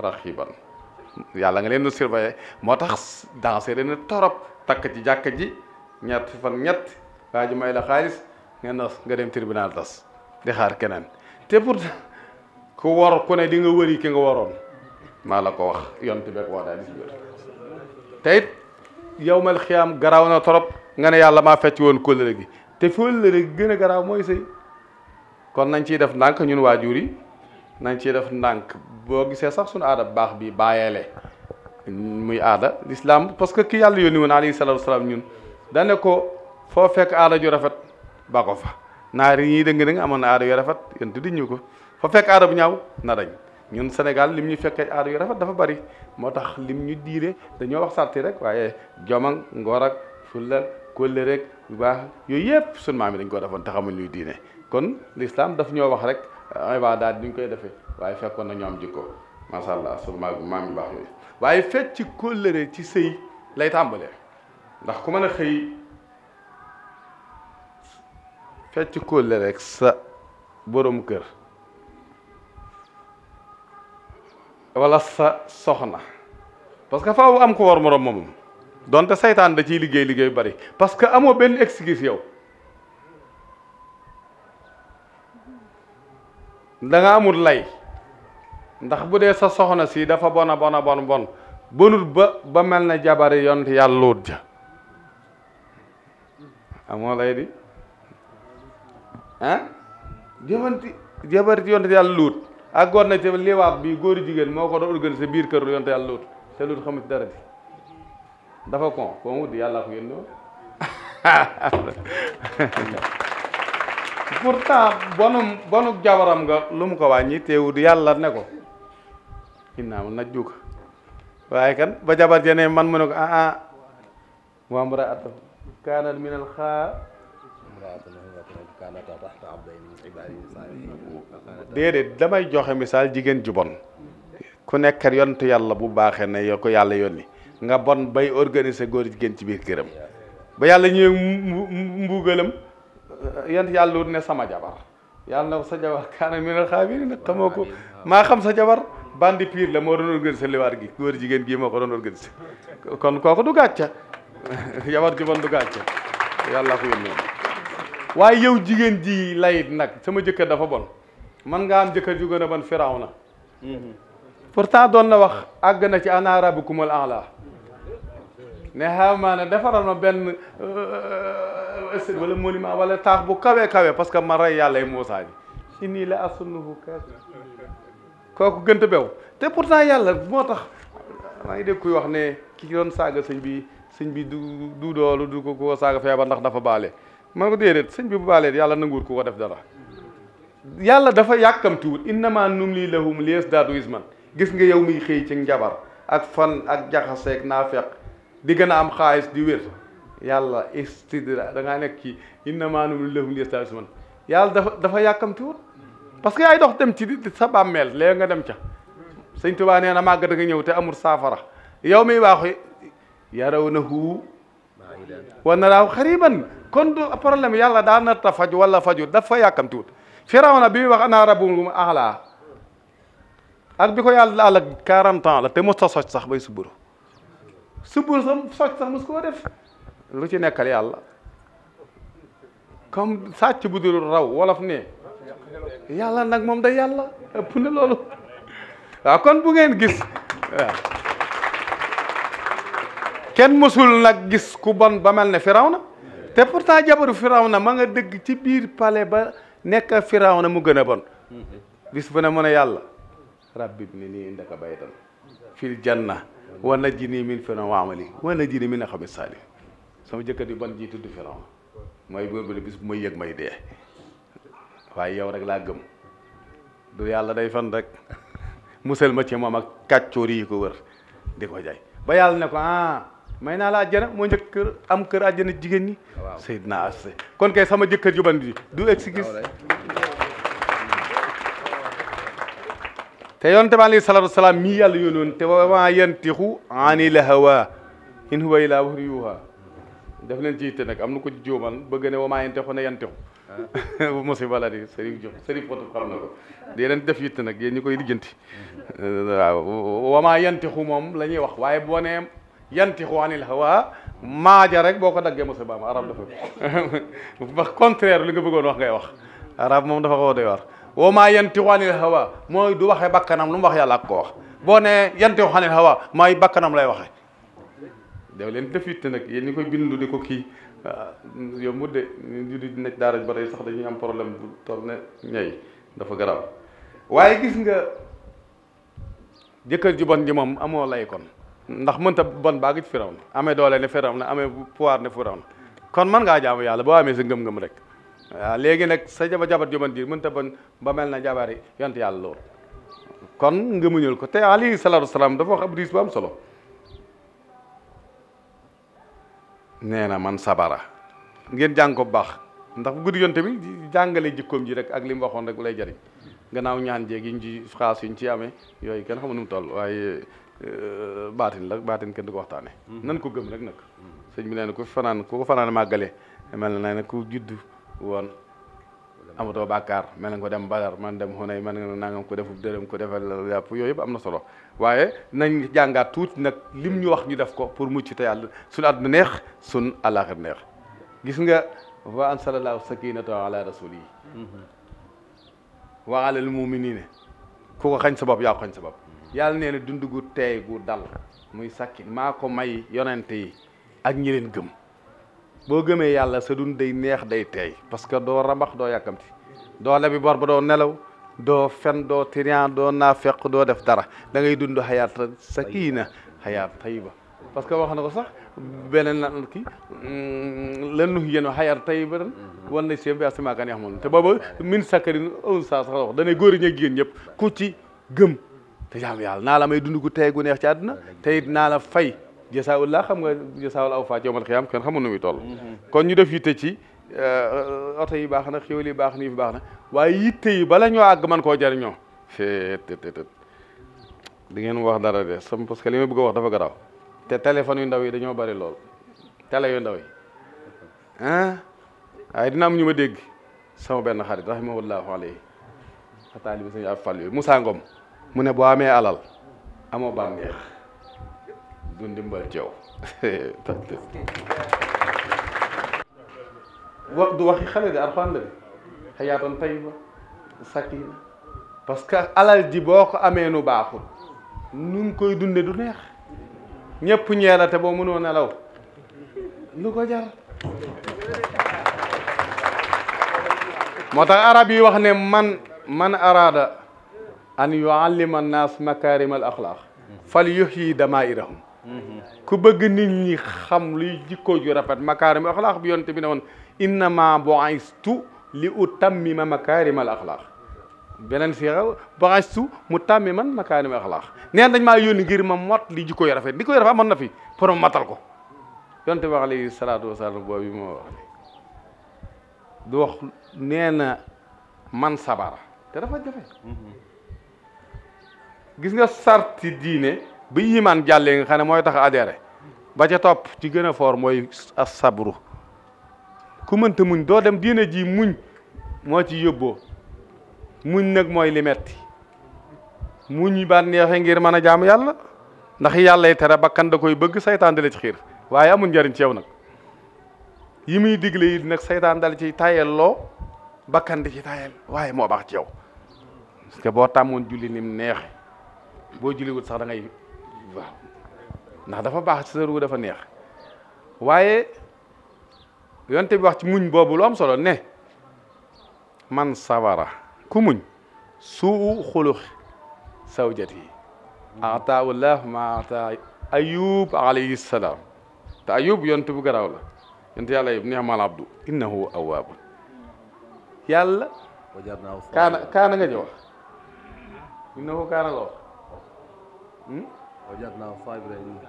raxiban yàlla nga leen doon surveiller moo tax dansé dana torop takk ci jàkk ji ñett fan ñett waa may la xaalis nga nas nga dem tribunal tas di xaar keneen te pourtant ku war ku ne di nga wëri ki nga waroon maa ko wax yont beeg wax daal di te it yowmal khiyam garaaw na torop ngane yalla ya ma maa fecc woon kóllëre gi te kóllëre gi gën a garaaw kon nañ ci def ndànk ñun wajuri nañ ci def ndànk bo gisee sax suñu adab bax bi bayele muy ada l'islam parce que ki yoni yónni ali sallallahu alaihi wasallam ñun dane ko fo fek aada ju rafet ba ko fa naar yi ñuy dëng dëng amoon yu rafet yéen di ñu ko foo fekk bu ñaaw na dañ ñun Sénégal lim ñu fekkee aar yu rafet dafa bari motax tax lim ñu diire dañu wax sarti rek waye jomang ngor ak fulal kólle rek bu baax yoy yëpp sun maam dañ ko defoon taxamuñ ñuy diine kon l'islam daf ñoo wax rek ay ba daal duñ koy defé waye fekkon na ñoom jikko ma sha allah sun maam maam baax yoy waye fecc ci kóllëre ci sëy lay tambalé ndax ku mëna a xëy fecc kóllëre rek sa borom kër wala sa soxna parce que faaw am ko war moroom moom donte setan da ci liggey liggey bari parce que amo ben excuse yow da nga amul lay ndax budé sa soxna si dafa bona bona bon bon bonul ba ba melna na jabari yont yàlla luut ja amo lay di hein jabar jabarit yont yàlla luut àggoon na ci liwaat bi góor jigéen moo ko doon organisé biir kër yonte yàlla luut te luut xamul ci dara bi dafa kon koo wut yàllaa ko yónnee pourtant bonum bonuk jabaram nga lu mu ko wàññi teewut yàlla ne ko innaa na juuka waaye kan ba jabar jene man mu ne ko ah ah waamra atam kaanal minal xaa déedéet damay joxe misaal jigéen ju bon ku nekk yontu yàlla bu baaxee na yoo ko yàlla yónni nga bon bay organiser góor jigéen ci biir këram ba yàlla ñëwee mbuugalam eh, yontu yàlla wut ne sama jabar yàlla na sa jabar kaana minal xaabiriin nag xamoo ko maa xam sa jabar bandi pire la moo doon organiser liwaat gi góor jigéen gii moo ko doon organiser kon kooku du gàcca jabar ju du gàcca yàlla ko yónni waaye yow jigéen ji layit nag sama jëkkër dafa bon man ngaa am jëkkër ju gën a bon na pourtant doon na wax àgg na ci ana rabbukumal a'la ne xamaana defaral ma benn euh, stade wala monument wala taax bu kawe kawe parce que ma rey yàlla yi Muusaa ji nii la asunnuhu kooku gënt bew te pourtant yàlla moo tax maa ngi dégg kuy wax ne ki doon saaga sëñ bi sëñ bi du du doolu du ko koo saaga feebar ndax dafa baale ma ne ko déedéet sëñ bi bu baalee yàlla nanguwut ku ko def dara yàlla dafa yàkkamtiwut innama numli lahum liyazdaadu isman gis nga yow miy xëy ci njabar ak fan ak jaxaseeg naafeq di gën am xaalis di wér yàlla istidra da ngaa nekk ci innama numli lahum liyazdaadu isman yàlla dafa dafa yàkkamtiwut parce que yaay dox dem ci sa bàmmeel léegi nga dem ca sëñ Tuubaa nee na da nga ñëw te amul saafara yow miy waaxu yarawnahu ونراه قريبا كنت أبرلم يلا دانا تفاجو ولا فاجو دفا يا كم توت فرعون أبي وقت أنا ربون أهلا أكبيكو يلا على كارم تان لا تموت صوت صاحبي سبور سبور سام صوت سام مسكورف لوتينا كلي الله كم ساتي بدور راو ولا فني يلا نعم ده يلا بني لولو أكون بعدين قيس kenn mësul nag gis ku bon ba mel ne na te pourtant jabaru na ma nga dëgg ci biir pale ba nekk firaw na mu gën a bon bis bu ne mu ne yàlla rabbi ni nii indaka baytan fil janna wa najjini min Firawna wa amali wa najjini min axabi saalih sama jëkkër yu bon ji tudd Firawna mooy buur bi bis bu ma yëg may dee waaye yow rek laa gëm du yàlla day fan rek musal ma ci moom ak kàccoor yi ko wër di ko jaay ba yàlla ne ko ah may naa la àjjana moo njëkk am kër àjjana jigéen ñi Seydina Asse kon kay sama jëkkër ju bandi du excuse te yonte bi alayhi salaatu wasalaam mii yàlla yónnoon te wa maa yantixu anil hawa in huwa illaa wahyun yuuhaa def leen yitte nag am na ko jóomal bëgg ne wa maa yantixu ne yantixu ah. mosi bala di sëriñ jox sëriñ fotu xam na ko dee leen def yitte nag yéen ñi koy lijjanti mm-hmm. waaw wa maa yantixu moom la ñuy wax waaye boo nee ينتخو عن الهواء ما جارك بوكا دا جيمو سبام عرب دا فو كونترير لي بغون واخ غاي واخ عرب موم دا فا ودي وار وما ينتخو عن الهواء موي دو واخي بكانام لوم واخ يالا كو واخ بو ني ينتخو عن الهواء ماي بكانام لاي واخي ديو لين دفيت نك يي يعني نكوي بيندو ديكو كي آه، يو مودي دي دي نك دارج باراي صاح دا ني ام بروبليم بو تورن ني دا فا غراو واي غيس nga jëkkër ji ndax mënta bon baa ngi ci firaw na amee doole ne firaw na amee pouvoir ne firaw na kon mën ngaa jaamu yàlla boo amee sa ngëm-ngëm rek waaw léegi nag sa jaba jabat juman ji mënta bon ba mel na jabaari yont yàlla lool kon ngëmuñul ko te alayhi salaatu wasalaam dafa wax ab bu am solo nee na man sabara ngeen jàng ko bu baax ndax bu guddi yonte bi jàngale jikkoom ji rek ak li mu waxoon rek lay jariñ gannaaw ñaan jeeg yiñ ci xaas yuñ ci amee yooyu kenn xamu nu waaye Euh, baatin la baatin kenn du ko waxtaane mhm. nan ko gëm rek nag mhm. sëñ bi nee na ku fanaan ku ko fanaan màggale mel na ne ku judd woon amatoo bàkkaar mel na ko dem badar man dem xunay man nga nangam ko defub dërëm ko defal la yàpp yooyu yëpp am na solo waaye nañ jàngaat tuuti nag lim ñu wax ñu def ko pour mucc te yàlla suñu àdduna neex suñ àllaaxir neex gis nga sa wa ansalallahu sakinata ala rasuli yi mhm. wa alal muminine ku ko xañ sa yaa ko xañ yàlla nee na dund gu teey gu dal muy sakkin maa ko may yonente yi ak ñi leen gëm boo gëmee yàlla sa dund day neex day teey parce que doo rabax doo yàkkamti doo lebi bor ba doo nelaw doo fen doo tirian doo naafeq doo def dara da ngay dund xayaat sakiina xayaat tayiba parce que wax na ko sax beneen na kii mm, lan nu mm-hmm. yéen xayaat tayiba tan wan na siem bi asimakaan yax ma te booba min sakkarin un saa sax wax danay góor ña jigéen ñëpp ku ci gëm te jaamu yàlla naa la may dund gu tey gu neex ci àdduna tey it naa la fay jasaawul laa xam nga jasaawul aw faat yowmal xiyaam kenn xamul nu muy toll kon ñu def yitte ci euh, oto yi baax na xéwal yi baax na yi baax na waaye yitte yi bala ñoo àgg man koo jariñoo feet ngeen wax dara de sam parce que li ma bëgg a wax dafa garaaw te téléphone yu yi dañoo bari lool télé yu ndaw yi dina am ñu dégg sama benn xarit rahimahullahu alayhi xataali bi sañu ab fàll yooyu Moussa mu ne boo alal amo bànneex du ndimbal ciow yow du waxi xalé di alxuraan la de xayaatan parce que alal boko amé nu amee nu baaxul nun koy dundé du neex ñepp ñeela te boo mënoo nelaw lu ko jar motax arab yi wax man man arada an yuallim annaas makarim al axlaaq fal yuhyi damairahum ku bëgg nit ñi xam luy jikko ju rafet makarim al axlaaq bi yonte bi ne woon innama bu'istu li utammima makarim al axlaaq beneen si xew bu'istu mutammiman makarim al axlaaq neen dañ maa yónni ngir ma mot li jikko yu rafet li ko yu rafet amoon na fi pour ma matal ko yonte bi alayhi salaatu wasalaam boobu bi moo wax ne du wax nee na man sabara te dafa jafe gis nga sarti diine bi yimaan jàllee nga xam ne mooy tax adhéré ba ca topp ci gën a foor mooy as sabru ku mënta muñ doo dem diine ji muñ moo ci yóbboo muñ nag mooy li metti muñ bànneexe ngir mën a jaamu yàlla ndax yàllay tere bakkan da koy bëgg saytaan dale ci xiir waaye amul njariñ ci nag yi muy digle yi nag saytaan dale ci tayel loo bakkan ci tayel waaye moo baax ci yow parce que boo tàmmoon julli nim neex boo julliwut sax da ngay waaw ndax dafa baax sa ruu dafa neex waaye yonte bi wax ci muñ boobu lu am solo ne man sabara ku muñ suu xulux sawjat yi ataullah ma ata ayub alayhi te ayub yontu bu garaw la yontu yàlla ayub ni'mal abdu innahu awwaabun yàlla kaana kaana nga jox innahu kaana la wax wajadnaa saabiran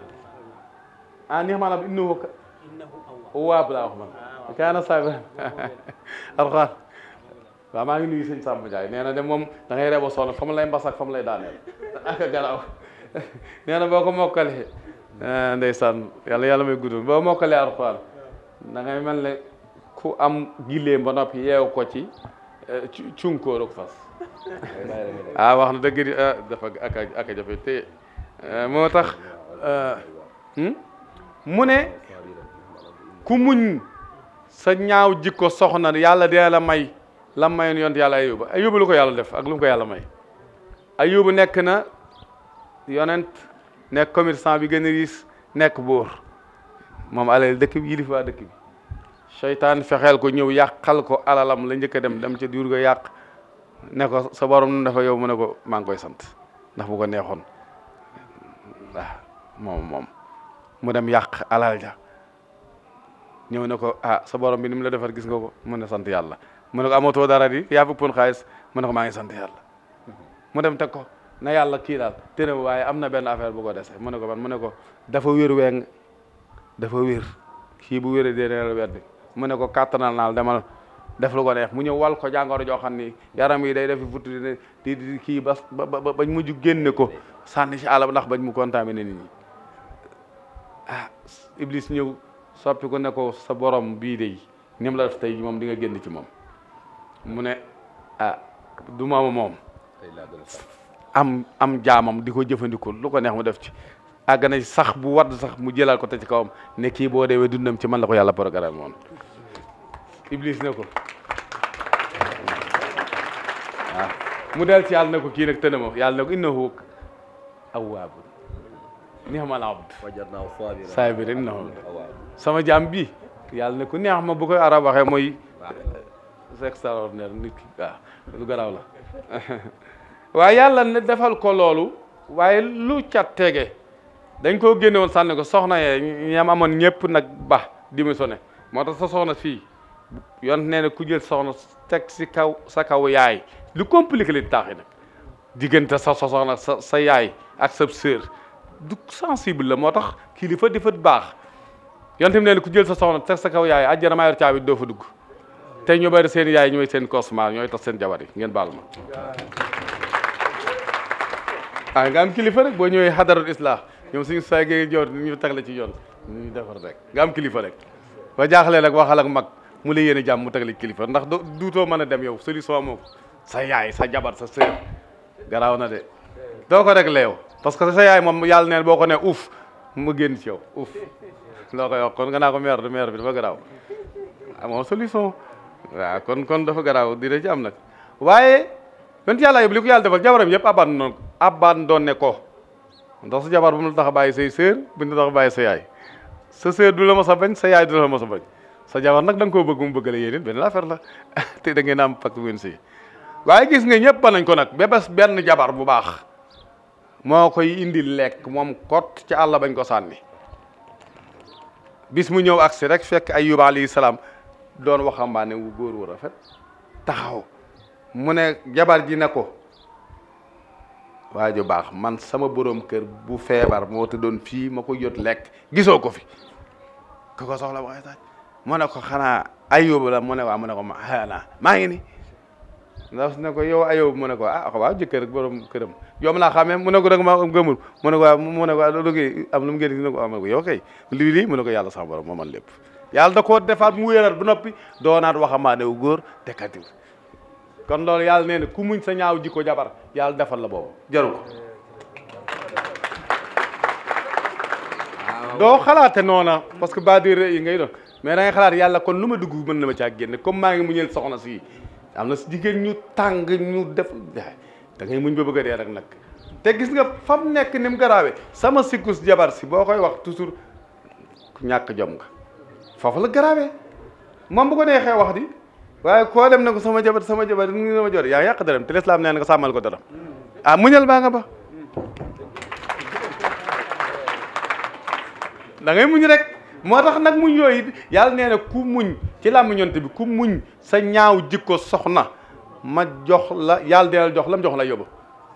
a ni maanaam innahu awaab laa wax man ah, kaana saabiran alxuraan waaw maa ngi nuyu sëñ Samba Ndiaye nee na de moom da ngay reebo sonn fa mu lay mbas fa mu lay daaneel ak garaaw nee boo ko mokkalee ah, ndeysaan yàlla yàlla may gudd boo mokkalee mel ne ku am gileem ba noppi yeew ko ci eh, cunkóor ak fas ah wax na dëgg ah, dafa ak jafe Euh, moo tax euh, hmm? mu ne ku muñ sa ñaaw jikko soxna yàlla dina la may la mayoon yont yàlla ayuba ayuba lu ko yàlla def ak lu mu ko yàlla may ayuba nekk na yonent nekk commerçant bi gën a riis nekk buur moom alal dëkk bi yilif waa dëkk bi seytaan fexeel ko ñëw yàqal ko alalam la njëkk a dem dem ca diur ga yàq ne sa borom nu dafa yow mu ne ko maa ngi koy sant ndax bu ko neexoon waaw ah, moom moom mu dem yàq alal ja ñëw ne ko ah sa borom mi ni mu la defar gis nga ko mu ne sant yàlla mu ne ko amatoo dara di yaa fi pon xaalis mu ne ko maa ngi sant yàlla mu dem teg ko na yàlla kii daal tëréw waaye am na benn affaire bu ko dese mu ne ko man mu ne ko dafa wér weng dafa wér kii bu wéree dee la wér di mu ne ko kàttanal naal demal def lu ko neex mu ñëw wal ko jàngoro joo xam ni yaram yi day def futt di di kii ba ba bañ mujj génne ko sànni si àll ndax bañ mu contaminé nit ñi ah Iblis ñëw soppi ko ne ko sa borom bii de ni la def tey moom di nga génn ci moom mu ne ah du ma moom. am am jaamam di ko jëfandikoo lu ko neex mu def ci. àgg na sax bu wadd sax mu jëlaat ko te ci kawam ne kii boo deewee dundam ci man la ko yàlla programme moom Iblis na ko ah, mu del ci yàlla na ko kii nag tëna ma yàlla ne ko innahu awwaabun ni'mal abd saabirun innahu sama jaam bi yàlla na ko neex ma bu koy arab waxee mooy c'est extraordinaire nit waaye yàlla ne defal ko loolu waaye lu ca tege dañ koo génne woon sànni ko soxna yee ñam amoon ñëpp nag ba démissionné moo tax sa soxna fii yont nee na ku jël soxna teg si kaw sa kaw yaay lu compliqué li taax yi nag diggante sa soxna sa sa yaay ak sa sœur du sensible la moo tax kilifa di baax yont nee na ku jël sa soxna teg sa kaw yaay àjjana maa caabi doo fa dugg te ñu bari seen yaay ñooy seen cosma ñooy tax seen jabar yi ngeen baal ma ah nga am kilifa rek boo ñëwee xadaratul islah ñoom suñu saay gi jor ñu teg la ci yoon ñu defar rek nga am kilifa rek ba jaaxlee nag waxal ak mag mu lay yéene jàmm mu tegal kilifa ndax duutoo mën a dem yow solution amoo sa yaay sa jabar sa sœur garaaw na de doo ko réglé yow parce que sa yaay moom yàlla neen boo ko nee uuf mu génn si yow uuf loo koy wax kon nga naa ko meer bi dafa garaaw solution kon kon dafa garaaw dina ci am nag waaye yonent yàlla yëpp li ko yàlla defal jabaram yëpp abandon abandonné ko ndax su jabar bu mu la tax bàyyi say sœur bu mu la tax bàyyi sa yaay sa sœur du la mos a bañ sa yaay du la mos sa jabar nag da nga koo bëgg mu bëgg la yéen it benn affaire la te da ngeen am pacte bu ngeen si waaye gis nga ñëpp nañ ko nag ba bés benn jabar bu baax moo koy indi lekk moom kot ci àll bañ ko sànni bis mu ñëw agsi rek fekk Ayyuba alayhi salaam doon waxambaane wu góor wu rafet taxaw mu ne jabar ji ne ko waaju baax man sama borom kër bu feebar moo te doon fii ma ko jot lekk gisoo ko fi ku ko soxla waxee taaj mu ne ko xanaa ayóobu la mu ne waaw mu ne ko ma xanaa maa ngi ni ndax su ne ko yow ayóobu mu ne ko ah waaw jëkkër ak borom këram yow laa xamee mu ne ko dag ma gëmul mu ne ko waaw mu ne ko lu ngi am lu mu génn mu ne ko am yow kay lii lii mu ne ko yàlla sax borom moo man lépp yàlla da koo defaat mu wéeraat bu noppi doonaat waxambaane wu góor tekkatil kon loolu yàlla nee na ku muñ sa ñaaw jikko jabar yàlla defal la boobu jaru ko doo xalaate noona parce que baadir yi ngay doon mais da ngay xalaat yalla kon numa ma dugg mën na ma caa génne comme ma ngi ñeul soxna si amna ci digeen ñu tang ñu def da ngay muñ ba bëgg rek nak té gis nga fam nekk nim mu sama sikus jabar si boo wax toujours ñak jom nga fofu la garaawee mom bu ko nexé wax di waye ko dem na sama jabar sama jabar ñu sama jor ya yaq dërëm té l'islam nee nga samal ko dara ah muñal ba nga ba da ngay muñ rek moo tax nag muñ yooyu yàlla nee na ku muñ ci làmmiñ bi ku muñ sa ñaaw jikko soxna ma jox la yal dina jox lam jox la yóbbu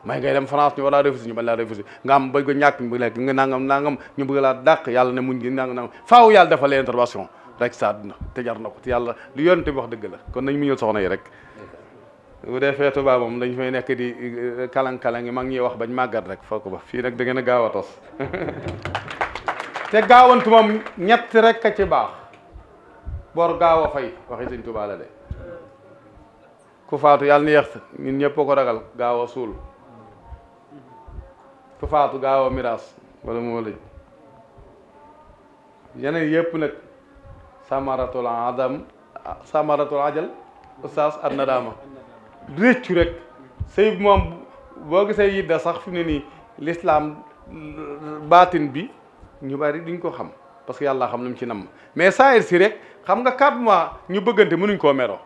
may ngay dem France ñu war laa refusé ñu bañ laa refusé nga am bëgg ñàkk ñu bëgg nga nangam nangam ñu bugg laa dàq yàlla ne muñ gi nangam nangam faaw yàlla defal la intervention rek sa àdduna te jar na ko te yàlla lu yonent bi wax dëgg la kon nañ mu muñal soxna yi rek bu dee feetu baa moom dañ fay nekk di kalang-kalang yi mag ñuy wax bañ màggat rek foo ko ba fii nag da ngeen a gaaw a toos te gaawantu moom ñett rek a ci baax bor gaaw a fay waxi sëñ Tuubaa la ku faatu yàlla ni yeex ñun ñëpp ko ragal gaaw a suul ku faatu gaaw a miraas wala moo lëj yeneen yëpp nag samaratul adam samaratul ajal ustaas ad nadama réccu rek sëy moom boo gisee yidda sax fi mu nii l'islam baatin bi ñu bari duñ ko xam parce que yàlla xam ci nam mais saa si rek xam nga 4 mois ñu bëggante mënuñ koo meroo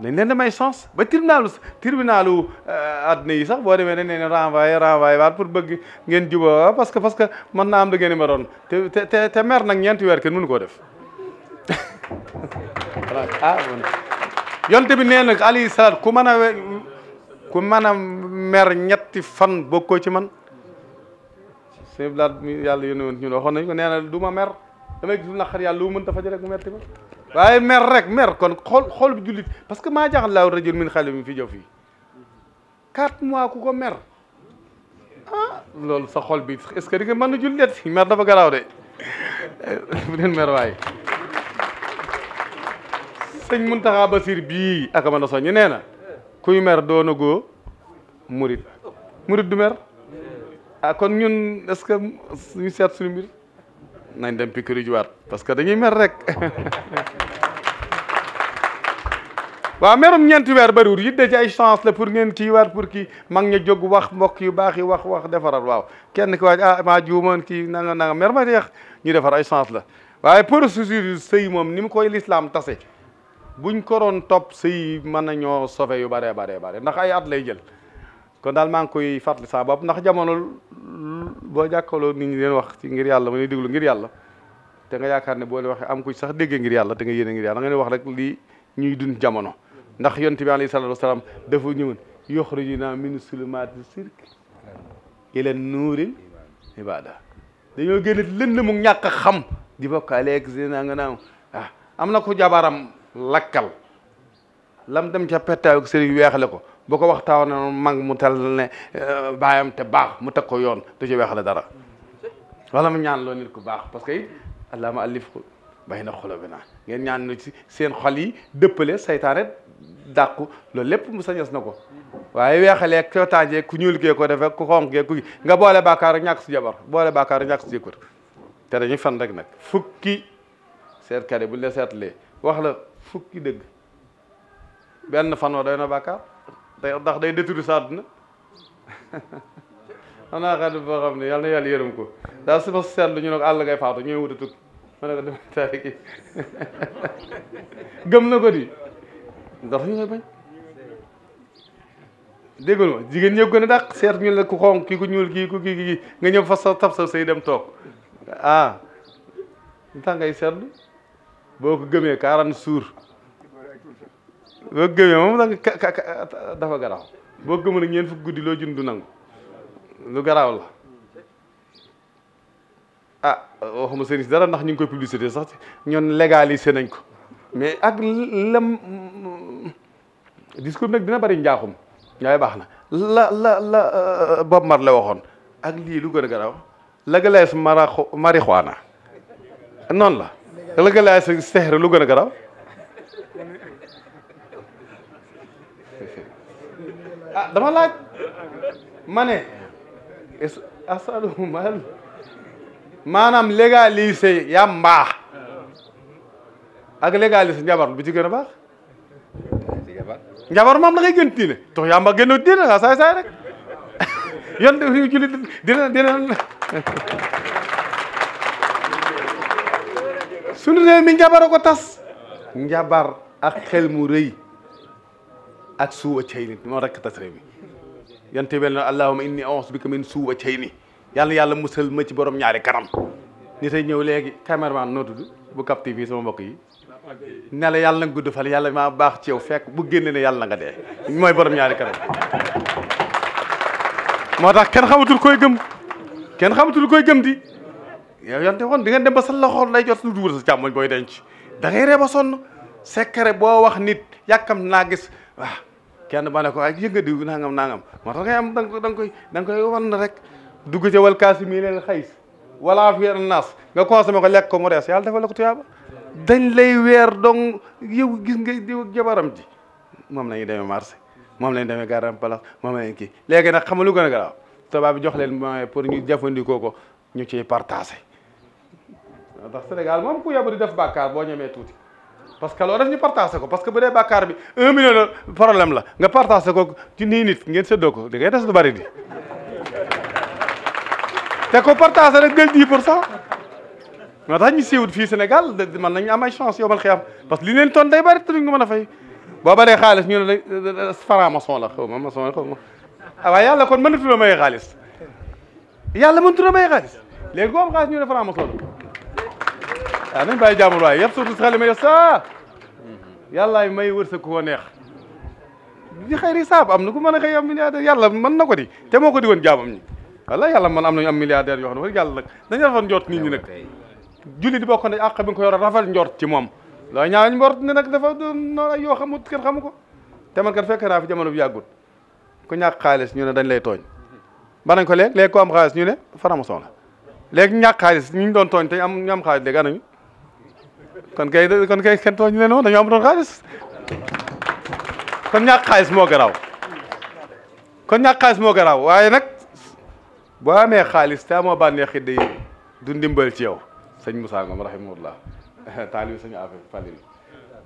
dañ leen damay chance ba tribunalu tribunalu euh, àddina yi sax boo demee dañ leen renvoyé renvoyé waat pour bëgg ngeen juba ah, parce que parce que mën naa am da ngeen meroon te te te mer nag ñeenti weer kenn mënu koo def ah yonte bi nee na salaat ku mën a ku mën a mer ñetti fan bokkoo ci sëñ Blaat mi yàlla yónni woon ñun waxoon nañ ko rek mu metti ma waaye mer rek parce que maa jaaxal fi jëf fii quatre ko mer ah, sa xol bi ce que di mën na jullit si mer dafa garaaw de bu leen mer Basiir bii ak a mën a nee na kuy mer doon a murit murit du mer ah kon ñun est-ce que ñu seet suñu mbir nañ dem piqûre waat parce que dañuy mer rek waa merum ñeenti weer bëriwul it de ci ay chance la pour ngeen kii waat pour kii mag ña jóg wax mbokk yu baax yi wax wax defaral waaw kenn ki waaj ah maa juumoon kii nanga nanga mer ma yeex ñu defar ay chance la waaye procédure yu sëy moom ni mu koy lislaam tase buñ koroon doon topp sëy mën nañoo sauver yu baree bare ndax ay at lay jël kon daal maa ngi koy fàttali saa bopp ndax jamono boo jàkkaloo nit ñi leen wax ci ngir yàlla ma ne déglu ngir yàlla te nga yaakaar ne boo leen waxee am ku sax déggee ngir yàlla te nga yéene ngir yàlla nga ne wax rek lii ñuy dund jamono ndax yonent bi alayhi salaatu wasalaam dafa ñëwoon yuxrijunaa mina sulumaati sirk ila nuuril ibaada dañoo génne lënd mu ñàkk a xam di bokkaale ak zina nga naaw ah am na ko jabaram lakkal lam dem ca pettaayu sëriñ weexale ko bu ko waxtaanee mag mu tal ne baayam te baax mu teg ko yoon du ci weexale dara wala mu ñaan loo nit ku baax parce que it allahuma allif bay na xolo bi naa ngeen ñaan lu ci seen xol yi dëppale saytaane dàqu loolu lépp mu sañas na ko waaye weexalee cootaanjee ku ñuul gee ko defee ku xonq gee ku nga boole baakaar ak ñàkk si jabar boole baakaar ak ñàkk si jëkkër te dañuy fan rek nag fukki seetkat yi buñ la seetlee wax la fukki dëgg benn fanoo doy na baakaar day ndax day détourné sa àdduna xam naa xam boo xam ne yàlla na yàlla yërëm ko daal su ma seetlu ñu ne ko àll ngay faatu ñooy wut a gëm na ko di ndax ñu ngay bañ déggul ma jigéen ñëpp gën a dàq seet ñu la ku xonq kii ku ñuul kii ku kii kii nga ñëw fa sa tab sa say dem toog ah ndax ngay seetlu boo ko gëmee quarante jours boo gëmee moom da nga dafa garaw boo gëmul nag ñeent fukk guddi loo jun du nangu lu garaaw la ah waxuma sëriñ dara ndax ñu ngi koy publicité sax ñoon légalisé nañ ko mais ak lam discours nag dina bari njaaxum ñaay baax na la la la euh, Bob Marley la waxoon ak lii lu gën a garaaw légalise marijuana noonu la légalise seexre lu gën a garaw a ah, dama laaj mane ne asaluhum hal maanaam légaliser ya mbaax ak légaliser njabar bu ci gën a baax njabar moom da ngay gën diine tox yaa mba gënno diine nga ah, saay saay rek yon de ñu julli dina dina suñu réew njabar a tas njabar ak xel mu rëy ak suuba cayni moo rekk tasre bi yante bel na allahuma inni a'udhu bika min suuba cayni yàlla yàlla musal ma ci borom ñaari kanam ni tey ñëw léegi cameraman noo tudd bu Cap TV sama mbokk yi ne la yàlla na gudd fal yàlla baax ci yow fekk bu génne yàlla nga dee mooy borom ñaari kanam moo tax kenn xamatul koy gëm kenn xamatul koy gëm di yow yante woon di ngeen dem ba sa loxo lay jot lu sa càmmoñ booy denc da ngay ree ba sonn secret boo wax nit yàkkam naa gis waaw kenn ba ne ko ay yënga diw nangam nangam moo tax ngay am da nga koy da nga koy wan na rek dugg ca wal kaasimiina al xays wal aafiina an naas nga consommé ko lekk ko mu rees yàlla defal la ko tuyaaba dañ lay weer donc yow gis nga diw jabaram ji moom la ñuy demee marché moom la ñuy demee garam place moom la ñuy kii léegi nag xam lu gën a garaaw tubaab bu jox leen moyen pour ñu jëfandikoo ko ñu ciy partagé ndax Sénégal moom ku yabu di def bàkkaar boo ñemee tuuti parce que loolu daf ñu partagé ko parce que bu dee bàkkaar bi un million de problème la nga partagé ko ci nii ngeen séddoo ko da ngay des bari di te ko partagé rek jël 10 pour cent moo tax ñi siiwut fii Sénégal mën nañu am ay chance yow man xiyam parce que li leen ton day bari te duñ ko mën a fay boo baree xaalis ñu ne euh, euh, euh, franc-maçon la xaw ma maçon xaw ma ah, waaye yàlla kon mënatu la may xaalis yàlla ma la may xaalis léegi boo am xaalis ñu ne franc امين باي جامر باي يبسط تخلي ما يسا يلا ما يورثك هو نيخ di xëy ri saab am na ku mën a xëy am milliardaire yàlla mën na ko di te moo ko di woon jaamam ñi walla yàlla man am nañu am milliardaire yoo xam ne wax yàlla nag dañu rafet njort nit ñi nag julli di bokk na àq bi nga ko yor rafet njort ci moom loolu ñaawañ mbort ne nag dafa noonu ay yoo xamut kenn xamu ko te man kat fekk naa fi jamono bi yàggul ku ñàkk xaalis ñu ne dañ lay tooñ ba nañ ko léegi léegi ku am xaalis ñu ne franc-maçon la léegi ñàkk xaalis ñu doon tooñ te am ñu am xaalis léegi anañu kon kay kon kay kenn tooñ leen woon dañoo amutoon xaalis kon ñàkk xaalis moo garaaw kon ñàkk xaalis moo garaaw waaye nag boo amee xaalis te amoo bànneexi day du ndimbal ci yow sëñ Moussa Ngom rahimahullah taalib sëñ affaire falil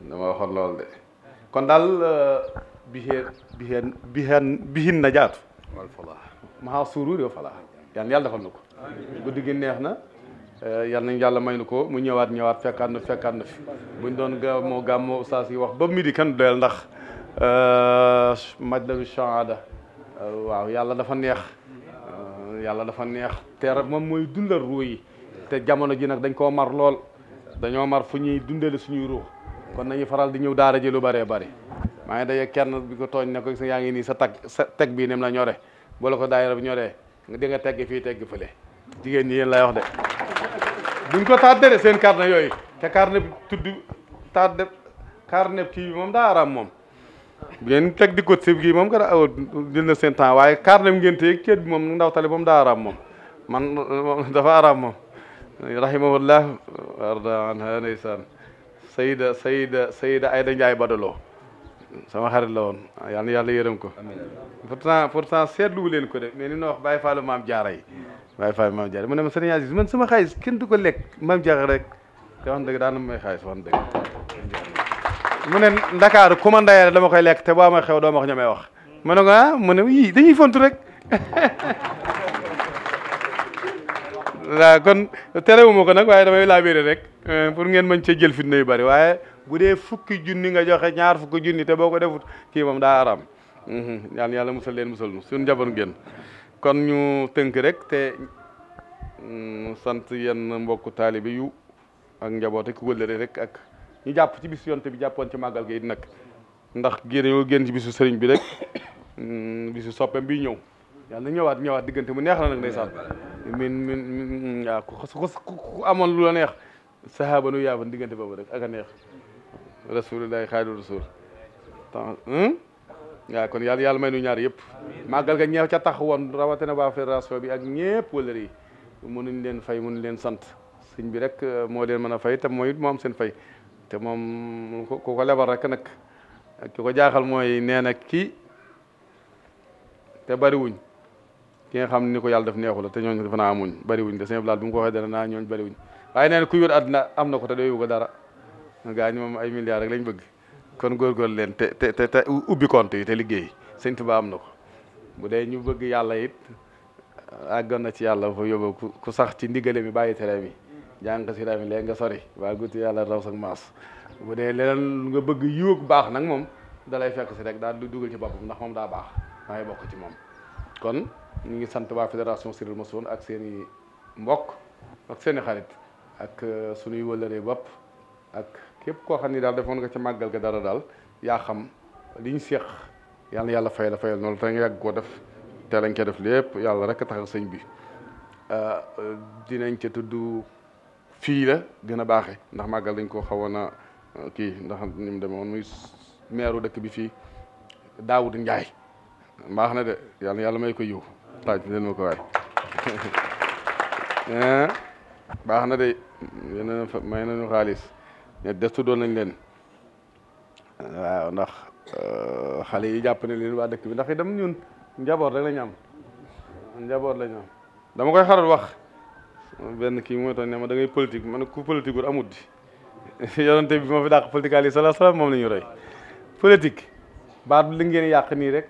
dama waxoon loolu de kon daal biheen euh, biheen biheen bihin na jaatu wal falaa maa suuruur yow falaa yàlla defal ko guddi gi neex na Eh, yalla nañ yalla maynu ko mu ñëwaat ñëwaat fekkaat na fekkaat na fi buñ doon gam mo oustaz yi wax ba midi kan doyal ndax eh, majlasu shaada eh, waaw yalla dafa neex yalla dafa neex teer mom moy dundal ru yi te jamono ji nak dañ ko mar lool dañoo mar fu ñuy dundal suñu ru kon nañu faral di ñëw daara ji lu bare bare ma ngi daye kenn bi ko togn ne ko ya ngi ni sa tag sa teg nem la ñoré bo la ko daayira bi nga di nga tegg fi tegg fele digeen ni lay wax de duñ ko tardé seen carnet yooyu te carnet bi tudd tardé carnet kii bi moom daa araam moom bu ngeen teg di ko sib gi moom nga aw jël seen temps waaye carnet bi ngeen téye ceet moom ndaw tali moom daa araam moom man dafa araam moom rahimahullah warda an ha ndeysaan sayida sayida sayida Ayda Njaay Badaloo sama xarit la woon yal na yàlla yërëm ko pourtant pourtant seetluwu leen ko de mais ni na wax bàyyi faalu maam jaara yi bàyyi faalu maam jaara mu ne ma sëriñ Aziz man sama xaalis kenn du ko lekk maam jaara rek te wax dëgg daana may xaalis wax dëgg mu ne ndakaaru ku ma dama koy lekk te boo ma xew doo ma ko ñamee wax ma ne ko ah mu ne yii dañuy fontu rek waaw kon terewuma ko nag waaye damay laabéere rek euh, pour ngeen mën cee jël fitna yu bari waaye bu dee fukki junni nga joxe ñaar fukki junni te boo ko defut kii moom daa araam mm-hmm. yaan yàlla musal leen musal nu suñu njaboot ngeen kon ñu tënk rek te mm, sant yenn mbokku taalibe yu ak njaboot ak wëllëre rek ak ñu jàpp ci bis yonte bi jàppoon ci màggal gi nag ndax génn yoo génn ci bisu sëriñ bi rek mm, bisu soppeem bi ñëw yàlla na ñëwaat ñëwaat diggante mu neex na nag ndeysaan min min mm, waaw ku amoon lu la neex saxaaba nu yaaban diggante boobu rek ak a neex rasulillahi xaadiru rasul waaw hmm? kon yàlla yàlla may nu ñaar yëpp màggal ga ñeew ca tax woon rawatina waa fédération bi ak ñëpp wëlër yi mënuñ leen fay mun mënuñ leen sant sëñ bi rek eh, moo leen mën a fay te mooy it moo seen fay te moom ku ko lebal rek nag ki ko jaaxal mooy nee na kii te bariwuñ ki nga xam ni ko yàlla daf neexu te ñooñ defe naa amuñ bariwuñ de sëñ bi laal bi ko waxee naa ñooñ bariwuñ waaye nee kuy wër àddina am na ko te doyu ko dara gaa ñi moom ay milliards rek lañ bëgg kon góorgóorlu leen te te te ubbi compte yi te liggéey sëñ Tuubaa am na ko bu dee ñu bëgg yàlla it àgg na ci yàlla fa yóbbu ku sax ci ndigale mi bàyyi tere mi jàng si rami léegi nga sori waa gutti yàlla raw sak maas bu dee leneen nga bëgg yiwug baax nag moom dalay fekk si rek daal du dugal ci boppam ndax moom daa baax dangay bokk ci moom kon mu ngi sant waa fédération ma Masson ak seen mbokk ak seen ak euh, suñuy wëlëree képp koo xam ni daal defoon nga ci màggal ga dara daal yaa xam li ñu seeq yàlla yàlla fay la fayal noonu te nga yàgg koo def te lañ ko def lépp yàlla rek a taxal sëñ bi euh, dinañ ca tudd fii la gën baaxe ndax màggal dañ ko xawoon na euh, kii ndax ni mu demee muy meeru dëkk bi fii Daawud Njaay mbaax na de yàlla yàlla may koy yiw taaj leen ma ko waay eh, baax na de yéen may nañu xaalis de tuddoon nañ len waaw ndax euh, xale yi japp ne len wa dekk bi ndax itam ñun njaboot rek lañ am njaboot lañ am dama koy xaral wax ben ki mooy tax ne ma da ngay politique ma ku politique wul amut di yonante bi mo fi dakk politique ali sallallahu salaam wasallam mom lañu roy politique baat li ngeen yaq ni rek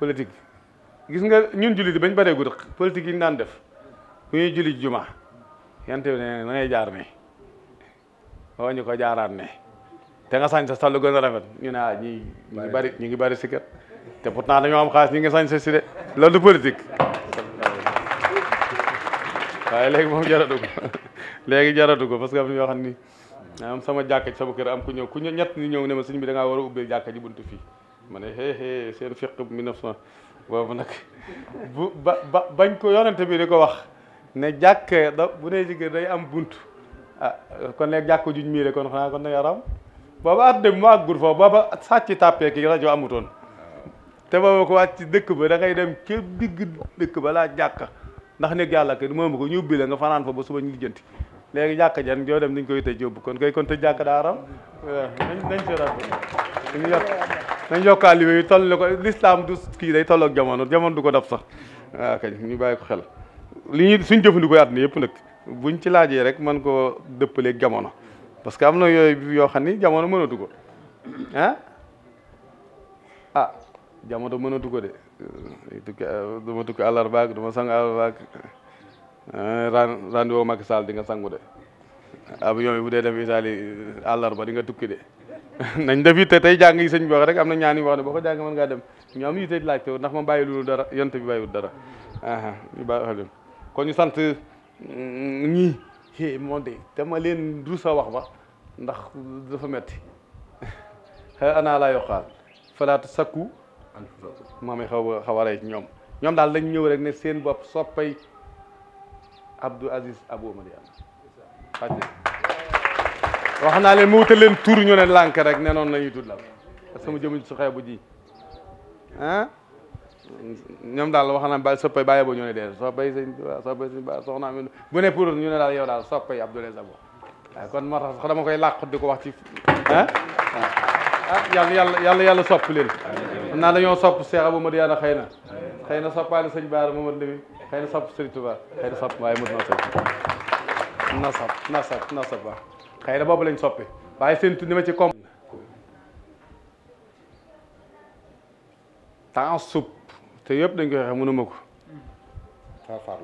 politique gis nga ñun julit bañ gu gudd politique yi ñu def ku ñuy julit juma yante ne ngay jaar ne oo oh, ñu ko jaaraan ne te nga sañ sa sallu gën a rafet ñu ne ah ñi ñu ngi bari ñu ngi bari sikkat te pourtant dañoo am xaalis ñu ngi sañ sa si de loolu du politique waaye léegi moom jaratu ko léegi jaratu ko parce que am ñu xam ni am sama jàkka sama kër am ku ñëw ku ñett ñu ñëw ne ma sëñ bi da ngaa war a ubbee jàkka ji buntu fii ma ne hee hee seen fiq mille neuf cent boobu nag bu ba bañ ko yonente bi di ko wax ne jàkka da bu nee jigéen day am buntu Ah, kon nag jàkko juñ miire kon xanaa kon nag yaram booba at dëgg ma àggul foofu booba sàcc tàppee ki rajo amutoon te booba ko wàcc ci dëkk ba da ngay dem ca digg dëkk ba laa jàkka ndax néeg yàlla ke moomu ko ñu ubbi la nga fanaan fa ba suba ñu lijjanti léegi jàkk jan joo dem dañ koy tëj yóbbu kon koy kon tëj jàkk daa aram eh, nañ nañ seetaan dañu yokk nañ yokkaa liwé yi toll ne ko l'islam du kii day tolloog jamono jamono du ko dab sax waaw ah, kañ ñu bàyyi ko xel li ñuy suñ jëfandikoo àdduna yëpp nag buñ ci laajee rek man koo dëppaleeg jamono parce que am na yooyu yoo xam ni jamono mënatu ko ah ah jamono mënatu ko de tukki euh, du ma tukki àllarba ak du ma sang àllarba ak rendez-vous Macky Sall di nga sangu de avion bi bu dee def dem Italie euh, àllarba di nga tukki de nañ def yitte tey jàng yi sëñ bi wax rek am na ñaan yi wax ne boo ko jàng mën ngaa dem ñu am yitte laajte ndax ma bàyyi loolu dara yent bi bàyyiwul dara a sant ñii é moonte te ma leen rus a wax ba ndax dafa metti ana laa yoqaal falaat sakku maamay xaw xaw a ñoom ñoom daal lañ ñëw rek ne seen bopp soppay Abdou Aziz Abou Madiane wax naa leen mu wutal leen tur ñu ne lànk rek ne noonu la ñuy tudd la sama jëmuñ su xeebu ji ah ñom dal wax na ba soppay baye bo ñone ne soppay sëñ touba soppay sëñ ba soxna min bu ne pour ñu ne daal yow dal soppay Abdoulaye Sabo waaye kon mo tax sax dama koy laq diko wax ci hein ah yàlla yàlla yàlla yàlla sopp leen na dañu sopp Cheikh Abou Madiana xëy na xëy sëñ Baara Mamadou Lemi xëy sopp sëñ Tuubaa xëy sopp waaye mën na sopp na sopp na sopp na sopp waaw xëy lañ soppi waaye seen tudd ci kom taasub تيب دنگ همونو مگو فرفر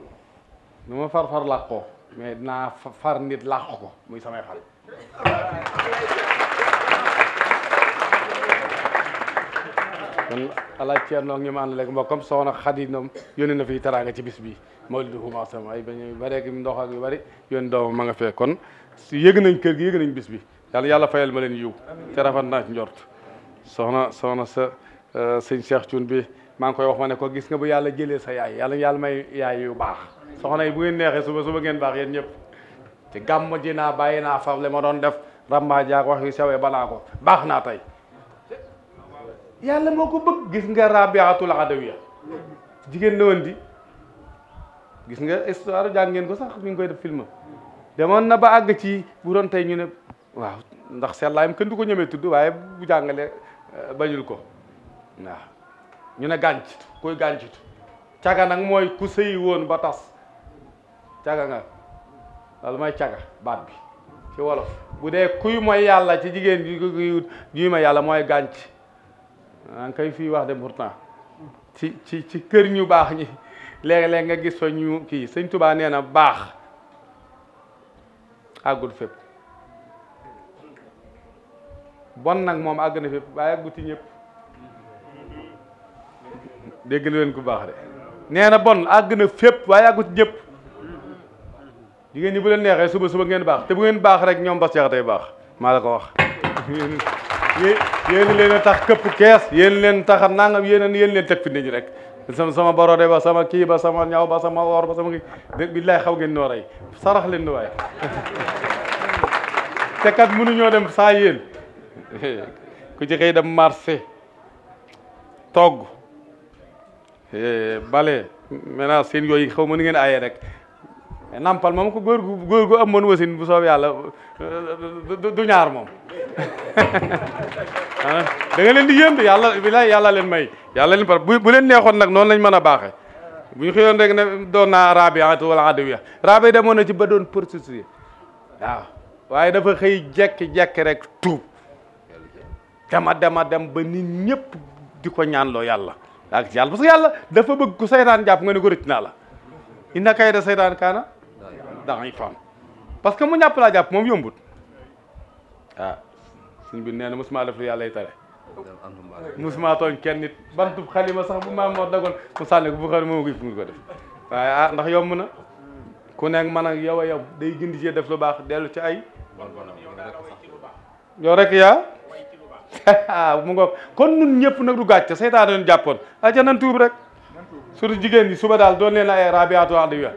لا نم فرفر لقو می نا فر نیت لقو می سامه فر من الله تیار من لگ مکم سونا خدی نم یونی نفی ترانگه چی بیس بی مول دو هم آسم ای بنی بری کم دو خاگی بری یون دو مانگ فی کن یک نیم کرگی یک نیم بیس بی یال یال فایل ملی نیو ترافن نه س سینسیاک چون بی maa ngi koy wax ma ne ko gis nga bu yàlla jëlee sa yaay yàlla yàlla may yaay yu baax soxna yi bu ngeen neexee suba suba ngeen baax yéen ñëpp ci gàmm ji naa bàyyi naa fable moo doon def ramba jaag wax yu sawee balaa ko baax naa tey yàlla moo ko bëgg gis nga rabiatul adawiya jigéen na woon di gis nga histoire jàng ngeen ko sax mi ngi koy def film demoon na ba àgg ci bu doon tey ñu ne waaw ndax seetlaayam kenn du ko ñemee tudd waaye bu jàngale bañul ko ñu ne gàncit kuy gàncitu caga nag mooy ku woon ba tas caga nga loolu mooy caga baat bi ci wolof bu dee kuy mooy yàlla ci jigéen juy ma yàlla mooy gànc an ah, kay fii wax de pourtant ci ci ci kër ñu baax ñi léeg-léeg nga gis fa ñu kii sëñ Tuubaa nee na baax àggul fépp bon nag moom àgg na fépp waaye àggu ci ñëpp dégg len ku bax de neena bon agna na way agut ñep digeen ñi bu len nexé suba suba ngeen bax te bu ngeen bax rek ñom ba yaxa tay bax ma la ko wax yeen leen a tax këpp kess yeen leen tax nangam yéen yeen leen tek fi nit rek sama sama borode ba sama ki ba sama ñaw ba sama wor ba sama kii billahi xaw ngeen no ray sarax leen nu te kat ñoo dem sa yeen ku ci xey dem marché togg Eh, bale maintenant seen yooyu xaw ma nu ngeen ayee rek nampal moom ko góor gu góor gu wasin bu soob yàlla euh, du ñaar moom ah, da nga leen di yënd yàlla bilaay yàlla leen may yàlla leen par bu leen neexoon nag noonu lañ mën a baaxe bu ñu xëyoon rek ne doon naa rabiatu wala adawiya rabi demoon na ci ba doon prostitué waaw waaye dafa xëy jekki-jekki rek tuub dama dema dem ba nit ñëpp di ko ñaanloo yàlla ak ci yàlla parce dafa bëgg ku saytaan jàpp nga ne ko rëcc naa la inna kayda saytaan kaana da'ifan parce que mu ñàpp laa jàpp moom yombut ah suñ bi nee na mosuma def lu yàlla yi tere mosuma tooñ kenn nit bantub xalima sax bu maam moo dagoon mu sànni ko bu xam ne moom ko ko def waaye ah ndax yomb na ku nekk man ak yow a yow day gindi ci def lu baax dellu ci ay yow rek yaa mu ngok kon nun ñepp nak du gàcce seytaan doon jàppoon aca nan tuub rek surtout jigen ni suba dal doon leen ay rabiatu ànd wi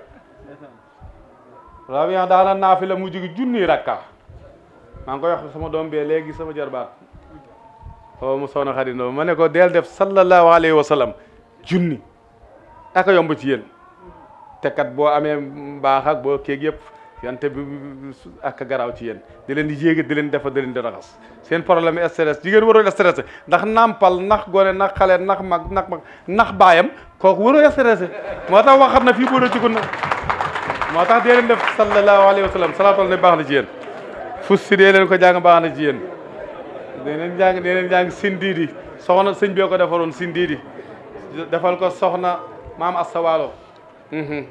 rabiya daana naafi la mu jigi junni rakka ma ngoy wax sama dom be legi sama jarba o mu sona khadino mané ko del def sallallahu alaihi wasallam junni aka yomb ci yeen te kat bo amé ak bo yep yante bi ak garaaw ci yéen di leen di yéege di leen defa di leen di raxas seen problème stress jigéen waroo stressé ndax nàmpal nax gone nax xale nax mag nax mag nax baayam kooku waroo stressé moo tax waxat na fii bóona ci ko na moo tax dee leen def sallallahu alayhi wa sallam salaatu ala nabi baax na ci yéen fus si dee leen ko jàng baax na ci yéen dee leen jàng dee leen jàng sindiidi soxna sëñ bee ko defaroon sindiidi defal ko soxna maam asawaalo mm-hmm.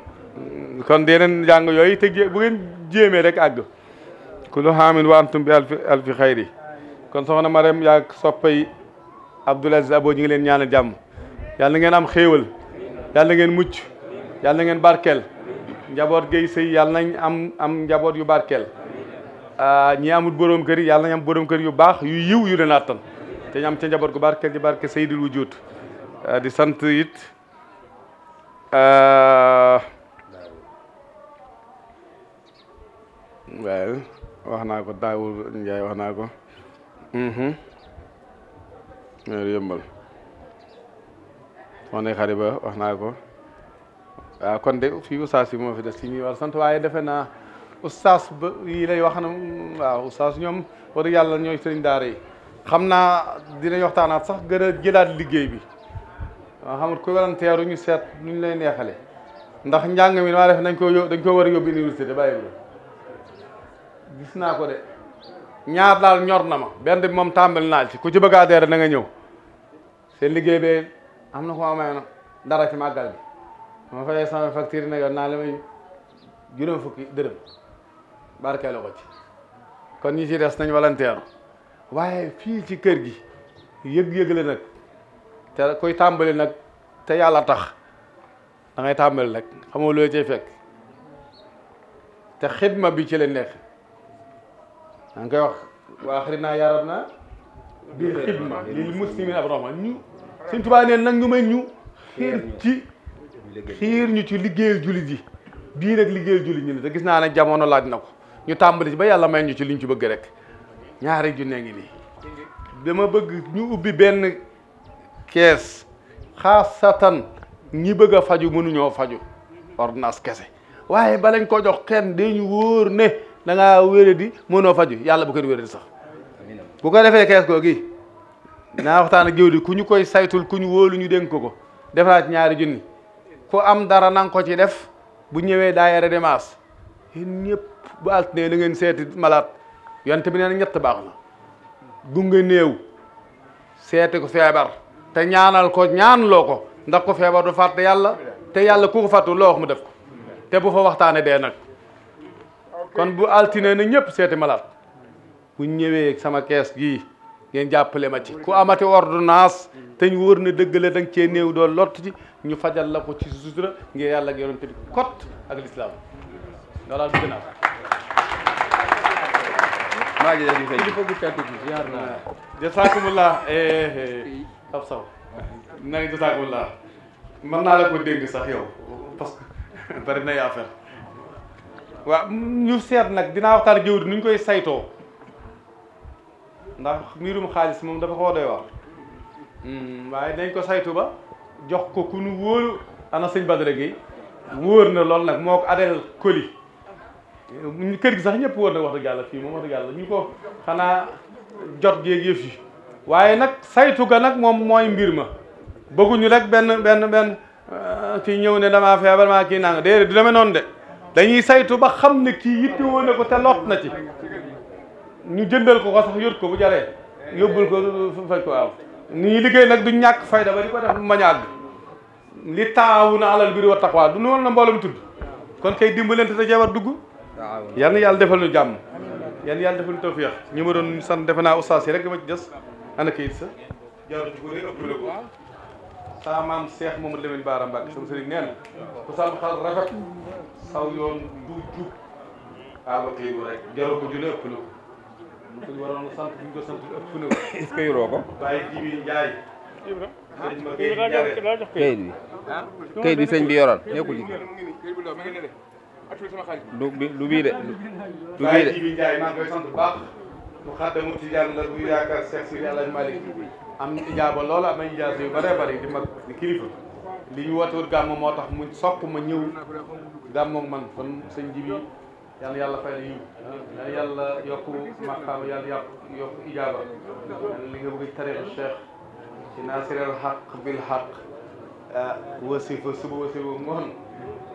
kon yeneen jàng yooyu te bu ngeen jéemee rek àgg kullu haamin wa antum bi alfi alfi xayri kon soxna Marème yaag soppay Abdoul Aziz Abo ñu ngi leen ñaanal jàmm yàlla ngeen am xéewal yàlla ngeen mucc yàlla ngeen barkel njaboot gay sëy yàlla nañ am am njaboot yu barkel ah, ñi amul borom kër yi yàlla am borom kër yu baax yu yiw yu leen attan te ñu am ca njaboot gu barkeel ji barke Seydil Wujud ah, di sant it ah, waaye wax naa ko daawul Njaay wax naa ko maire mm-hmm. yëmbal soxna xari ba wax naa ko waaw ah, kon de fii ustaas yi moo fi des si ñuy war sant waaye defe naa ustaas ba yi lay wax na waaw ustaas ñoom war yàlla ñooy sëriñ daara yi xam naa dinañ waxtaanaat sax gën a liggéey bi waaw ah, xamut ku waranteeru ñu seet nu ñu lay neexale ndax njàng mi maa def nañ ko yób dañ ko war a yóbbu université bàyyi gis naa ko de ñaar daal ñor na ma benn bi moom tàmbali naa ci ku ci bëgg a adhéré na nga ñëw seen liggéey be am na ko amee dara ci màggal bi ma fayee sama facture na yoon naa la may juróom fukki dërëm barkeelu ko ci kon ñi ci des nañ volontaire waaye fii ci kër gi yëg-yëg la nag te koy tàmbali nag te yàlla tax da ngay tàmbali nag xamoo loo cay fekk te xidma bi ci la nekk maa ngi koy wax waa xarit naa yaaram naa bi xidma lil muslimin ab rahma ñu suñ tubaa neen nag ñu may ñu xiir ci xiir ñu ci liggéeyal jullit yi diine ak liggéeyal jullit ñi ne te gis naa ne jamono laaj na ko ñu tàmbali ci ba yàlla may ñu ci liñ ci bëgg rek ñaari junne ngi nii dama bëgg ñu ubbi benn kees xaasatan ñi bëgg a faju mënuñoo faju ordonnance kese waaye balañ ko jox kenn dañu wóor ne da ngaa wéradi mënoo faju yàlla bu kenn wéradi sax bu ko defee kees koo gi naa waxtaan ak géw di ku ñu koy saytul ku ñu wóolu ñu dénk ko ko def naa ci ñaari junni ku am dara nan ko ci def bu ñëwee daayira demaas yéen ñëpp bu altine na ngeen seeti malaat yonte bi neen ñett baax na gunge néew seeti ko feebar te ñaanal ko ñaan loo ko ndax ko feebar du fàtte yàlla te yàlla ku ko fàttu loo wax mu def ko te bu fa waxtaanee dee nag kon bu altine na ñëpp seeti malade bu ñëwee sama kees gi ngeen jàppale ma ci ku amati ordonnance te ñu wóor na dëgg la danga cee néew doon lott ci ñu fajal la ko ci sutura ngir yàlla ak yonent bi kot ak lislaam loolaa dugg naa maa ngi leen di fay kilifa eh, eh. naa la ko dégg sax yow parce que bari na ay waaw ñu seet nag dinaa waxtaan jëwri nu koy saytoo ndax mbirum xaalis moom dafa koo doy waar hmm, waaye dañ ko saytu ba jox ko ku nu wóolu ana sëñ Badara Gueye wóor na lool nag moo ko adel kër gi sax ñëpp wóor na wax dëgg fii moom wax dëgg yàlla ñu ko xanaa jot géeg yëf yi waaye nag saytu ga nag moom mooy mbir ma bëgguñu rek benn benn benn euh, kii ñëw ne damaa feebar maa kii naa nga déedéet du demee noonu de dañuy saytu ba xam ne kii yitte woo ko te lot na ci ñu jëndal ko ko sax yót ko bu jaree yóbbul ko faj ko waaw nii liggéey nag du ñàkk fayda ba di ko def àgg li taawu na alal biri wa taqwa du noonu la mboolum tudd kon kay dimbalante te jabar dugg yan yàlla defal ñu jàmm yan yàlla defal ñu tawfiix ñi ma doon sant defe naa ustaas si rek ma ci des ana kayit sa ko sama maam Cheikh Mamadou Lamine Bara Mbacke sama sëriñ saw yoon du jub ko jule ëpp na ko mu ko waroon sant bu ñu ko sant ëpp na ko est-ce que yoroo ko bàyyi jibi njaay kayit bi ah? kayit bii de du bii de bàyyi jibi ngi mu xaddamut ci yàlla bu yaakaar Cheikh Sidi am ijaaba loola am ay ijaasa yu bare bari di mag di kilifa li ñu woote moo tax mu sopp ma ñëw gàmmoog man kon sëñ ji bi yàlla yàlla fay la yiw yàlla yàlla yokku maqaam yàlla yàq yokku ijaaba li nga bëgg tarixa cheikh ci naasireel xaq bil xaq eh, wasifa suba wasifa ngoon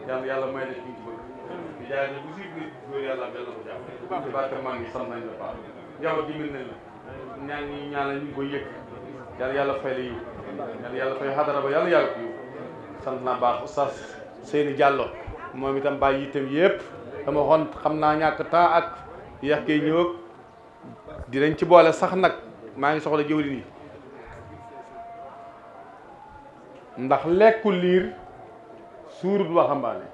yàlla yàlla may na ci bëgg di la baax njaboot ji mel nañ la ñaan ñu ngi yal yàlla fay yal yiw yàlla yàlla fay xadara ba yal yàlla ko yiw sant naa baax oustaz Seyni Diallo moom itam bàyyi itam yëpp dama xoon xam naa ñàkk temps ak yàq iya yi ñëw ak dinañ ci boole sax nag maa ngi soxla jëwriñ yi ndax lekku liir suurut waxambaane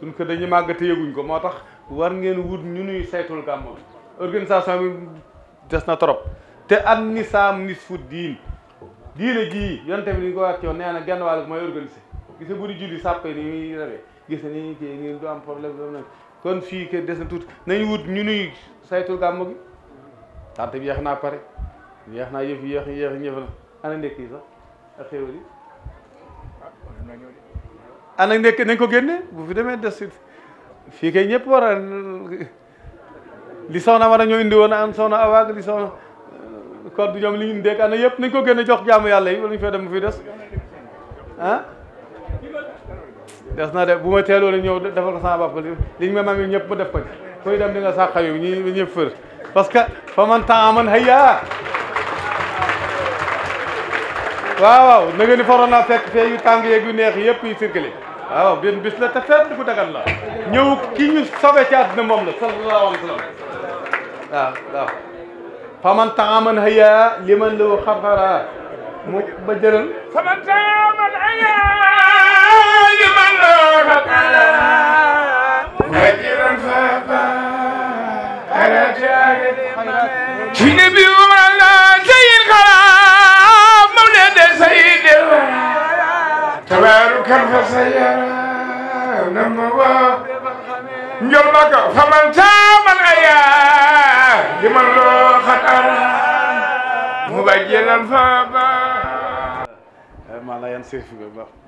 suñ ko dañu màggate yëguñ ko moo war ngeen wut ñu nuy saytul gàmmu organisation bi des na trop te an nisaam nisfu diin diine jii yonte bi ni ñu ko wàccoon nee na genn wàll mooy organisé gis na bu di julli sàppe ni muy gis na ni ñuy kii nii du am problème loolu nag kon fii ke des na tuuti nañ wut ñu nuy saytu gàmmu gi tànt bi yeex naa pare yeex naa yëf yeex yeex ñëf na ana ndekk yi sax ak xéewal yi ana ndekk nañ ko génne bu fi demee des fii kay ñëpp war a li soxna war a ñoo indi woon am soxna awaag li soxna kon du ñoom li dégg ana yëpp nañ ko gën a jox jaamu yàlla yi wala ñu fee dem fi des ah des na de bu ma teeloon ñëw defal ko sama bopp li ñu ma maam yi ñëpp ma def ko ci koy dem di nga sax xayu ñi fër parce que fa man temps aman hayya waaw waaw na ni faroon fekk fee yu tàng yeeg yu neex yëpp yi circulé waaw bis la te fenn ku dagan la ñëw ki ñu sobe ci àdduna moom la sallallahu alayhi wa waaw waaw فمن تعامل هيا لمن لو خبرا مجرم فمن تعامل هيا لمن لو خبرا مجرم فبا على جاهل خيرا بيوم على زي الغرا مولد سيد تبارك الفصيرا نموا يوم فمن تعامل هيا لمن لو خطر مبجلا فابا ما لا ينصرف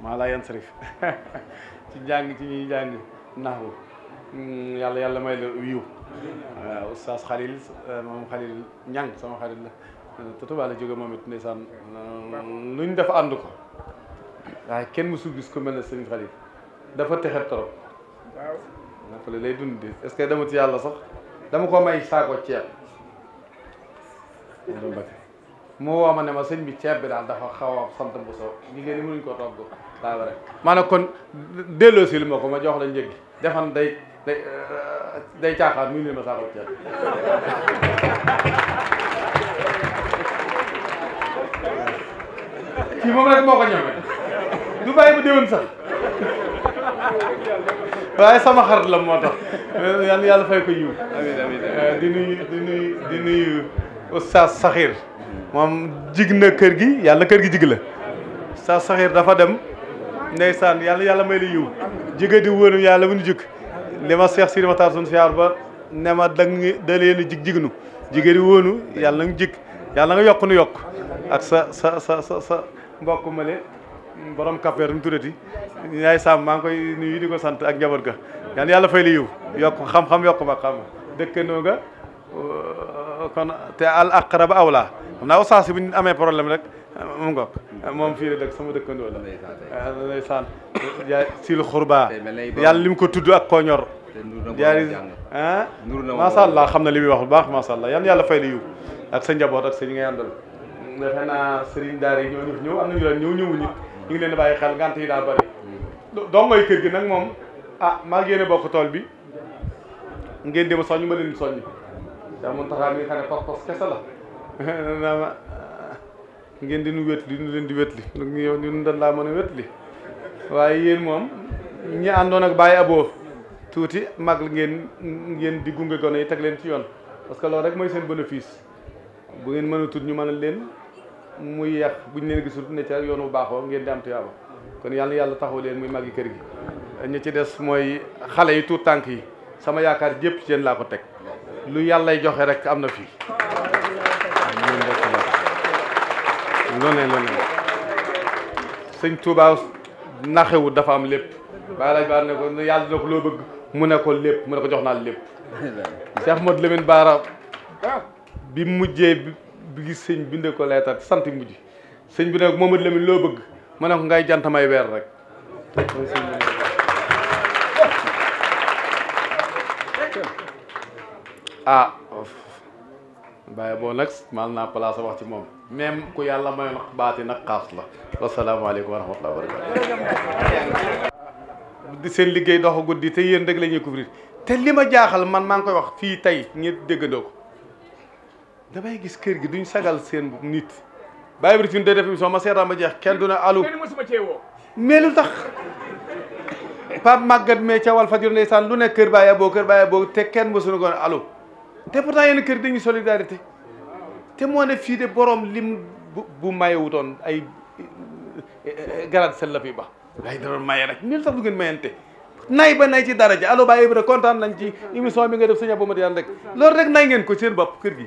ما لا ينصرف ci jàng ci ñuy jàng naxwu mm, yàlla yàlla may la wiiw waaw oustaz xalil euh, moom xalil ñang sama xalil la te Tuubaa la jóge moom it ndeysaan mm, lu ñu def ànd ko waaye kenn mësul gis ku mel ne xalil dafa texet trop waaw nafale lay dund est-ce que dama yàlla sax dama ko may saako ceeb mu woo ma ne ma sëñ bi ceeb bi daal dafa xawa a sant bu soo jigéen ñi mënuñ ko togg daa rek maanaam kon delloo si li ma ko ma jox la njëg defan day day euh, day caaxaan muy ne ma saako ceeb kii moom rek moo ko ñamee du bàyyi ba déwén sax waaye sama xarit la moo tax yàlla yàlla fay ko yiw euh, di nuyu di nuyu di nuyu moom jig na kër gi yàlla kër gi jig la Oustaz Saxir dafa dem ndeysaan yàlla yàlla may la yiw jige di wóonu yàlla bu ñu jik li ma seex si mataar sun jig jignu jigéen di wóonu yàlla nga yàlla nga yokk nu yokk ak sa sa sa sa borom Cap-Vert mu tuddati yaay Sam maa ngi koy nuyu di ko sant ak njaboot ga yaan yàlla fay li yiw yokk xam-xam yokk ba xam dëkkandoo nga uh, te al aqraba awla xam naa oustaz si bu ñu amee problème rek mu ngoog moom fii la dëkk sama dëkkandoo la ndeysaan yaay sil xurba yàlla li mu ko tudd ak koo ñor yaay ah macha allah xam na li muy wax bu baax macha allah yan yàlla fay li yiw ak sa njaboot ak sa ñi ngay àndal sëriñ daara yi ñoo ñëw am na ñu leen ñëw ñëwuñu ñu ngi leen di bàyyi xel ngant yi daa bëri dongoy kër gi nag moom ah maa ngi a bokk tool bi ngeen dem soññ ma leen soññ daa mun taxaa mi xam ne pas kese la naama ah, ngeen di nu di nu leen di wétli ñu yow ñun dañ laa mën a wétli waaye yéen moom ñi àndoon ak bàyyi aboo tuuti mag ngeen ngeen di gunge gone yi teg leen ci yoon parce que loolu rek mooy seen bénéfice bu ngeen mën a tut ñu mën leen bu yàq buñ leen gisul ne ca yoon bu baaxoo ngeen di am tuyaaba kon yàlla yàlla taxaw leen muy màggi kër gi ñu ci des mooy xale yi tuut tànk yi sama yaakaar jépp ci laa ko teg lu yàllay joxe rek am na fii loolu ne loolu ne sëñ Tuubaa dafa am lépp bàyyi laaj baar ne ko yàlla dina ko loo bëgg mu ne ko lépp mu ne ko jox naa lépp Cheikh Modou Lamine Bara bi mujjee bi gis sëñ binde ko leetar sant mujj sëñ bi nag Mamadou Lamine loo bëgg ma ne ko ngay jantamay weer rek ah bàyyi boo nag mal naa place wax ci moom même ku yàlla mayoon baati nag xaas la wasalaamaaleykum wa rahmatulah wa barakatu seen liggéey doxa guddi te yéen rek la couvrir te li ma jaaxal man maa ngi koy wax fii tey ñi déggandoo ko damay gis kër gi duñ sagal seen nit. bàyyi bi fi def émission ma seetaan ba jeex kenn du alo allo kenn mësuma cee woo. mais lu tax Pape Maguette mais ca Walfadjri ndeysaan lu ne kër bàyyi boo kër bàyyi boo te kenn mësuñu ko ne allo te pourtant kër dañuy solidarité te moo ne fii de borom lim bu bu mayewutoon ay eh, eh, garab sel la fi ba. waaye da doon maye rek mil tax du ngeen mayante nay ba nay ci dara ji allo bàyyi bi rek kontaan nañ ci émission bi nga def sëñ Abou Madiane rek loolu rek nay ngeen ko seen bopp kër gi.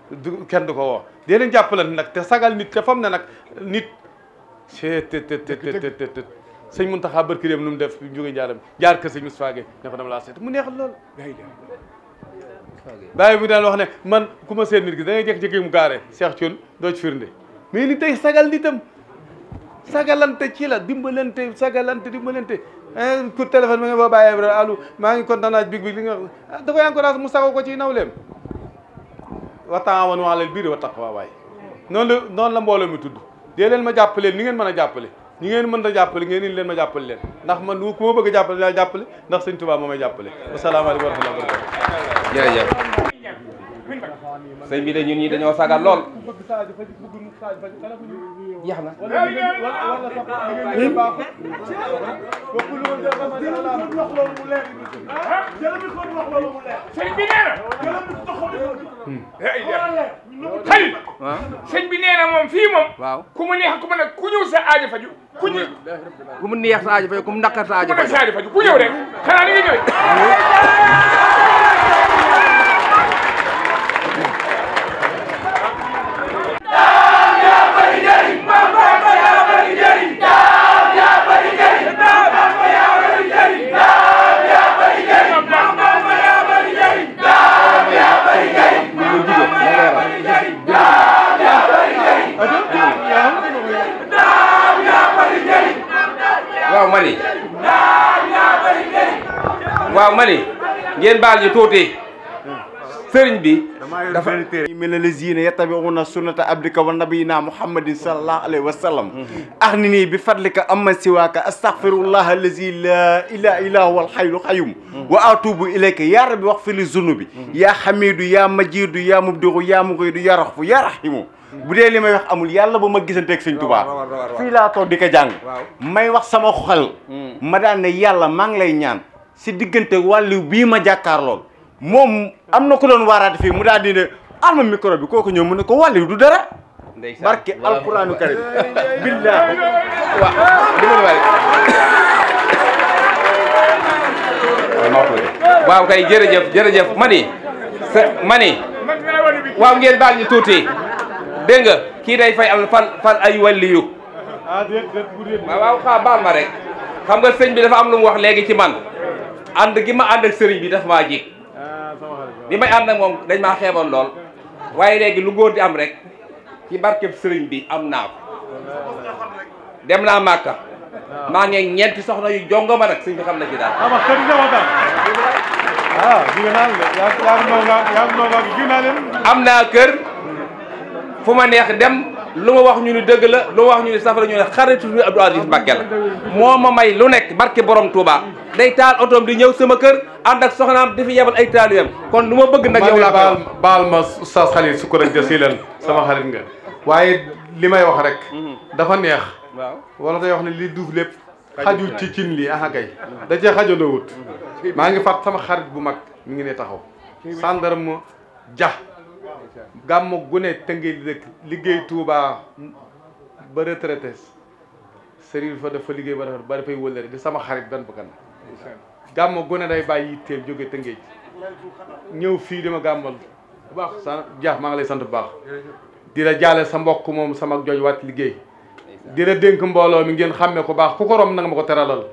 du kenn du ko woo dee leen jàppalante nag te sagal nit te fam ne nag nit te te te te te sëñ Mountakha barki réew nu mu def jóge njaaram jaar kër sëñ Moustapha Gueye ne ko dama laa mu neex lool bàyyi mu daan wax ne man ku ma seet nit ki da ngay jékki-jékki mu gaare Cheikh Thion doo ci firnde mais nit tey sagal nitam sagalante ci la dimbalante sagalante dimbalante ku téléphone bi nga boo bàyyee maa ngi kontaan naaj big big li nga ah, da koy encourage mu sago ko ci nawleem wa taawanu alal birri wa taqwa waay noonu la noon la mbooloo mi tudd dee leen ma jàppaleen ni ngeen mën a jàppale ñi ngeen mën a jàppale ngeen indi leen ma jàppale leen ndax man lu ku ma bëgg a jàppale laa jàppale ndax sëñ Tuubaa moo may jàppale wasalaamaaleykum wa rahmatulah jërëjëf sëñ bi de ñun ñi dañoo bi nee na sëñ bi moom fii moom ku mu neex ku mu ku ñëw sa aajo faju ku ñëw ku mu neex sa aajo faju ku mu naqar sa aajo faju ku waaw ma ni ngeen baal ñu tuuti sëriñ bi dafa min allaziina yattabi'uuna sunnata abdika wa nabiyyina muhammadin sallallahu alayhi wa sallam aghnini bi fadlika amman siwaaka astaghfirullah allazi laa ilaaha illaa huwal hayyul qayyuum wa atuubu ilayka yaa rabbi waghfir li zunubi yaa hamiidu yaa majiidu yaa mubdi'u yaa mughiithu yaa rahiifu yaa rahiimu bu dee li may wax amul yàlla ba ma gisante ak sëñ Tuubaa fii laa toog di ko jàng may wax sama xel hmm. ma daan ne yàlla maa ngi lay ñaan si diggante wàllu bii ma jàkkaar lool moom am na ko doon waaraat fii mu daal di alma micro bi kooku ñëw mu ne ko wàllu du dara. ndeysaan barke alquraanu karim billaahi waaw dama la waaw kay jërëjëf mani mani waaw ngeen baal ñu tuuti dégg nga kii day fay am fan fan ay wàlliyu ah, waaw xaa baal ma rek xam nga sëñ bi dafa am lu mu wax léegi ci man ànd gi ma ànd sëriñ bi daf ma jig bi may ànd moom dañ maa xeeboon lool waaye léegi lu di am rek ci barkeb sëriñ bi am naa ko dem naa màkka maa ngi ñeenti soxna yu jongo ma nag bi xam na ci am naa kër fu ma neex dem lu ma wax ñu ni dëgg la lu ma wax ñu ni safara ñu ne xaritu bi Abdou Aziz Mbacké la moo ma may lu nekk barke borom Touba day taal otoom di ñëw sama kër ànd ak soxnaam di fi yebal ay taaluyam kon lu ma bëgg nag yow laa koy wax baal ma oustaz xalit sukkuran leen sama xarit nga waaye li may wax rek mhm. dafa neex waaw wala day wax ne li duuf lépp xajul ci cin li aha kay mhm. da cee xajaloo wut mhm. maa ngi fat sama xarit bu mag mi ngi ne taxaw sàndarma ja gàmmu gune tëngi dëkk liggéey Touba ba retraité Serigne fa fa liggéey ba defar ba dafay wëllëre di sama xarit ban bëgg na gàmmu gune day bàyyi yitteem jóge tëngéej ñëw fii dama gàmmal bu baax sa jaax maa ngi lay sant bu baax di la jaale sa mbokk moom sama jooj waat liggéey di la dénk mbooloo mi ngeen xàmmee ko baax ku ko rom nanga ma ko teralal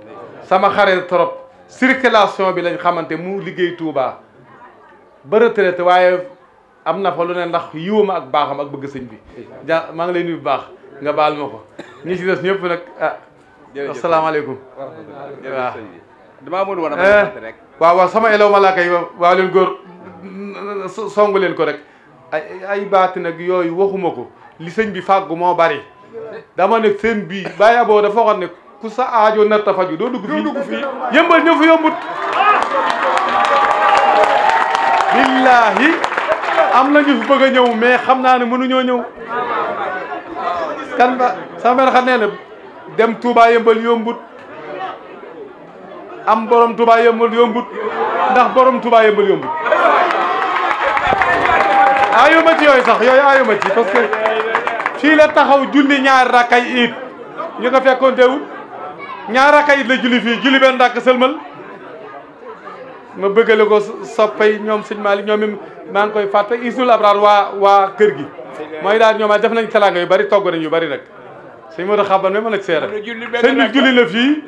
sama xarit trop circulation bi lañ xamante mu liggéey Touba ba retraité waaye am na fa ndax yiwam ak baaxam ak bëgg sëñ bi ja maa ngi lay nuyu bu baax nga baal ma ko ñi ci rek ñëpp nag ah asalaamaaleykum waaw damaa mën woon eh, rek waaw waaw sama elew malaaka yi waaw leen góor ko rek ay ay nag yooyu waxuma ko li sëñ bi fàggu moo bari dama ne sëñ bi bàyyi aboo dafa waxoon ne ku sa aajo nar faju doo dugg fii dugg fii yëmbal ñëw am ñu fi bëgg ñëw mais xamna naa mënu ñoo ñëw kan ba sama mère xam nee na dem Touba yëmbal yombut am borom Touba yëmbal yombut ndax borom Touba yëmbal yombut aayuma ci yoy sax yooyu aayuma ci parce que fi la taxaw julli ñaar rakay it ñu ko fekkon deewul ñaar rakay it la julli fi julli ben rakk selmal ma bëggale ko soppay ñoom sëñ Malick ñoom it maa ngi koy fàtte Isnul Abrar waa waa kër gi. mooy daal ñoom def nañ teraanga yu bari togg nañ yu bari nag. sëñ Modou Xaban mi mën a seere sëñ bi julli na fii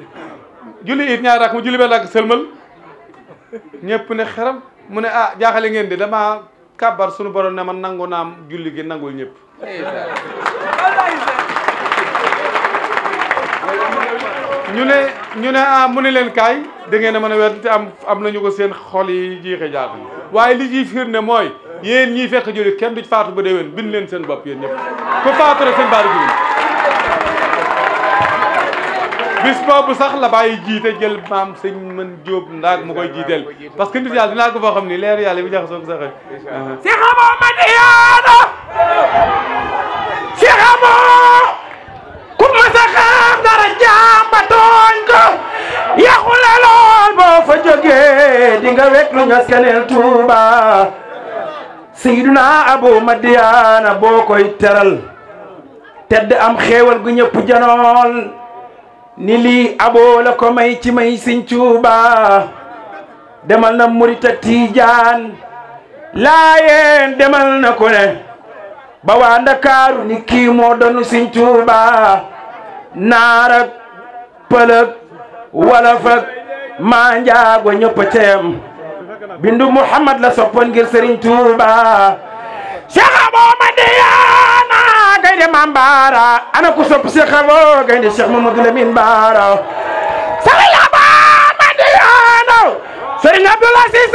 julli it ñaar rak mu julli benn rak sëlmal ñëpp ne xeram mu ne ah jaaxale ngeen di damaa kàbbar suñu boroon ne man nangu naam julli gi nangul ñëpp ñu ne ñu ne ah mu ne leen kaay da ne a mën a wedd te am am nañu ko seen xol yi jiixe jaax yi waaye li ciy ne mooy yéen ñiy fekk jullit kenn bi faatu ba déwén bind leen seen bopp yéen ñëpp ku faatu rek seen baari jullit bis boobu sax la bàyyi jiite jël maam sëñ mën jóob ndaag mu koy jiiteel parce que nit yàlla dinaa ko foo xam ni leer yàlla bi jaxasoo saxe si xamoo ma di yaana si xamoo am dara jaam ba tooñ ko yàqu la boo fa jógee di nga wekk lu ñas keneen Tuuba Seyduna Abu Madiana boo koy teral tedd am xéewal gu ñëpp janool ni lii aboo la ko may ci may Sëñ demal na murit ak tiijaan laayeen demal na ko ne ba waa Ndakaaru ni kii doonu Sëñ narab pëlëg walafak manja maa njaago ñëpp bindu Muhammad la sopan ngir Serigne Touba. Cheikh Abo Madiyana gaynde Maam ana ku sopp Cheikh Abo gaynde Cheikh Mamadou Lamine Baara. Serigne Abo mandi Serigne Abdoul Aziz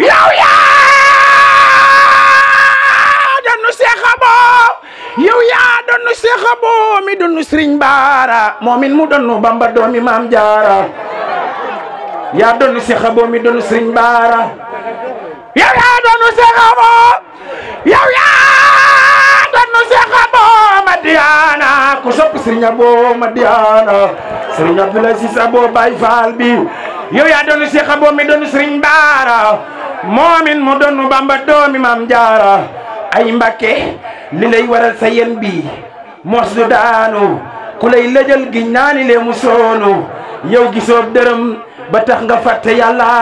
yow yaa jannu Cheikh Abo yow donu cheikh Abo mi donu serigne bara moomin mu donu Bamba domi mam jara ya donu cheikh Abo mi donu serigne bara ya ya donu cheikh Abo ya ya donu cheikh Abo Madiana ku sopp serigne Abo Madiana serigne Abdoul Aziz Abo Baay Faal bi yo ya donu cheikh Abo mi donu serigne bara moomin mu donu Bamba domi mam jara ay Mbàkke li lay waral sa yeen bi mos ku lay lëjal gi naa ni lee mu soonu yow gisoob dërëm ba tax nga fàtte yàlla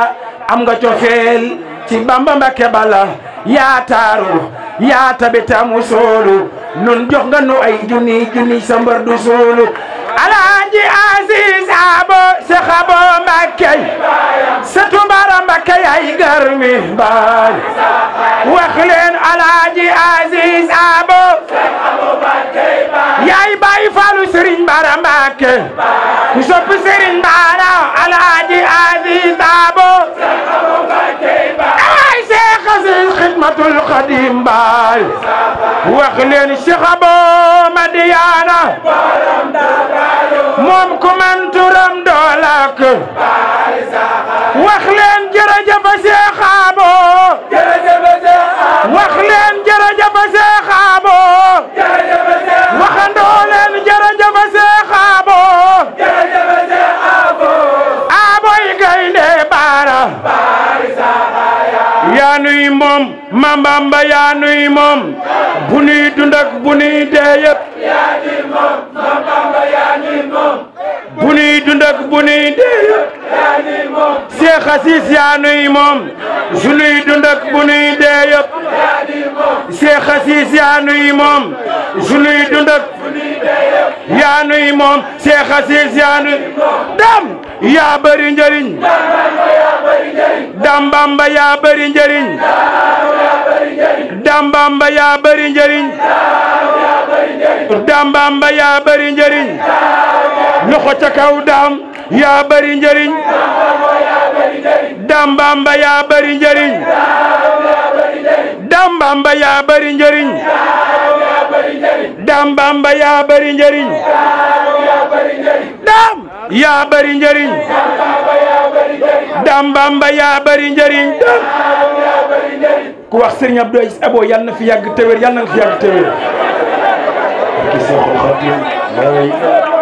am nga cofeel ci Bamba Mbakke bala يا تارو يا تبتا مصولو نون جوغ نو اي جوني جوني سمبر دو سولو على عندي عزيز ابو سخابو مكي ستو بارا مكي اي غرمي باي وخلين على عندي عزيز ابو يا اي باي فالو سرين بارا مكي جوب سرين بارا على عندي عزيز ابو xidmatul xadim baay wax leen Cheikh Abo Madiyana moom ku man turam doolak wax ma Bamba yaa nuy moom bu nuy dund ak bu nuy dee yëpp yaa nuy moom ma Bamba yaa nuy moom bu nuy dund ak bu nuy dee yëpp yaa nuy moom Cheikh Assis yaa nuy moom su nuy dund ak bu nuy dee yëpp yaa nuy moom Cheikh Assis yaa nuy moom su nuy dund ak bu nuy dee yëpp yaa nuy moom Cheikh Assis yaa nuy moom dam yaa bëri njëriñ. Dambamba yaa bëri njëriñ. Dambamba yaa bëri njëriñ. Dambamba yaa bëri njëriñ. loxo ca kaw daam yaa bëri njëriñ. Dambamba yaa bëri njëriñ. Dambamba yaa bëri njëriñ. Dambamba yaa bëri njëriñ. Daam. yaa bari njëriñ Dame Bamba yaa bari njëriñ ku wax Serigne Abdou Aziz Abo yal na fi yàgg téwér yal na nga fi yàgg téwér